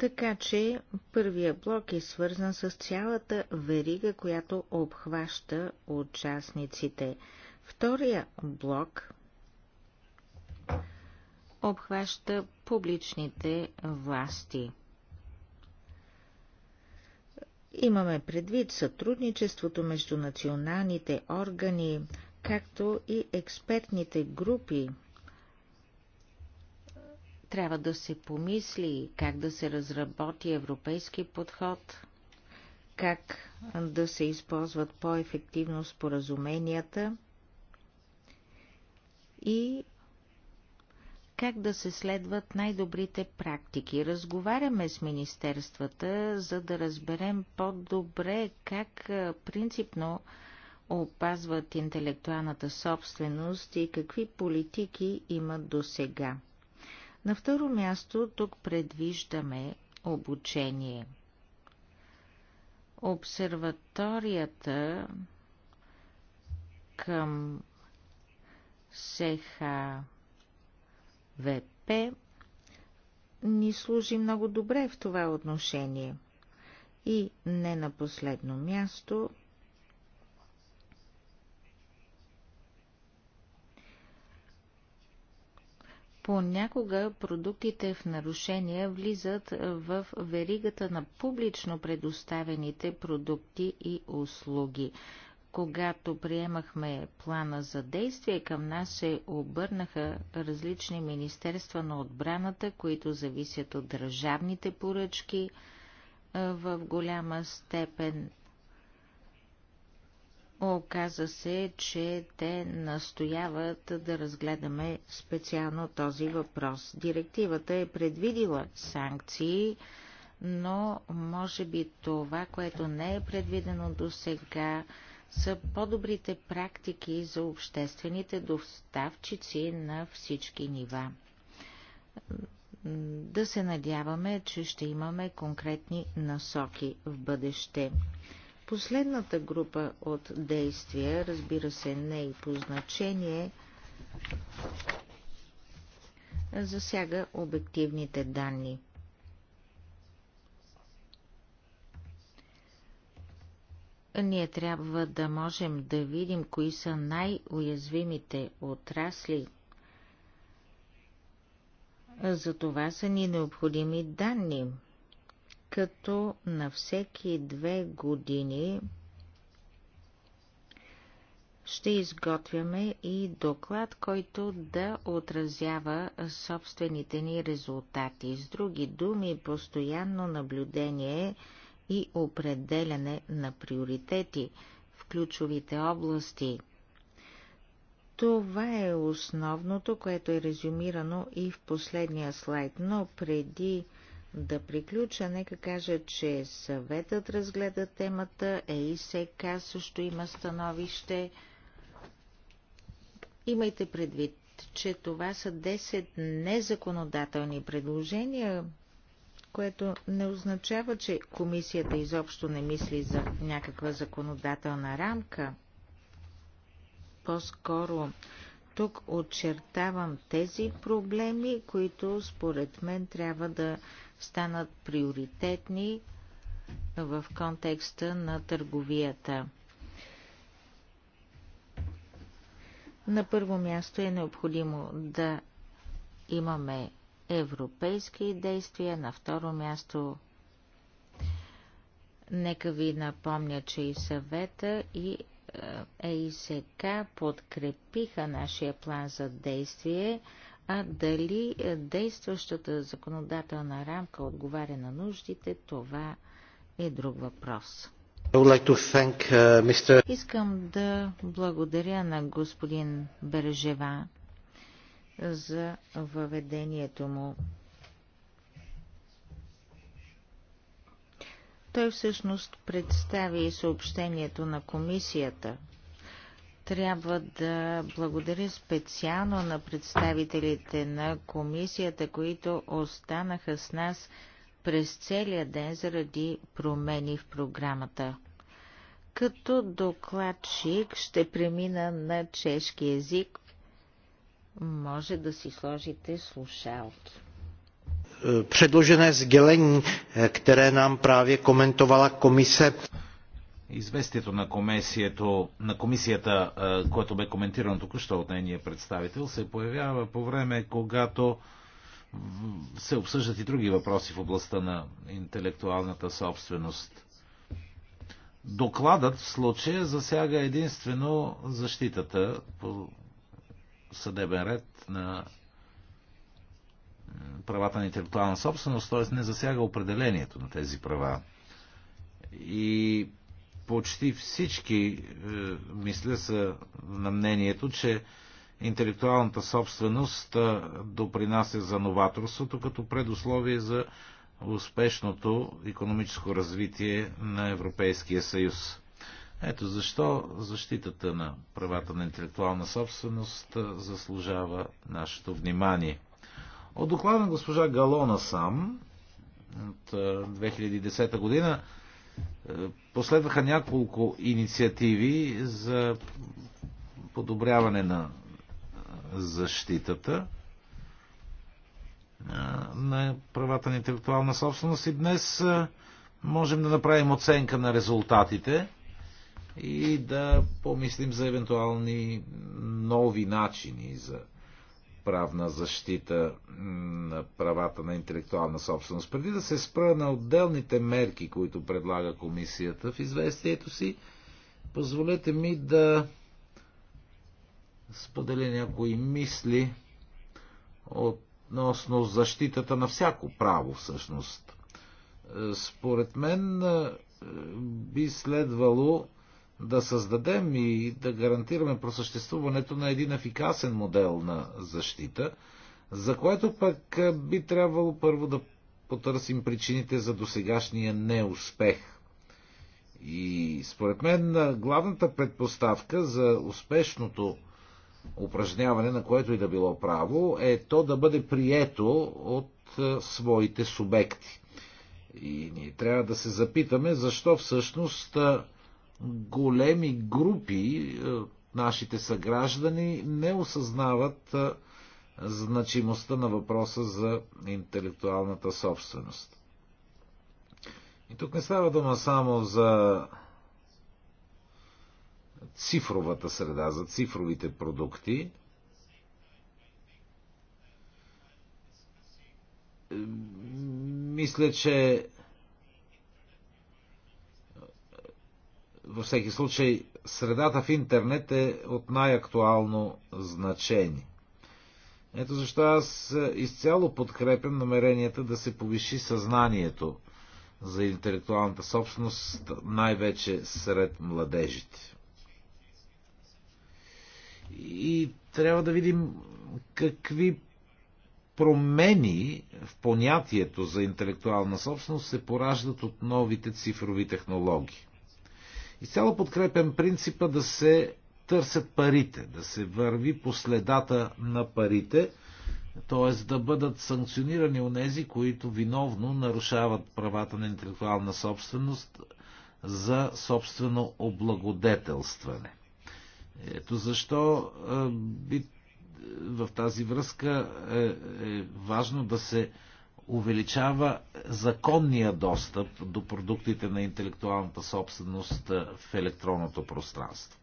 Така че първия блок е свързан с цялата верига, която обхваща участниците. Втория блок обхваща публичните власти. Имаме предвид сътрудничеството между националните органи, както и експертните групи трябва да се помисли как да се разработи европейски подход, как да се използват по-ефективно споразуменията и как да се следват най-добрите практики. Разговаряме с министерствата, за да разберем по-добре как принципно опазват интелектуалната собственост и какви политики имат до сега. На второ място тук предвиждаме обучение. Обсерваторията към СХВП ни служи много добре в това отношение. И не на последно място Понякога продуктите в нарушение влизат в веригата на публично предоставените продукти и услуги. Когато приемахме плана за действие, към нас се обърнаха различни министерства на отбраната, които зависят от държавните поръчки в голяма степен Оказа се, че те настояват да разгледаме специално този въпрос. Директивата е предвидила санкции, но може би това, което не е предвидено до сега, са по-добрите практики за обществените доставчици на всички нива. Да се надяваме, че ще имаме конкретни насоки в бъдеще. Последната група от действия, разбира се, не и по значение, засяга обективните данни. Ние трябва да можем да видим кои са най-уязвимите отрасли. За това са ни необходими данни като на всеки две години ще изготвяме и доклад, който да отразява собствените ни резултати. С други думи, постоянно наблюдение и определяне на приоритети в ключовите области. Това е основното, което е резюмирано и в последния слайд, но преди да приключа, нека кажа, че съветът разгледа темата, ЕИСК също има становище. Имайте предвид, че това са 10 незаконодателни предложения, което не означава, че комисията изобщо не мисли за някаква законодателна рамка. По-скоро тук очертавам тези проблеми, които според мен трябва да станат приоритетни в контекста на търговията. На първо място е необходимо да имаме европейски действия, на второ място нека ви напомня, че и съвета и ЕИСК е подкрепиха нашия план за действие а дали е, действащата законодателна рамка отговаря на нуждите, това е друг въпрос. Like thank, uh, е, Mr... Искам да благодаря на господин Бережева за въведението му. Той всъщност представи съобщението на комисията – трябва да благодаря специално на представителите на комисията, които останаха с нас през целия ден заради промени в програмата. Като докладчик ще премина на чешки език. Може да си сложите слушалки. Předložené sdělení, které nám právě komentovala komise, Известието на, на комисията, което бе коментирано току-що от нейния представител, се появява по време, когато се обсъждат и други въпроси в областта на интелектуалната собственост. Докладът в случая засяга единствено защитата по съдебен ред на правата на интелектуална собственост, т.е. не засяга определението на тези права. И почти всички, е, мисля, са на мнението, че интелектуалната собственост е, допринася за новаторството като предусловие за успешното економическо развитие на Европейския съюз. Ето защо защитата на правата на интелектуална собственост е, заслужава нашето внимание. От доклада на госпожа Галона сам от 2010 година Последваха няколко инициативи за подобряване на защитата на правата на интелектуална собственост и днес можем да направим оценка на резултатите и да помислим за евентуални нови начини за правна защита на правата на интелектуална собственост. Преди да се спра на отделните мерки, които предлага комисията в известието си, позволете ми да споделя някои мисли относно защитата на всяко право всъщност. Е, според мен е, би следвало да създадем и да гарантираме просъществуването на един ефикасен модел на защита, за което пък би трябвало първо да потърсим причините за досегашния неуспех. И според мен главната предпоставка за успешното упражняване на което и да било право е то да бъде прието от своите субекти. И ние трябва да се запитаме защо всъщност големи групи е, нашите съграждани не осъзнават е, значимостта на въпроса за интелектуалната собственост. И тук не става дума само за цифровата среда, за цифровите продукти. Мисля, че Във всеки случай, средата в интернет е от най-актуално значение. Ето защо аз изцяло подкрепям намеренията да се повиши съзнанието за интелектуалната собственост, най-вече сред младежите. И трябва да видим какви промени в понятието за интелектуална собственост се пораждат от новите цифрови технологии. Изцяло подкрепям принципа да се търсят парите, да се върви по следата на парите, т.е. да бъдат санкционирани у нези, които виновно нарушават правата на интелектуална собственост за собствено облагодетелстване. Ето защо би в тази връзка е, е важно да се увеличава законния достъп до продуктите на интелектуалната собственост в електронното пространство.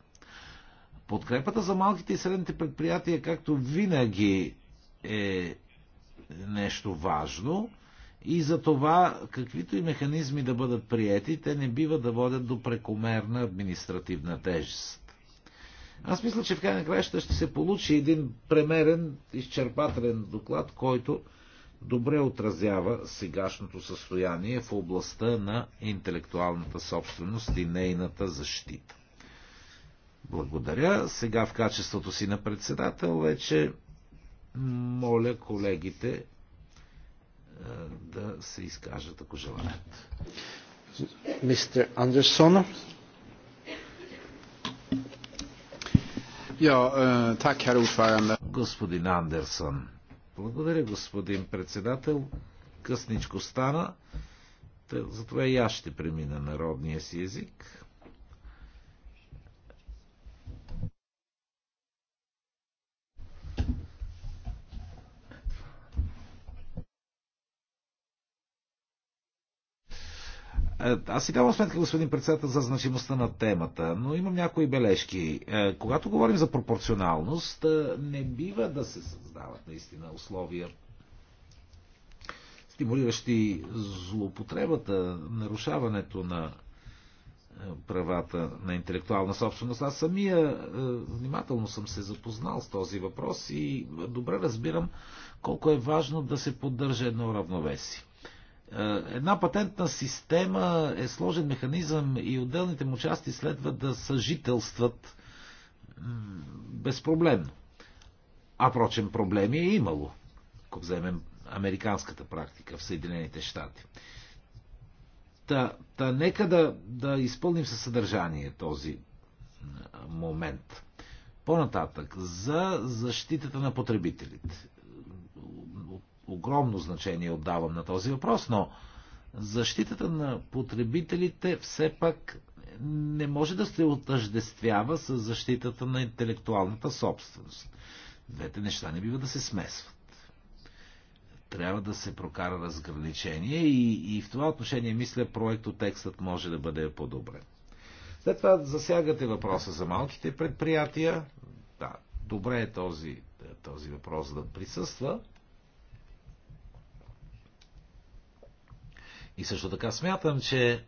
Подкрепата за малките и средните предприятия, както винаги, е нещо важно и за това, каквито и механизми да бъдат приети, те не бива да водят до прекомерна административна тежест. Аз мисля, че в край на краища ще се получи един премерен, изчерпателен доклад, който добре отразява сегашното състояние в областта на интелектуалната собственост и нейната защита. Благодаря. Сега в качеството си на председател вече моля колегите е, да се изкажат, ако желаят. Мистер Андерсон. tack herr е, Господин Андерсон. Благодаря, господин председател. Късничко стана. Затова и аз ще премина народния си език. Е, аз си давам сметка, господин председател, за значимостта на темата, но имам някои бележки. Е, когато говорим за пропорционалност, е, не бива да се създават наистина условия, стимулиращи злоупотребата, нарушаването на правата на интелектуална собственост. Аз самия внимателно съм се запознал с този въпрос и добре разбирам колко е важно да се поддържа едно равновесие. Е, една патентна система е сложен механизъм и отделните му части следва да съжителстват безпроблемно. А прочен проблеми е имало, ако вземем американската практика в Съединените щати. Та, та нека да, да изпълним със съдържание този момент. По-нататък, за защитата на потребителите огромно значение отдавам на този въпрос, но защитата на потребителите все пак не може да се отъждествява с защитата на интелектуалната собственост. Двете неща не бива да се смесват. Трябва да се прокара разграничение и, и в това отношение, мисля, проектотекстът може да бъде подобрен. След това засягате въпроса за малките предприятия. Да, добре е този, този въпрос да присъства. И също така смятам, че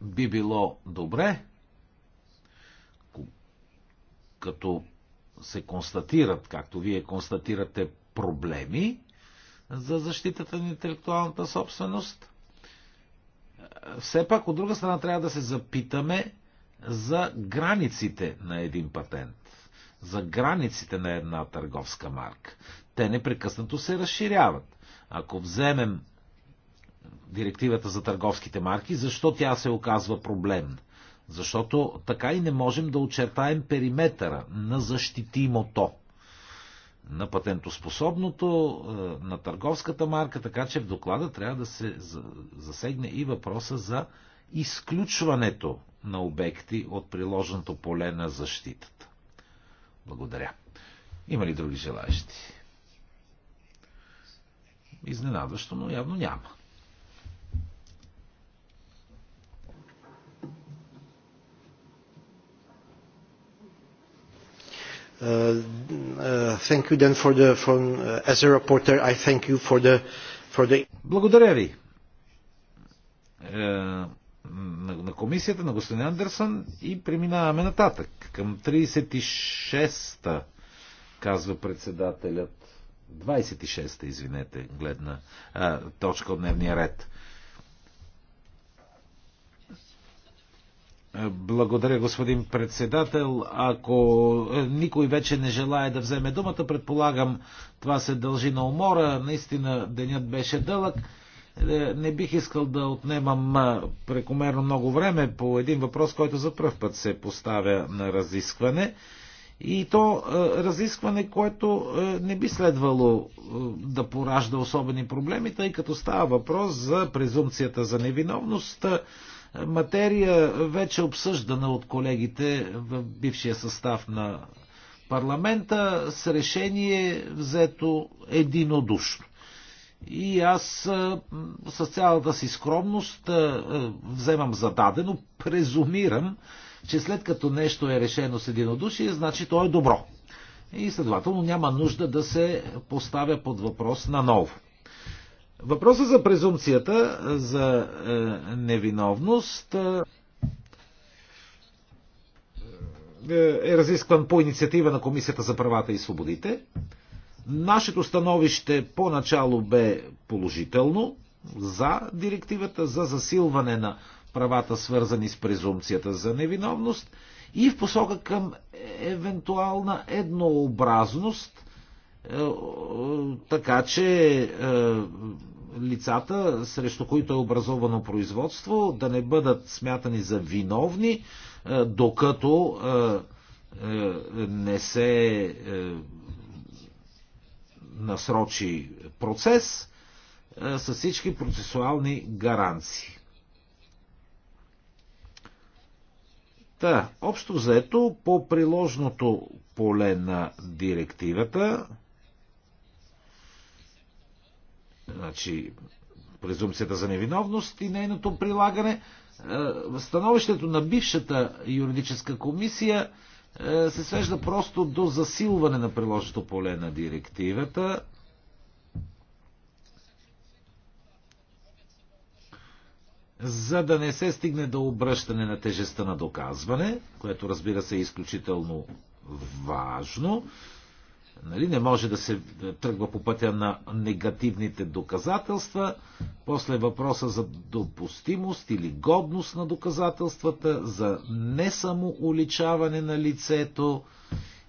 би било добре, като се констатират, както вие констатирате, проблеми за защитата на интелектуалната собственост, все пак от друга страна трябва да се запитаме за границите на един патент за границите на една търговска марка. Те непрекъснато се разширяват. Ако вземем директивата за търговските марки, защо тя се оказва проблем? Защото така и не можем да очертаем периметъра на защитимото на патентоспособното, е, на търговската марка, така че в доклада трябва да се засегне и въпроса за изключването на обекти от приложеното поле на защитата. Благодаря. Има ли други желаящи? Изненадващо, но явно няма. Uh, uh, thank you then for the, from uh, as a reporter, I thank you for the, for the... Благодаря ви. Uh, на, на комисията, на господин Андерсон и преминаваме нататък. Към 36-та, казва председателят. 26-та, извинете, гледна а, точка от дневния ред. Благодаря, господин председател. Ако е, никой вече не желая да вземе думата, предполагам, това се дължи на умора. Наистина денят беше дълъг. Е, не бих искал да отнемам прекомерно много време по един въпрос, който за първ път се поставя на разискване. И то е, разискване, което е, не би следвало да поражда особени проблеми, тъй като става въпрос за презумпцията за невиновност, материя вече обсъждана от колегите в бившия състав на парламента с решение взето единодушно. И аз с цялата си скромност вземам зададено, презумирам, че след като нещо е решено с единодушие, значи то е добро. И следователно няма нужда да се поставя под въпрос наново. Въпроса за презумцията за е, невиновност е, е разискван по инициатива на Комисията за правата и свободите. Нашето становище поначало бе положително за директивата за засилване на правата, свързани с презумпцията за невиновност и в посока към евентуална еднообразност, е, така че е, лицата, срещу които е образовано производство, да не бъдат смятани за виновни, е, докато не се насрочи процес с всички процесуални гаранции. Та, общо взето, по приложното поле на директивата, значи презумцията за невиновност и нейното прилагане, становището на бившата юридическа комисия е, се свежда просто до засилване на приложното поле на директивата. За да не се стигне до обръщане на тежеста на доказване, което разбира се е изключително важно, Нали? Не може да се тръгва по пътя на негативните доказателства. После въпроса за допустимост или годност на доказателствата, за не само уличаване на лицето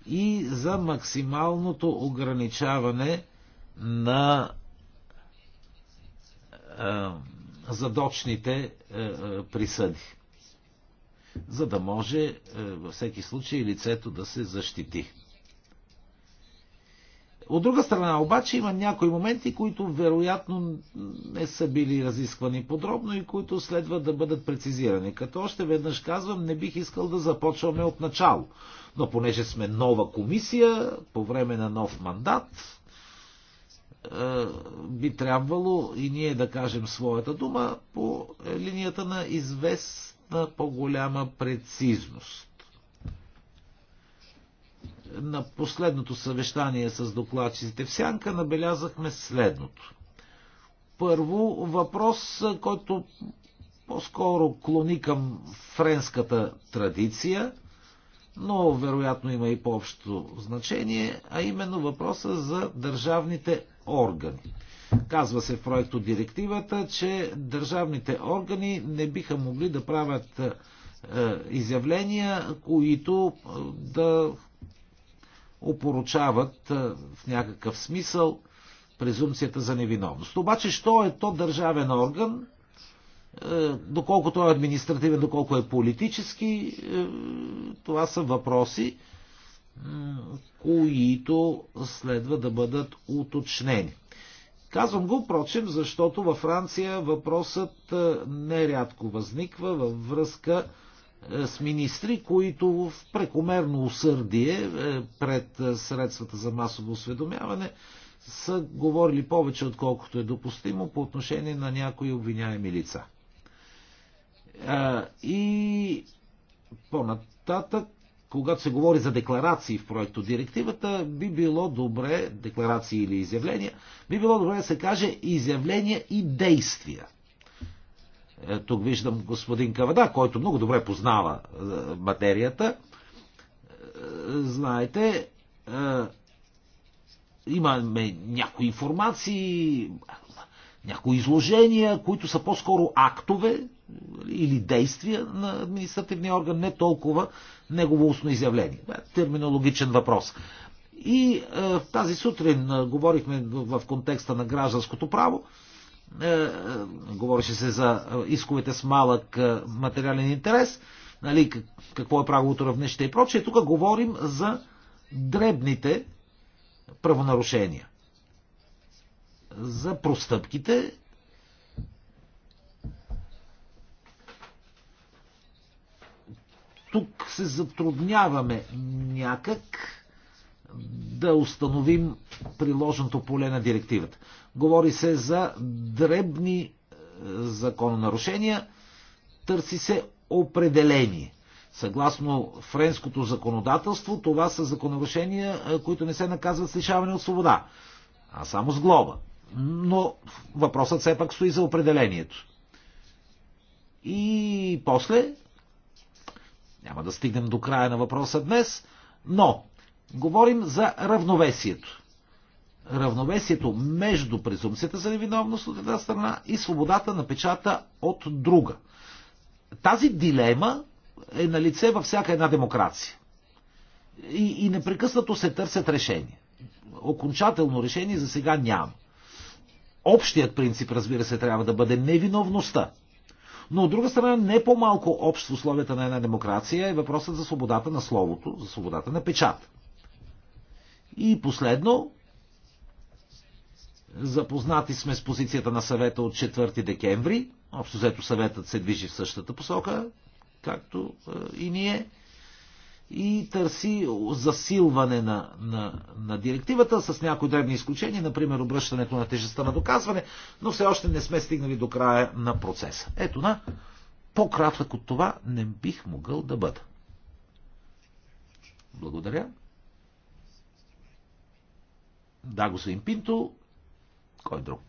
и за максималното ограничаване на а, е, задочните а, е, е, присъди. За да може а, във всеки случай лицето да се защити. От друга страна обаче има някои моменти, които вероятно не са били разисквани подробно и които следва да бъдат прецизирани. Като още веднъж казвам, не бих искал да започваме от начало. Но понеже сме нова комисия, по време на нов мандат, е, би трябвало и ние да кажем своята дума по линията на известна по-голяма прецизност на последното съвещание с докладчиците в Сянка набелязахме следното. Първо, въпрос, който по-скоро клони към френската традиция, но вероятно има и по-общо значение, а именно въпроса за държавните органи. Казва се в проекто директивата, че държавните органи не биха могли да правят е, изявления, които е, да опоручават в някакъв смисъл презумцията за невиновност. Обаче, що е то държавен орган, е, доколко той е административен, доколко е политически, е, това са въпроси, които следва да бъдат уточнени. Казвам го, впрочем, защото във Франция въпросът е, нерядко възниква във връзка с е, с министри, които в прекомерно усърдие е, пред е, средствата за масово осведомяване са говорили повече, отколкото е допустимо по отношение на някои обвиняеми лица. И по-нататък, когато се говори за декларации в проекто директивата, би било добре, декларации или изявления, би било добре да се каже изявления и действия. Е, тук виждам господин Кавада, който много добре познава е, материята. Е, знаете, имаме някои информации, някои изложения, които са по-скоро актове нали, или действия на административния орган, не толкова негово устно изявление. Терминологичен въпрос. И тази сутрин говорихме в контекста на гражданското право. Е, е, говореше се за е, исковете с малък материален интерес, нали, какво е праговото равнище и прочее. Тук говорим за дребните правонарушения. За простъпките, тук се затрудняваме някак да установим приложеното поле на директивата. Говори се за дребни е, закононарушения, търси се определение. Съгласно френското законодателство, това са закононарушения, е, които не се наказват с лишаване от свобода, а само с глоба. Но въпросът все пак стои за определението. И после, няма да стигнем до края на въпроса днес, но Говорим за равновесието. Равновесието между презумцията за невиновност от една страна и свободата на печата от друга. Тази дилема е на лице във всяка една демокрация. И, и непрекъснато се търсят решения. Окончателно решение за сега няма. Общият принцип, разбира се, трябва да бъде невиновността. Но от друга страна, не по-малко общ в условията на една демокрация е въпросът за свободата на словото, за свободата на печата. И последно, запознати сме с позицията на съвета от 4 декември. Общо взето съветът се движи в същата посока, както е, и ние и търси засилване на, на, на директивата с някои дребни изключения, например обръщането на тежестта на доказване, но все още не сме стигнали до края на процеса. Ето на, по-кратък от това не бих могъл да бъда. Благодаря. Да, господин Пинто. Кой друг?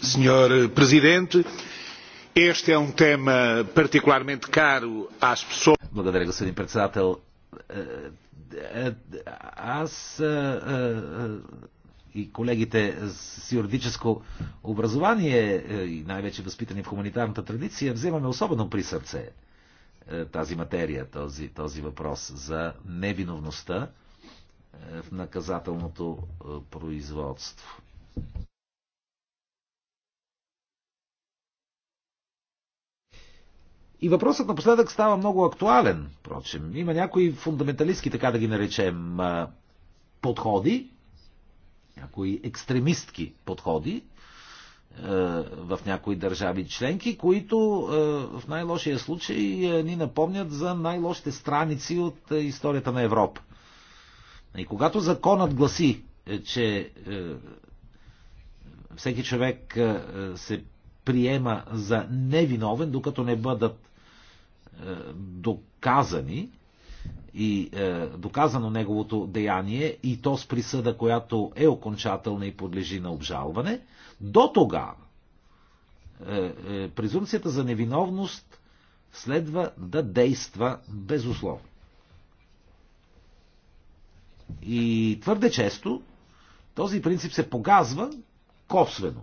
Senhor Presidente, este é um tema particularmente caro às pessoas. Благодаря, господин председател. Аз и колегите с юридическо образование е, и най-вече възпитани в хуманитарната традиция, вземаме особено при сърце е, тази материя, този, този въпрос за невиновността е, в наказателното производство. И въпросът напоследък става много актуален, впрочем. Има някои фундаменталистки, така да ги наречем, подходи, някои екстремистки подходи е, в някои държави членки, които е, в най-лошия случай е, ни напомнят за най-лошите страници от историята на Европа. И когато законът гласи, че всеки човек се приема за невиновен, докато не бъдат доказани и е, доказано неговото деяние и то с присъда, която е окончателна и подлежи на обжалване, до тогава е, е, презумцията за невиновност следва да действа безусловно. И твърде често този принцип се погазва косвено.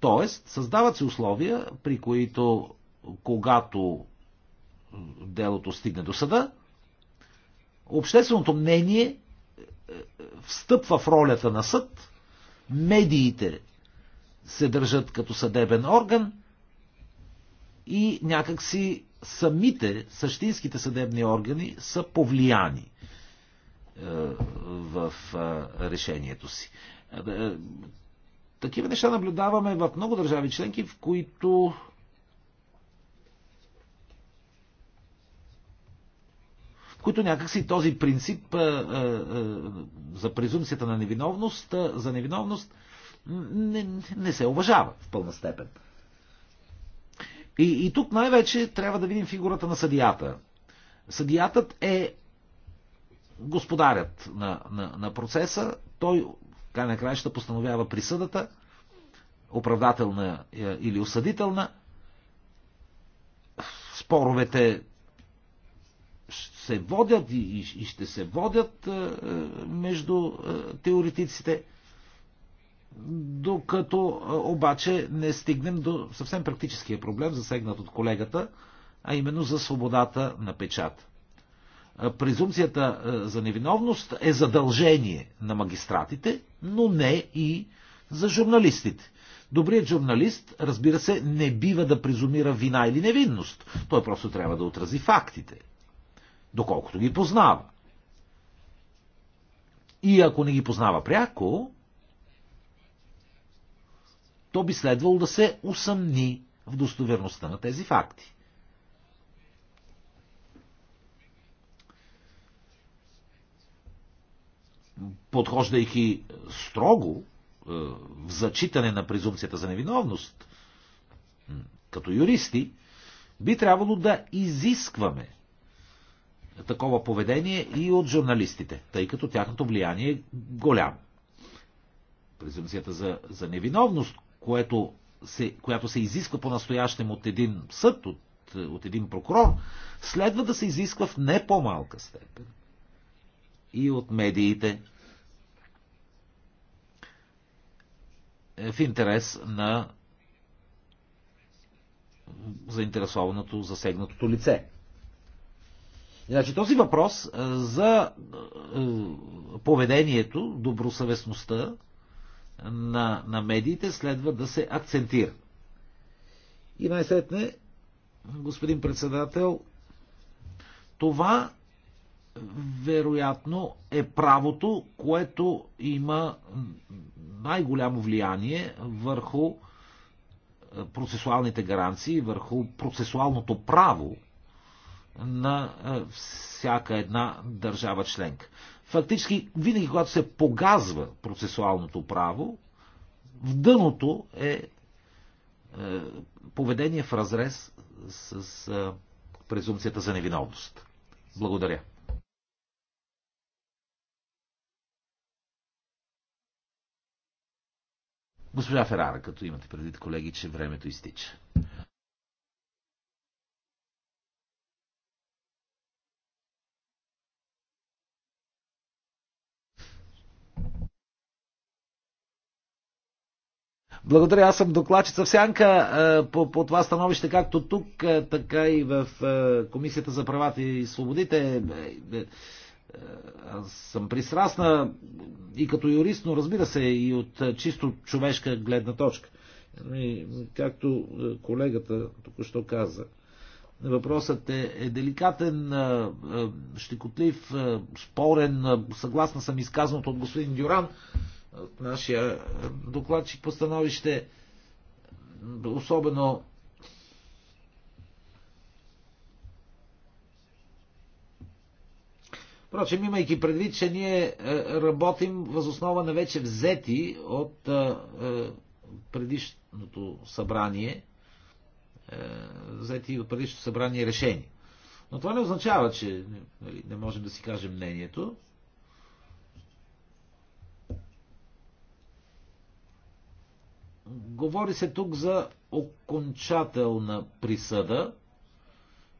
Тоест, създават се условия, при които когато делото стигне до съда, общественото мнение е, е, встъпва в ролята на съд, медиите се държат като съдебен орган и някакси самите същинските съдебни органи са повлияни е, в решението си. Такива неща наблюдаваме в много държави членки, в които които някакси този принцип за презумцията на невиновност, за невиновност не, не се уважава в пълна степен. И, и тук най-вече трябва да видим фигурата на съдията. Съдиятът е господарят на, на, на процеса, той край на краища постановява присъдата, оправдателна е, или осъдителна. Споровете се водят и, и ще се водят е, е, между е, теоретиците, докато обаче не стигнем до съвсем практическия проблем, засегнат от колегата, а именно за свободата на печата презумцията за невиновност е задължение на магистратите, но не и за журналистите. Добрият журналист, разбира се, не бива да презумира вина или невинност. Той просто трябва да отрази фактите доколкото ги познава. И ако не ги познава пряко, то би следвало да се усъмни в достоверността на тези факти. Подхождайки строго е, в зачитане на презумцията за невиновност, като юристи, би трябвало да изискваме такова поведение и от журналистите, тъй като тяхното влияние е голямо. Презумцията за, за невиновност, което се, която се изисква по-настоящем от един съд, от, от един прокурор, следва да се изисква в не по-малка степен и от медиите е, в интерес на заинтересованото, засегнатото лице. Значи този въпрос за поведението, добросъвестността на, на медиите следва да се акцентира. И най-сетне, господин председател, това вероятно е правото, което има най-голямо влияние върху процесуалните гаранции, върху процесуалното право на е, всяка една държава членка. Фактически, винаги когато се погазва процесуалното право, в дъното е, е поведение в разрез с е, презумцията за невиновност. Благодаря. Госпожа Ферара, като имате предвид, колеги, че времето изтича. Благодаря, аз съм докладчица в Сянка е, по, по това становище, както тук, е, така и в е, Комисията за правата и свободите. Аз съм пристрастна и като юрист, но разбира се и от чисто човешка гледна точка. И, както колегата току-що каза, въпросът е, е деликатен, щекотлив, спорен, съгласна съм изказаното от господин Дюран от нашия докладчик по становище, особено Впрочем, имайки предвид, че ние е, работим възоснова на вече взети от е, е, предишното събрание, взети от предишното събрание решение. Но това не означава, че нали, не можем да си кажем мнението. Говори се тук за окончателна присъда.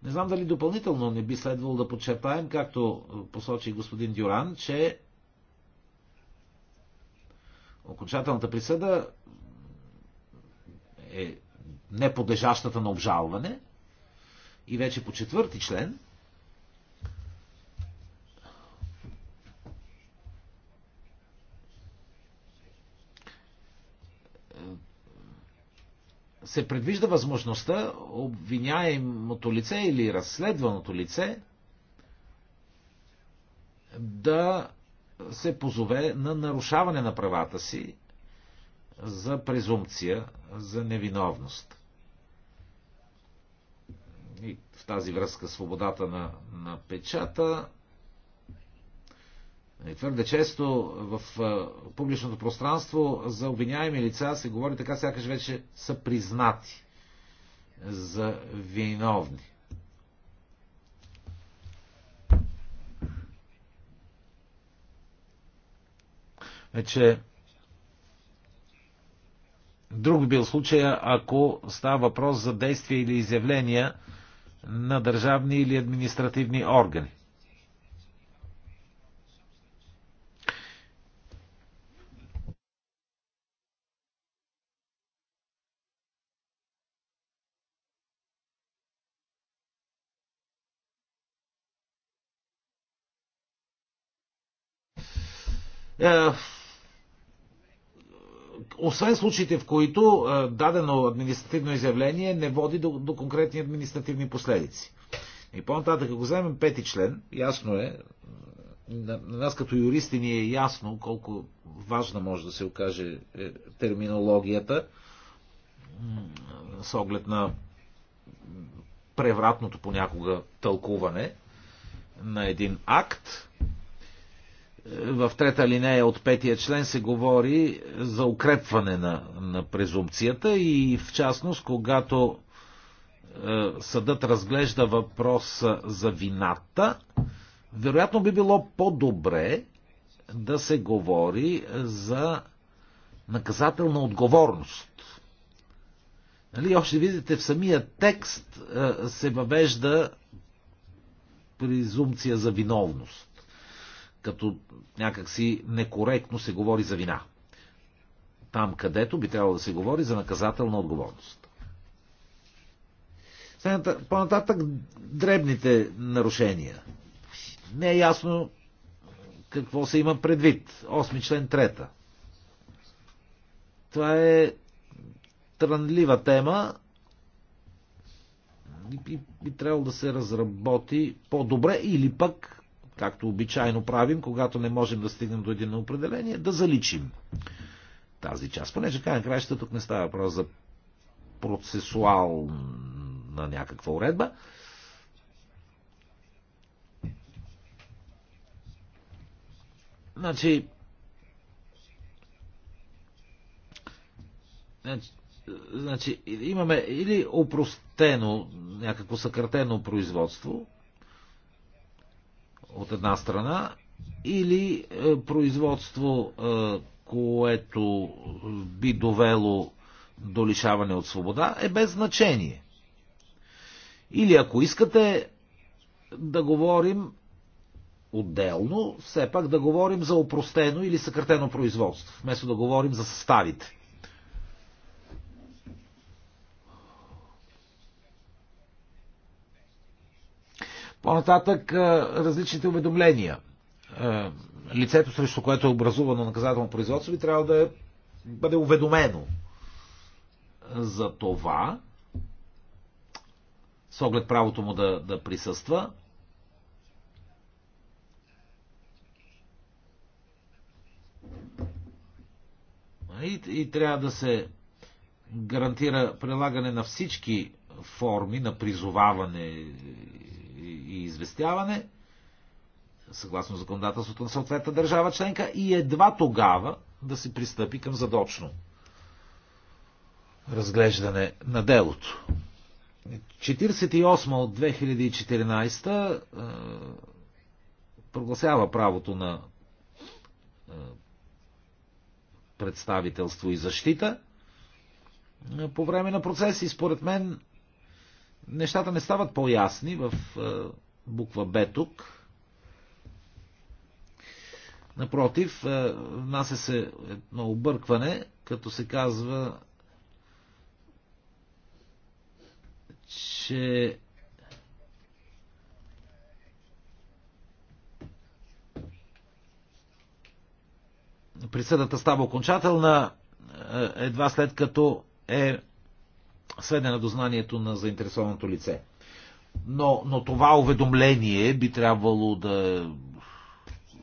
Не знам дали допълнително не би следвало да подчертаем, както посочи господин Дюран, че окончателната присъда е неподлежащата на обжалване. И вече по четвърти член се предвижда възможността обвиняемото лице или разследваното лице да се позове на нарушаване на правата си за презумпция за невиновност. И в тази връзка свободата на, на печата Нали, твърде често в публичното пространство за обвиняеми лица се говори така, сякаш вече са признати за виновни. Вече друг бил случая, ако става въпрос за действия или изявления на държавни или административни органи. Е, освен случаите, в които е, дадено административно изявление не води до, до конкретни административни последици. И по-нататък, ако вземем пети член, ясно е, на, на нас като юристи ни е ясно колко важна може да се окаже е, терминологията с оглед на превратното понякога тълкуване на един акт в трета линея от петия член се говори за укрепване на, на презумпцията и в частност, когато е, съдът разглежда въпрос за вината, вероятно би било по-добре да се говори за наказателна отговорност. Нали, още видите, в самия текст е, се въвежда презумпция за виновност като някакси некоректно се говори за вина. Там, където би трябвало да се говори за наказателна отговорност. По-нататък дребните нарушения. Не е ясно какво се има предвид. Осми член трета. Това е трънлива тема и би трябвало да се разработи по-добре или пък както обичайно правим, когато не можем да стигнем до един определение, да заличим тази част. Понеже край на краища тук не става въпрос за процесуал на някаква уредба. Значи, значи, значи имаме или опростено, някакво съкратено производство, от една страна или е, производство, е, което би довело до лишаване от свобода, е без значение. Или ако искате да говорим отделно, все пак да говорим за опростено или съкратено производство, вместо да говорим за съставите. По-нататък различните уведомления. Лицето, срещу което е образувано наказателно производство, би трябва да е- бъде уведомено за това, с оглед правото му да, да присъства. И, и трябва да се гарантира прилагане на всички форми на призоваване и известяване, съгласно законодателството на съответната държава членка, и едва тогава да се пристъпи към задочно разглеждане на делото. 48 от 2014 е, прогласява правото на е, представителство и защита е, по време на процес и според мен нещата не стават по-ясни в е, буква Б тук. Напротив, е, внася се едно объркване, като се казва, че присъдата става окончателна е, едва след като е сведена до знанието на заинтересованото лице. Но, но това уведомление би трябвало да,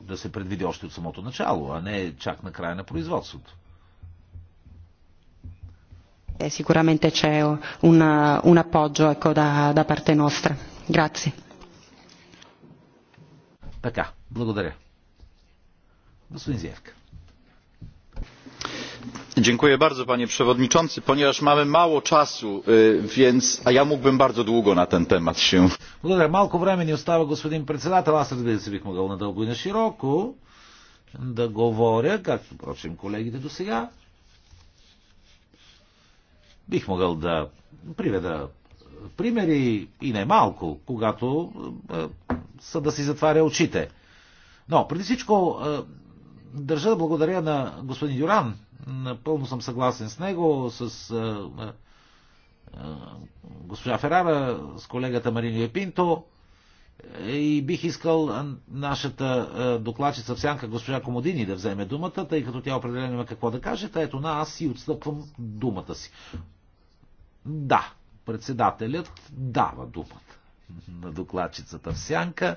да се предвиди още от самото начало, а не чак на края на производството. Eh, е, sicuramente c'è un, un appoggio ecco, da, da parte nostra. Grazie. Така, благодаря. Господин Зевка panie przewodniczący! ponieważ mamy mało czasu a ja mógłbym bardzo długo na ten temat się. Благодаря. Малко време ни остава, господин председател. Аз разбира се бих могъл надълго и на широко да говоря, както впрочем колегите до сега. Бих могъл да приведа примери и не малко, когато е, са да си затваря очите. Но преди всичко е, Държа да благодаря на господин Юран. Напълно съм съгласен с него, с а, а, госпожа Ферара, с колегата Марини Епинто. И бих искал нашата докладчица в сянка госпожа Комодини да вземе думата, тъй като тя определено има какво да каже. Та ето на аз си отстъпвам думата си. Да, председателят дава думата на докладчицата в сянка.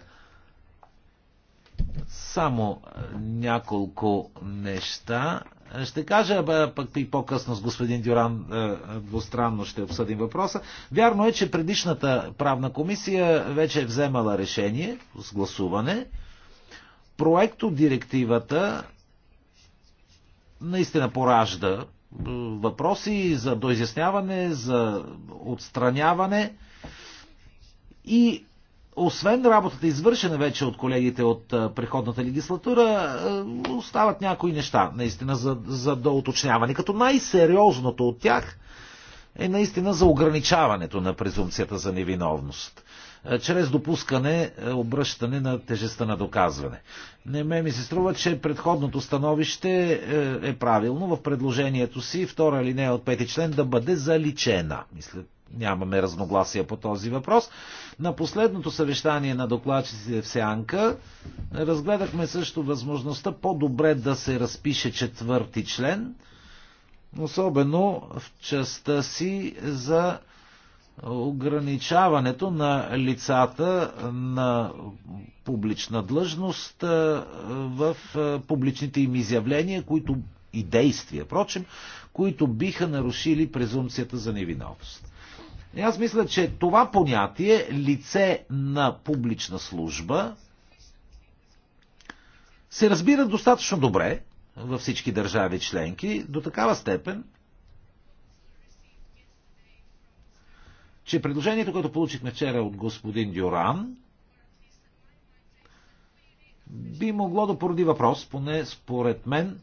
Само е, няколко неща. Ще кажа, пък и по-късно с господин Дюран е, двустранно ще обсъдим въпроса. Вярно е, че предишната правна комисия вече е вземала решение с гласуване. Проекто директивата наистина поражда е, въпроси за доизясняване, за отстраняване и освен работата извършена вече от колегите от преходната легислатура, остават някои неща, наистина, за, за доуточняване. Като най-сериозното от тях е наистина за ограничаването на презумпцията за невиновност чрез допускане, обръщане на тежестта на доказване. Не ме ми се струва, че предходното становище е, е правилно в предложението си втора линия от пети член да бъде заличена. Мисля, нямаме разногласия по този въпрос. На последното съвещание на докладчиците в Сянка разгледахме също възможността по-добре да се разпише четвърти член, особено в частта си за ограничаването на лицата на публична длъжност в публичните им изявления, които и действия, впрочем, които биха нарушили презумпцията за невиновност. И аз мисля, че това понятие лице на публична служба се разбира достатъчно добре във всички държави членки, до такава степен, че предложението, което получихме вчера от господин Дюран, би могло да породи въпрос, поне според мен,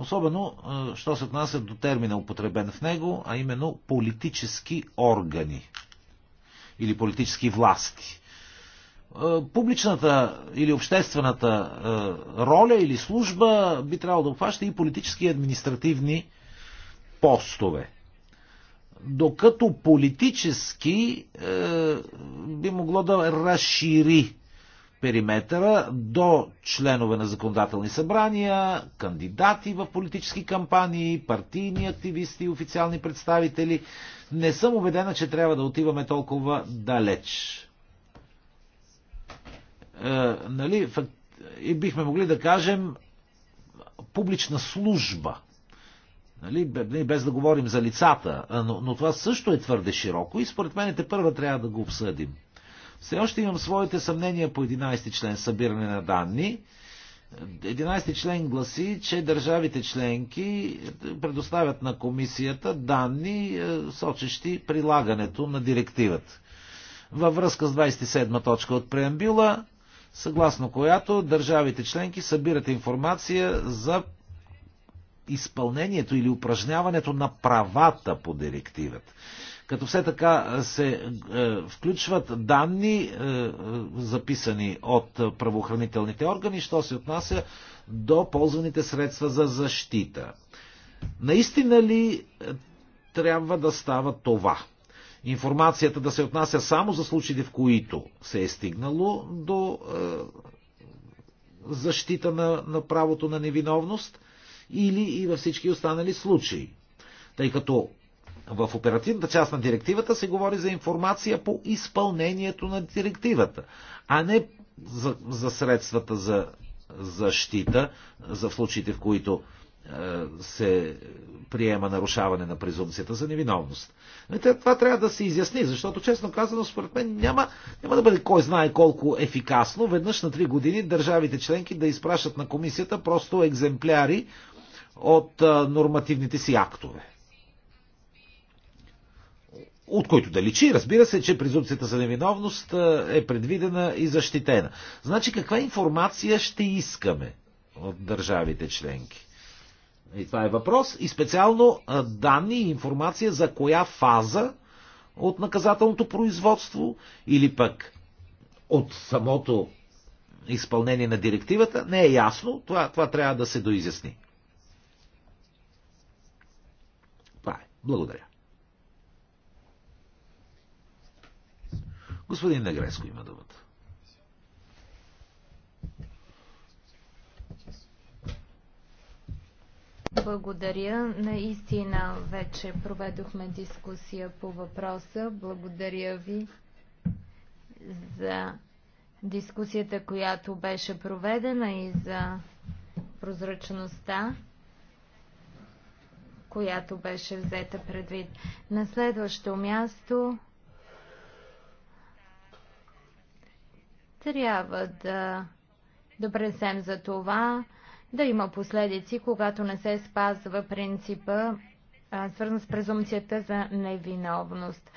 Особено, що се отнася до термина употребен в него, а именно политически органи или политически власти. Публичната или обществената роля или служба би трябвало да обхваща и политически и административни постове. Докато политически би могло да разшири периметъра до членове на законодателни събрания, кандидати в политически кампании, партийни активисти официални представители. Не съм убедена, че трябва да отиваме толкова далеч. Е, нали, факт, и бихме могли да кажем публична служба. Нали, без да говорим за лицата, но, но това също е твърде широко и според мен те първа трябва да го обсъдим. Все още имам своите съмнения по 11 член събиране на данни. 11 член гласи, че държавите членки предоставят на комисията данни, е, сочещи прилагането на директивата. Във връзка с 27 точка от преамбюла, съгласно която държавите членки събират информация за изпълнението или упражняването на правата по директивата като все така се включват данни, записани от правоохранителните органи, що се отнася до ползваните средства за защита. Наистина ли трябва да става това? Информацията да се отнася само за случаите, в които се е стигнало до защита на, на правото на невиновност или и във всички останали случаи. Тъй като в оперативната част на директивата се говори за информация по изпълнението на директивата, а не за, за средствата за защита, за случаите, в които е, се приема нарушаване на презумцията за невиновност. Нали, това трябва да се изясни, защото честно казано, според мен няма, няма да бъде кой знае колко ефикасно веднъж на три години държавите членки да изпращат на комисията просто екземпляри от е, нормативните си актове от който да личи, разбира се, че презумпцията за невиновност е предвидена и защитена. Значи каква информация ще искаме от държавите членки? И това е въпрос. И специално данни и информация за коя фаза от наказателното производство или пък от самото изпълнение на директивата не е ясно. Това, това трябва да се доизясни. Това е. Благодаря. Господин Негреско има думата. Благодаря. Наистина вече проведохме дискусия по въпроса. Благодаря ви за дискусията, която беше проведена и за прозрачността, която беше взета предвид. На следващо място Трябва да допресем за това да има последици, когато не се спазва принципа, свързан с презумцията за невиновност.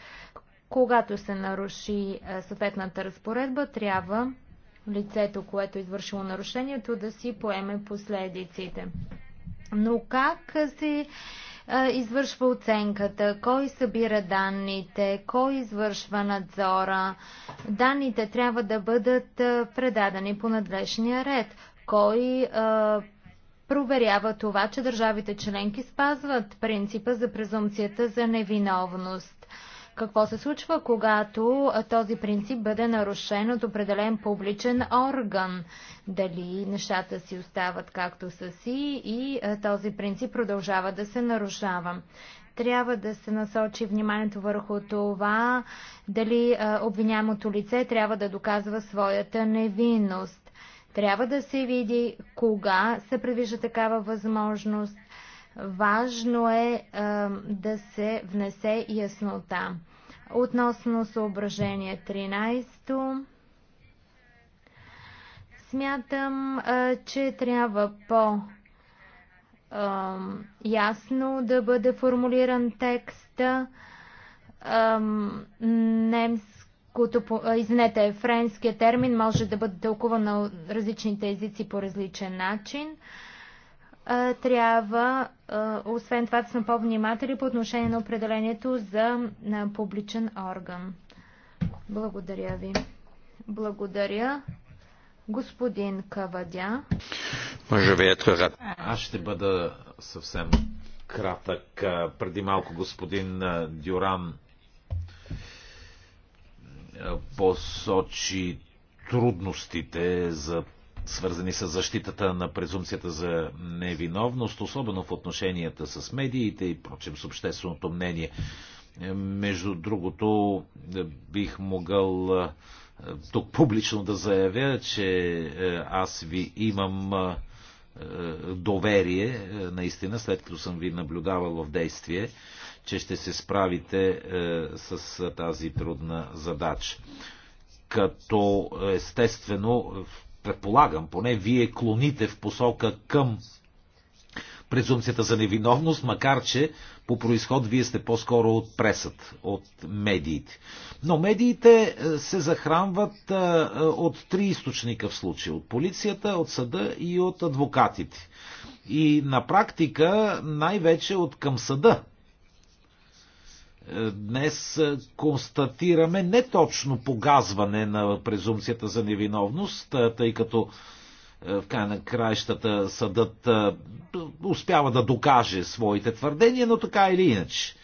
Когато се наруши съответната разпоредба, трябва лицето, което е извършило нарушението, да си поеме последиците. Но как се извършва оценката, кой събира данните, кой извършва надзора. Данните трябва да бъдат предадени по надлежния ред. Кой проверява това, че държавите членки спазват принципа за презумцията за невиновност. Какво се случва, когато този принцип бъде нарушен от определен публичен орган? Дали нещата си остават както са си и този принцип продължава да се нарушава? трябва да се насочи вниманието върху това дали обвинямото лице трябва да доказва своята невинност. Трябва да се види кога се предвижда такава възможност Важно е да се внесе яснота. Относно съображение 13 смятам, че трябва по ясно да бъде формулиран текста. Немското, извинете, френския термин може да бъде тълкуван на различните езици по различен начин трябва, освен това, да сме по-вниматели по отношение на определението за публичен орган. Благодаря ви. Благодаря. Господин Кавадя. Е Аз ще бъда съвсем кратък. Преди малко господин Дюран посочи трудностите за свързани с защитата на презумцията за невиновност, особено в отношенията с медиите и прочим с общественото мнение. Между другото, бих могъл тук публично да заявя, че аз ви имам доверие, наистина, след като съм ви наблюдавал в действие, че ще се справите с тази трудна задача. Като естествено предполагам, поне вие клоните в посока към презумцията за невиновност, макар че по происход вие сте по-скоро от пресът, от медиите. Но медиите е, се захранват е, е, от три източника в случая. От полицията, от съда и от адвокатите. И на практика най-вече от към съда днес е, констатираме не точно погазване на презумцията за невиновност, е, тъй като е, в край на краищата съдът успява да докаже своите твърдения, но така или иначе.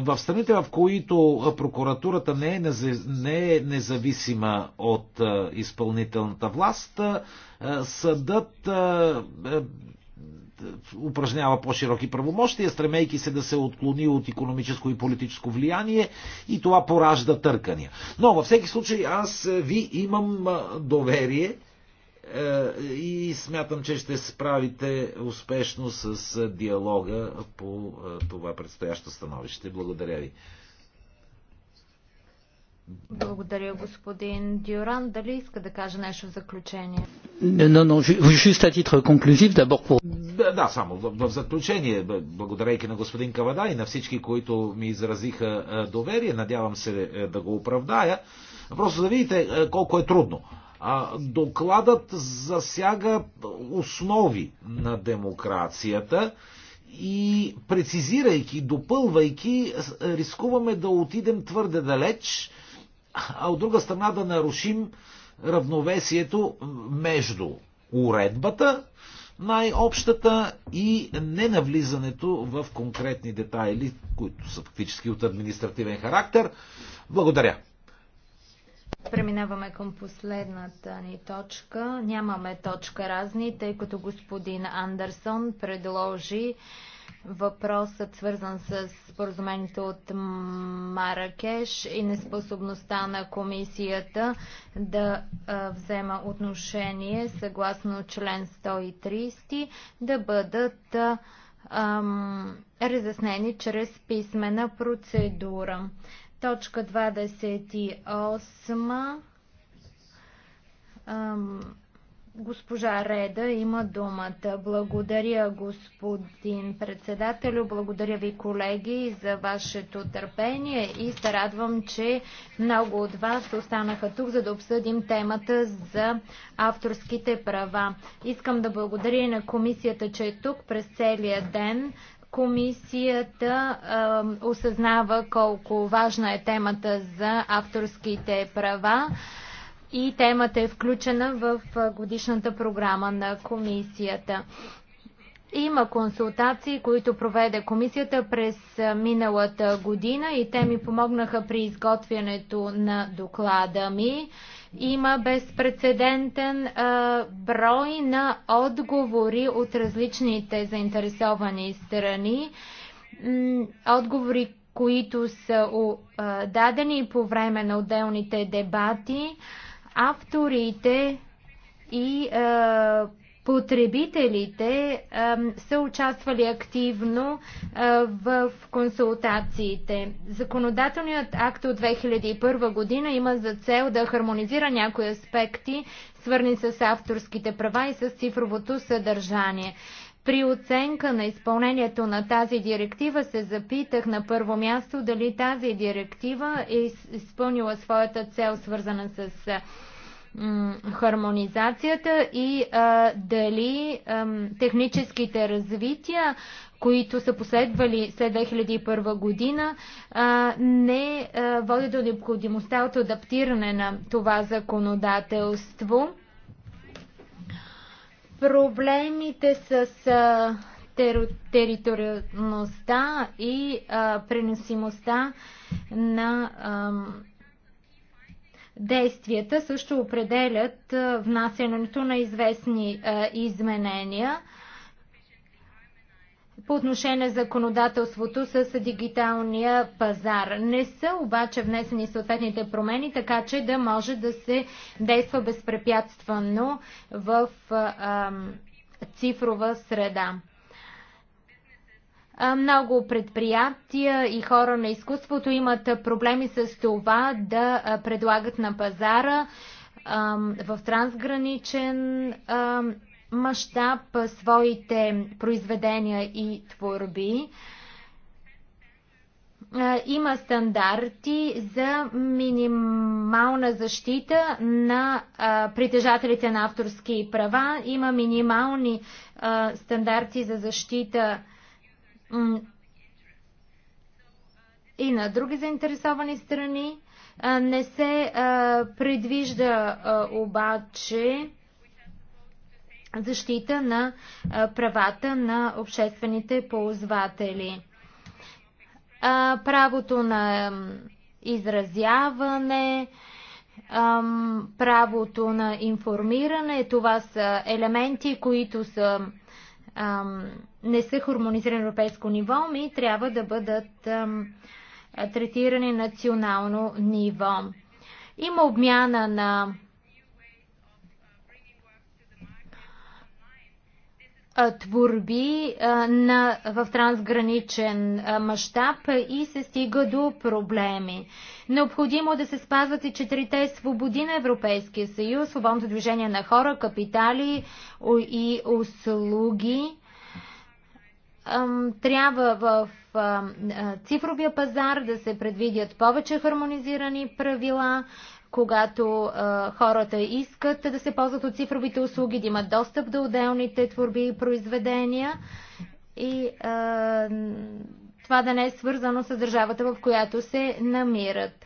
В страните, в които прокуратурата не е, не е независима от изпълнителната власт, съдът упражнява по-широки правомощия, стремейки се да се отклони от економическо и политическо влияние и това поражда търкания. Но във всеки случай аз ви имам доверие е, и смятам, че ще справите успешно с диалога по това предстоящо становище. Благодаря ви. Благодаря, господин Дюран. Дали иска да каже нещо в заключение? Не, не, juste à titre conclusif, d'abord pour... Да, да, само в, в заключение, благодарейки на господин Кавада и на всички, които ми изразиха е, доверие, надявам се е, да го оправдая. Просто да видите е, колко е трудно. Докладът засяга основи на демокрацията и прецизирайки, допълвайки, рискуваме да отидем твърде далеч а от друга страна да нарушим равновесието между уредбата, най-общата и ненавлизането в конкретни детайли, които са фактически от административен характер. Благодаря. Преминаваме към последната ни точка. Нямаме точка разни, тъй като господин Андерсон предложи въпросът свързан с споразумението от Маракеш и неспособността на комисията да взема отношение съгласно член 130 да бъдат ам, разяснени чрез писмена процедура. Точка 28 ам, Госпожа Реда има думата. Благодаря, господин председателю. Благодаря ви, колеги, за вашето търпение и се радвам, че много от вас останаха тук, за да обсъдим темата за авторските права. Искам да благодаря и на комисията, че е тук през целия ден. Комисията е, осъзнава колко важна е темата за авторските права и темата е включена в годишната програма на комисията. Има консултации, които проведе комисията през миналата година и те ми помогнаха при изготвянето на доклада ми. Има безпредседентен а, брой на отговори от различните заинтересовани страни. Отговори, които са дадени по време на отделните дебати. А, авторите и е, потребителите а, е, са участвали активно а, е, в консултациите. Законодателният акт от 2001 година има за цел да хармонизира някои аспекти, свърни с авторските права и с цифровото съдържание. При оценка на изпълнението на тази директива се запитах на първо място дали тази директива е изпълнила своята цел, свързана с хармонизацията и а, дали а, техническите развития, които са последвали след 2001 година, а, не водят до необходимостта от адаптиране на това законодателство. Проблемите с а, тер, териториалността и а, преносимостта на. А, действията също определят внасянето на известни изменения по отношение на законодателството с дигиталния пазар. Не са обаче внесени съответните промени, така че да може да се действа безпрепятствено в цифрова среда. Много предприятия и хора на изкуството имат проблеми с това да предлагат на пазара в трансграничен мащаб своите произведения и творби. Има стандарти за минимална защита на притежателите на авторски права. Има минимални стандарти за защита на и на други заинтересовани страни. Не се предвижда обаче защита на правата на обществените ползватели. Правото на изразяване, правото на информиране, това са елементи, които са ам, не са хармонизирани на европейско ниво, ми трябва да бъдат ам, е, третирани национално ниво. Има обмяна на творби на, в трансграничен мащаб и се стига до проблеми. Необходимо е да се спазват и четирите свободи на Европейския съюз, свободното движение на хора, капитали и услуги. Трябва в цифровия пазар да се предвидят повече хармонизирани правила, когато хората искат да се ползват от цифровите услуги, да имат достъп до отделните творби и произведения. И а, това да не е свързано с държавата, в която се намират.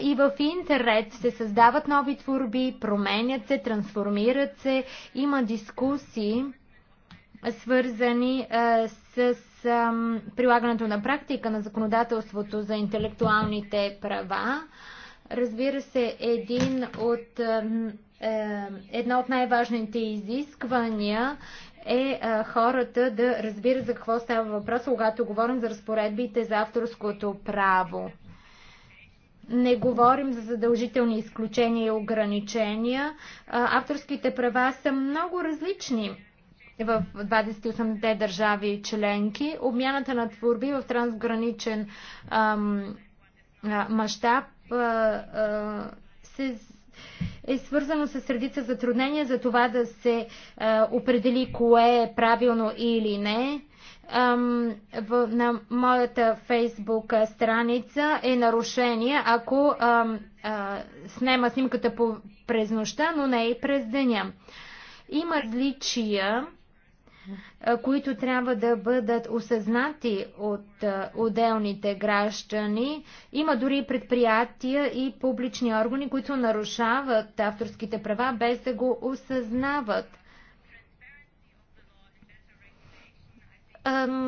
и в интернет се създават нови творби, променят се, трансформират се, има дискусии, свързани с прилагането на практика на законодателството за интелектуалните права. Разбира се, един от, е, едно от най-важните изисквания е а, хората да разбират за какво става въпрос, когато говорим за разпоредбите за авторското право. Не говорим за задължителни изключения и ограничения. А, авторските права са много различни в 28-те държави и членки. Обмяната на творби в трансграничен мащаб се е свързано с редица затруднения за това да се а, е, определи кое е правилно или не. Ам, в, на моята фейсбук страница е нарушение, ако ам, а, снема снимката по, през нощта, но не и през деня. Има различия които трябва да бъдат осъзнати от отделните граждани. Има дори предприятия и публични органи, които нарушават авторските права без да го осъзнават.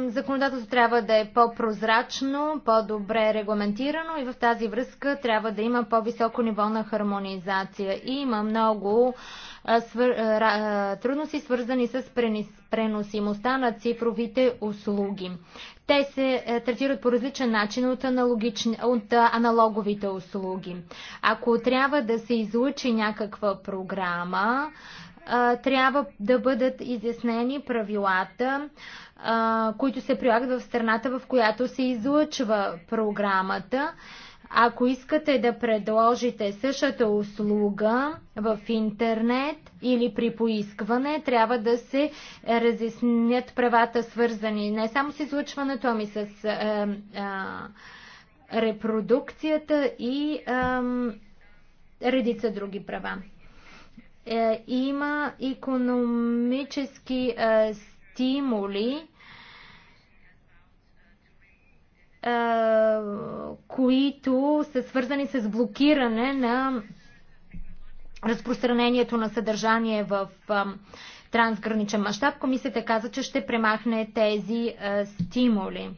Законодателството трябва да е по-прозрачно, по-добре регламентирано и в тази връзка трябва да има по-високо ниво на хармонизация. И има много свър... трудности, свързани с преносимостта на цифровите услуги. Те се е, третират по различен начин от, аналогични, от аналоговите услуги. Ако трябва да се излучи някаква програма, трябва да бъдат изяснени правилата, които се прилагат в страната, в която се излъчва програмата. Ако искате да предложите същата услуга в интернет или при поискване, трябва да се разяснят правата свързани не само с излъчването, ами с е, е, репродукцията и е, редица други права. Е, има економически е, стимули, които са свързани с блокиране на разпространението на съдържание в трансграничен мащаб. Комисията каза, че ще премахне тези стимули.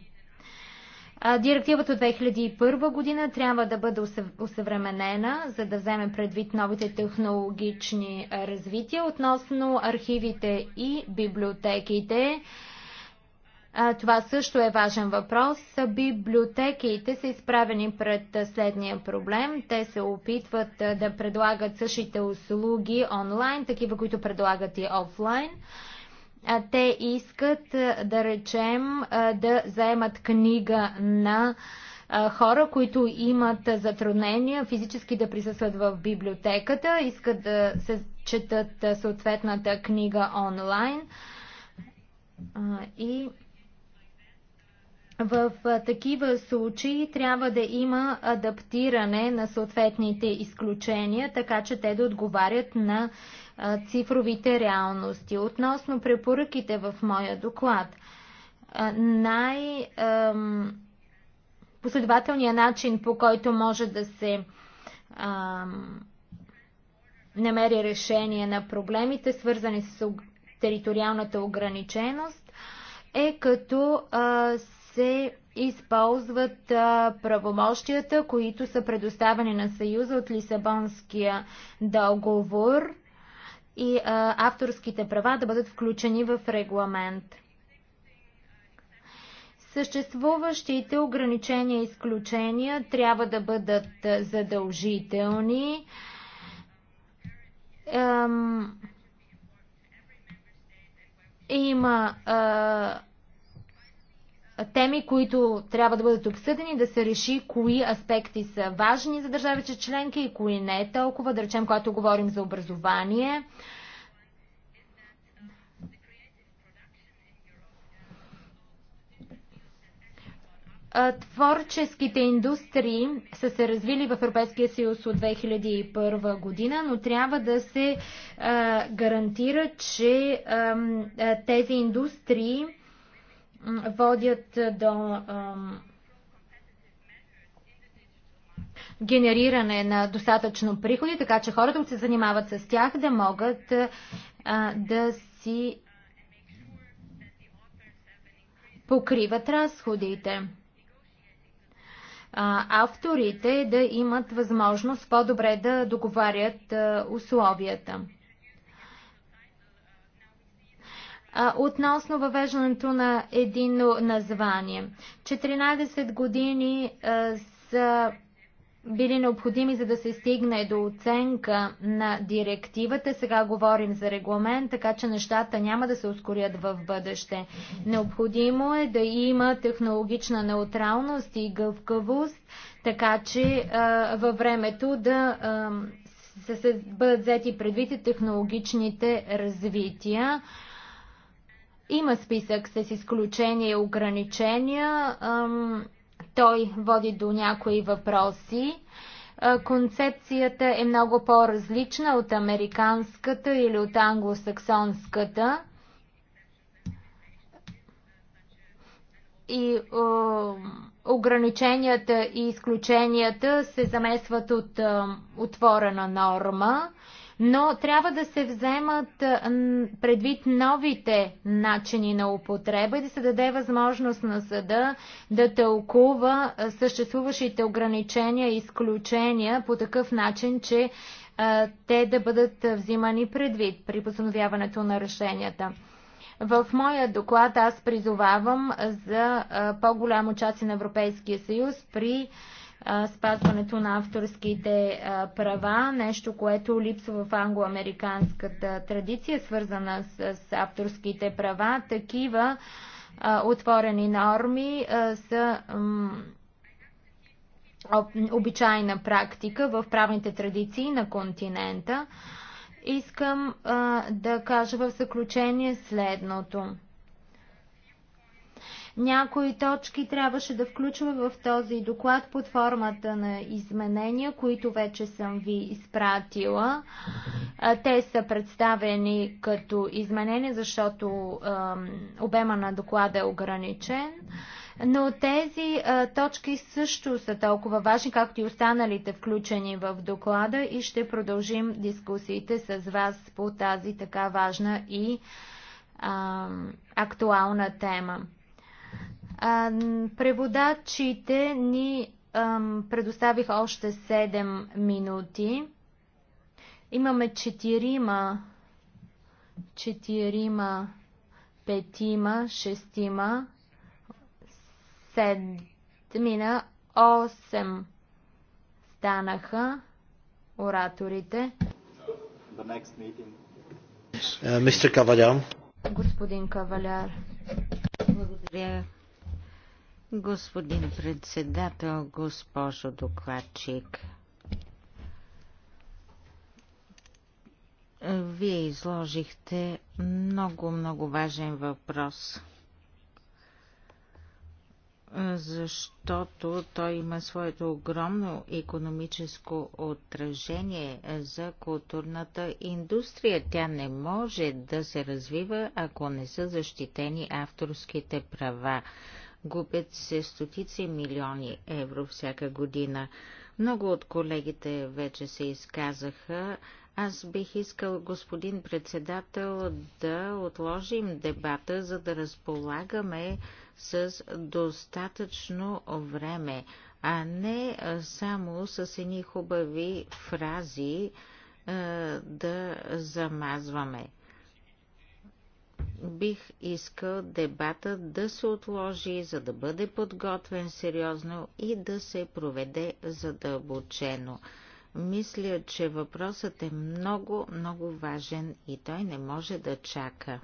Директивата от 2001 година трябва да бъде усъвременена, за да вземе предвид новите технологични развития относно архивите и библиотеките. Това също е важен въпрос. Библиотеките са изправени пред следния проблем. Те се опитват да предлагат същите услуги онлайн, такива, които предлагат и офлайн. Те искат, да речем, да заемат книга на хора, които имат затруднения физически да присъстват в библиотеката, искат да се четат съответната книга онлайн. И в такива случаи трябва да има адаптиране на съответните изключения, така че те да отговарят на цифровите реалности. Относно препоръките в моя доклад, най- последователният начин, по който може да се намери решение на проблемите, свързани с териториалната ограниченост, е като а, се използват правомощията, които са предоставени на Съюза от Лисабонския договор и а, авторските права да бъдат включени в регламент. Съществуващите ограничения и изключения трябва да бъдат задължителни. Ем, има а, теми, които трябва да бъдат обсъдени, да се реши кои аспекти са важни за държавите членки и кои не е толкова, да речем, когато говорим за образование. Творческите индустрии са се развили в Европейския съюз от 2001 година, но трябва да се а, гарантира, че а, тези индустрии водят до генериране на достатъчно приходи, така че хората, които се занимават с тях, да могат да си покриват разходите. авторите да имат възможност по-добре да договарят условията. Относно въвеждането на единно название. 14 години са били необходими, за да се стигне до оценка на директивата. Сега говорим за регламент, така че нещата няма да се ускорят в бъдеще. Необходимо е да има технологична неутралност и гъвкавост, така че а, във времето да а, се, се бъдат взети предвид технологичните развития. Има списък с изключения и ограничения. Той води до някои въпроси. Концепцията е много по-различна от американската или от англосаксонската. И о, ограниченията и изключенията се замесват от о, отворена норма. Но трябва да се вземат предвид новите начини на употреба и да се даде възможност на съда да тълкува съществуващите ограничения и изключения по такъв начин, че те да бъдат взимани предвид при постановяването на решенията. В моя доклад аз призовавам за по-голямо част на Европейския съюз при спазването на авторските права, нещо, което липсва в англоамериканската традиция, свързана с авторските права. Такива отворени норми са обичайна практика в правните традиции на континента. Искам а, да кажа в заключение следното. Някои точки трябваше да включва в този доклад под формата на изменения, които вече съм ви изпратила. Те са представени като изменения, защото обема на доклада е ограничен. Но тези а, точки също са толкова важни, както и останалите включени в доклада и ще продължим дискусиите с вас по тази така важна и а, актуална тема преводачите ни предоставих още 7 минути. Имаме 4, ма 5, ма 6, ма 7, 8 станаха ораторите. Е, Господин Каваляр. Благодаря. Господин председател, госпожо докладчик, вие изложихте много, много важен въпрос, защото той има своето огромно економическо отражение за културната индустрия. Тя не може да се развива, ако не са защитени авторските права. Губят се стотици милиони евро всяка година. Много от колегите вече се изказаха. Аз бих искал, господин председател, да отложим дебата, за да разполагаме с достатъчно време, а не само с едни хубави фрази да замазваме бих искал дебата да се отложи, за да бъде подготвен сериозно и да се проведе задълбочено. Мисля, че въпросът е много, много важен и той не може да чака.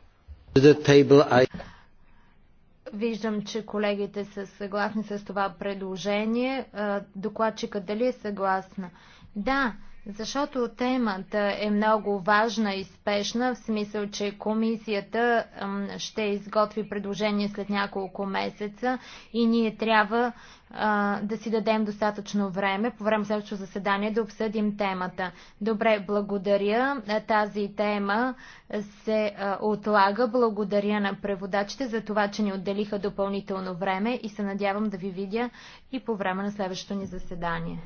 Виждам, че колегите са съгласни с това предложение. Докладчика дали е съгласна? Да, защото темата е много важна и спешна, в смисъл, че комисията ще изготви предложение след няколко месеца и ние трябва да си дадем достатъчно време по време следващото заседание да обсъдим темата. Добре, благодаря. Тази тема се отлага. Благодаря на преводачите за това, че ни отделиха допълнително време и се надявам да ви видя и по време на следващото ни заседание.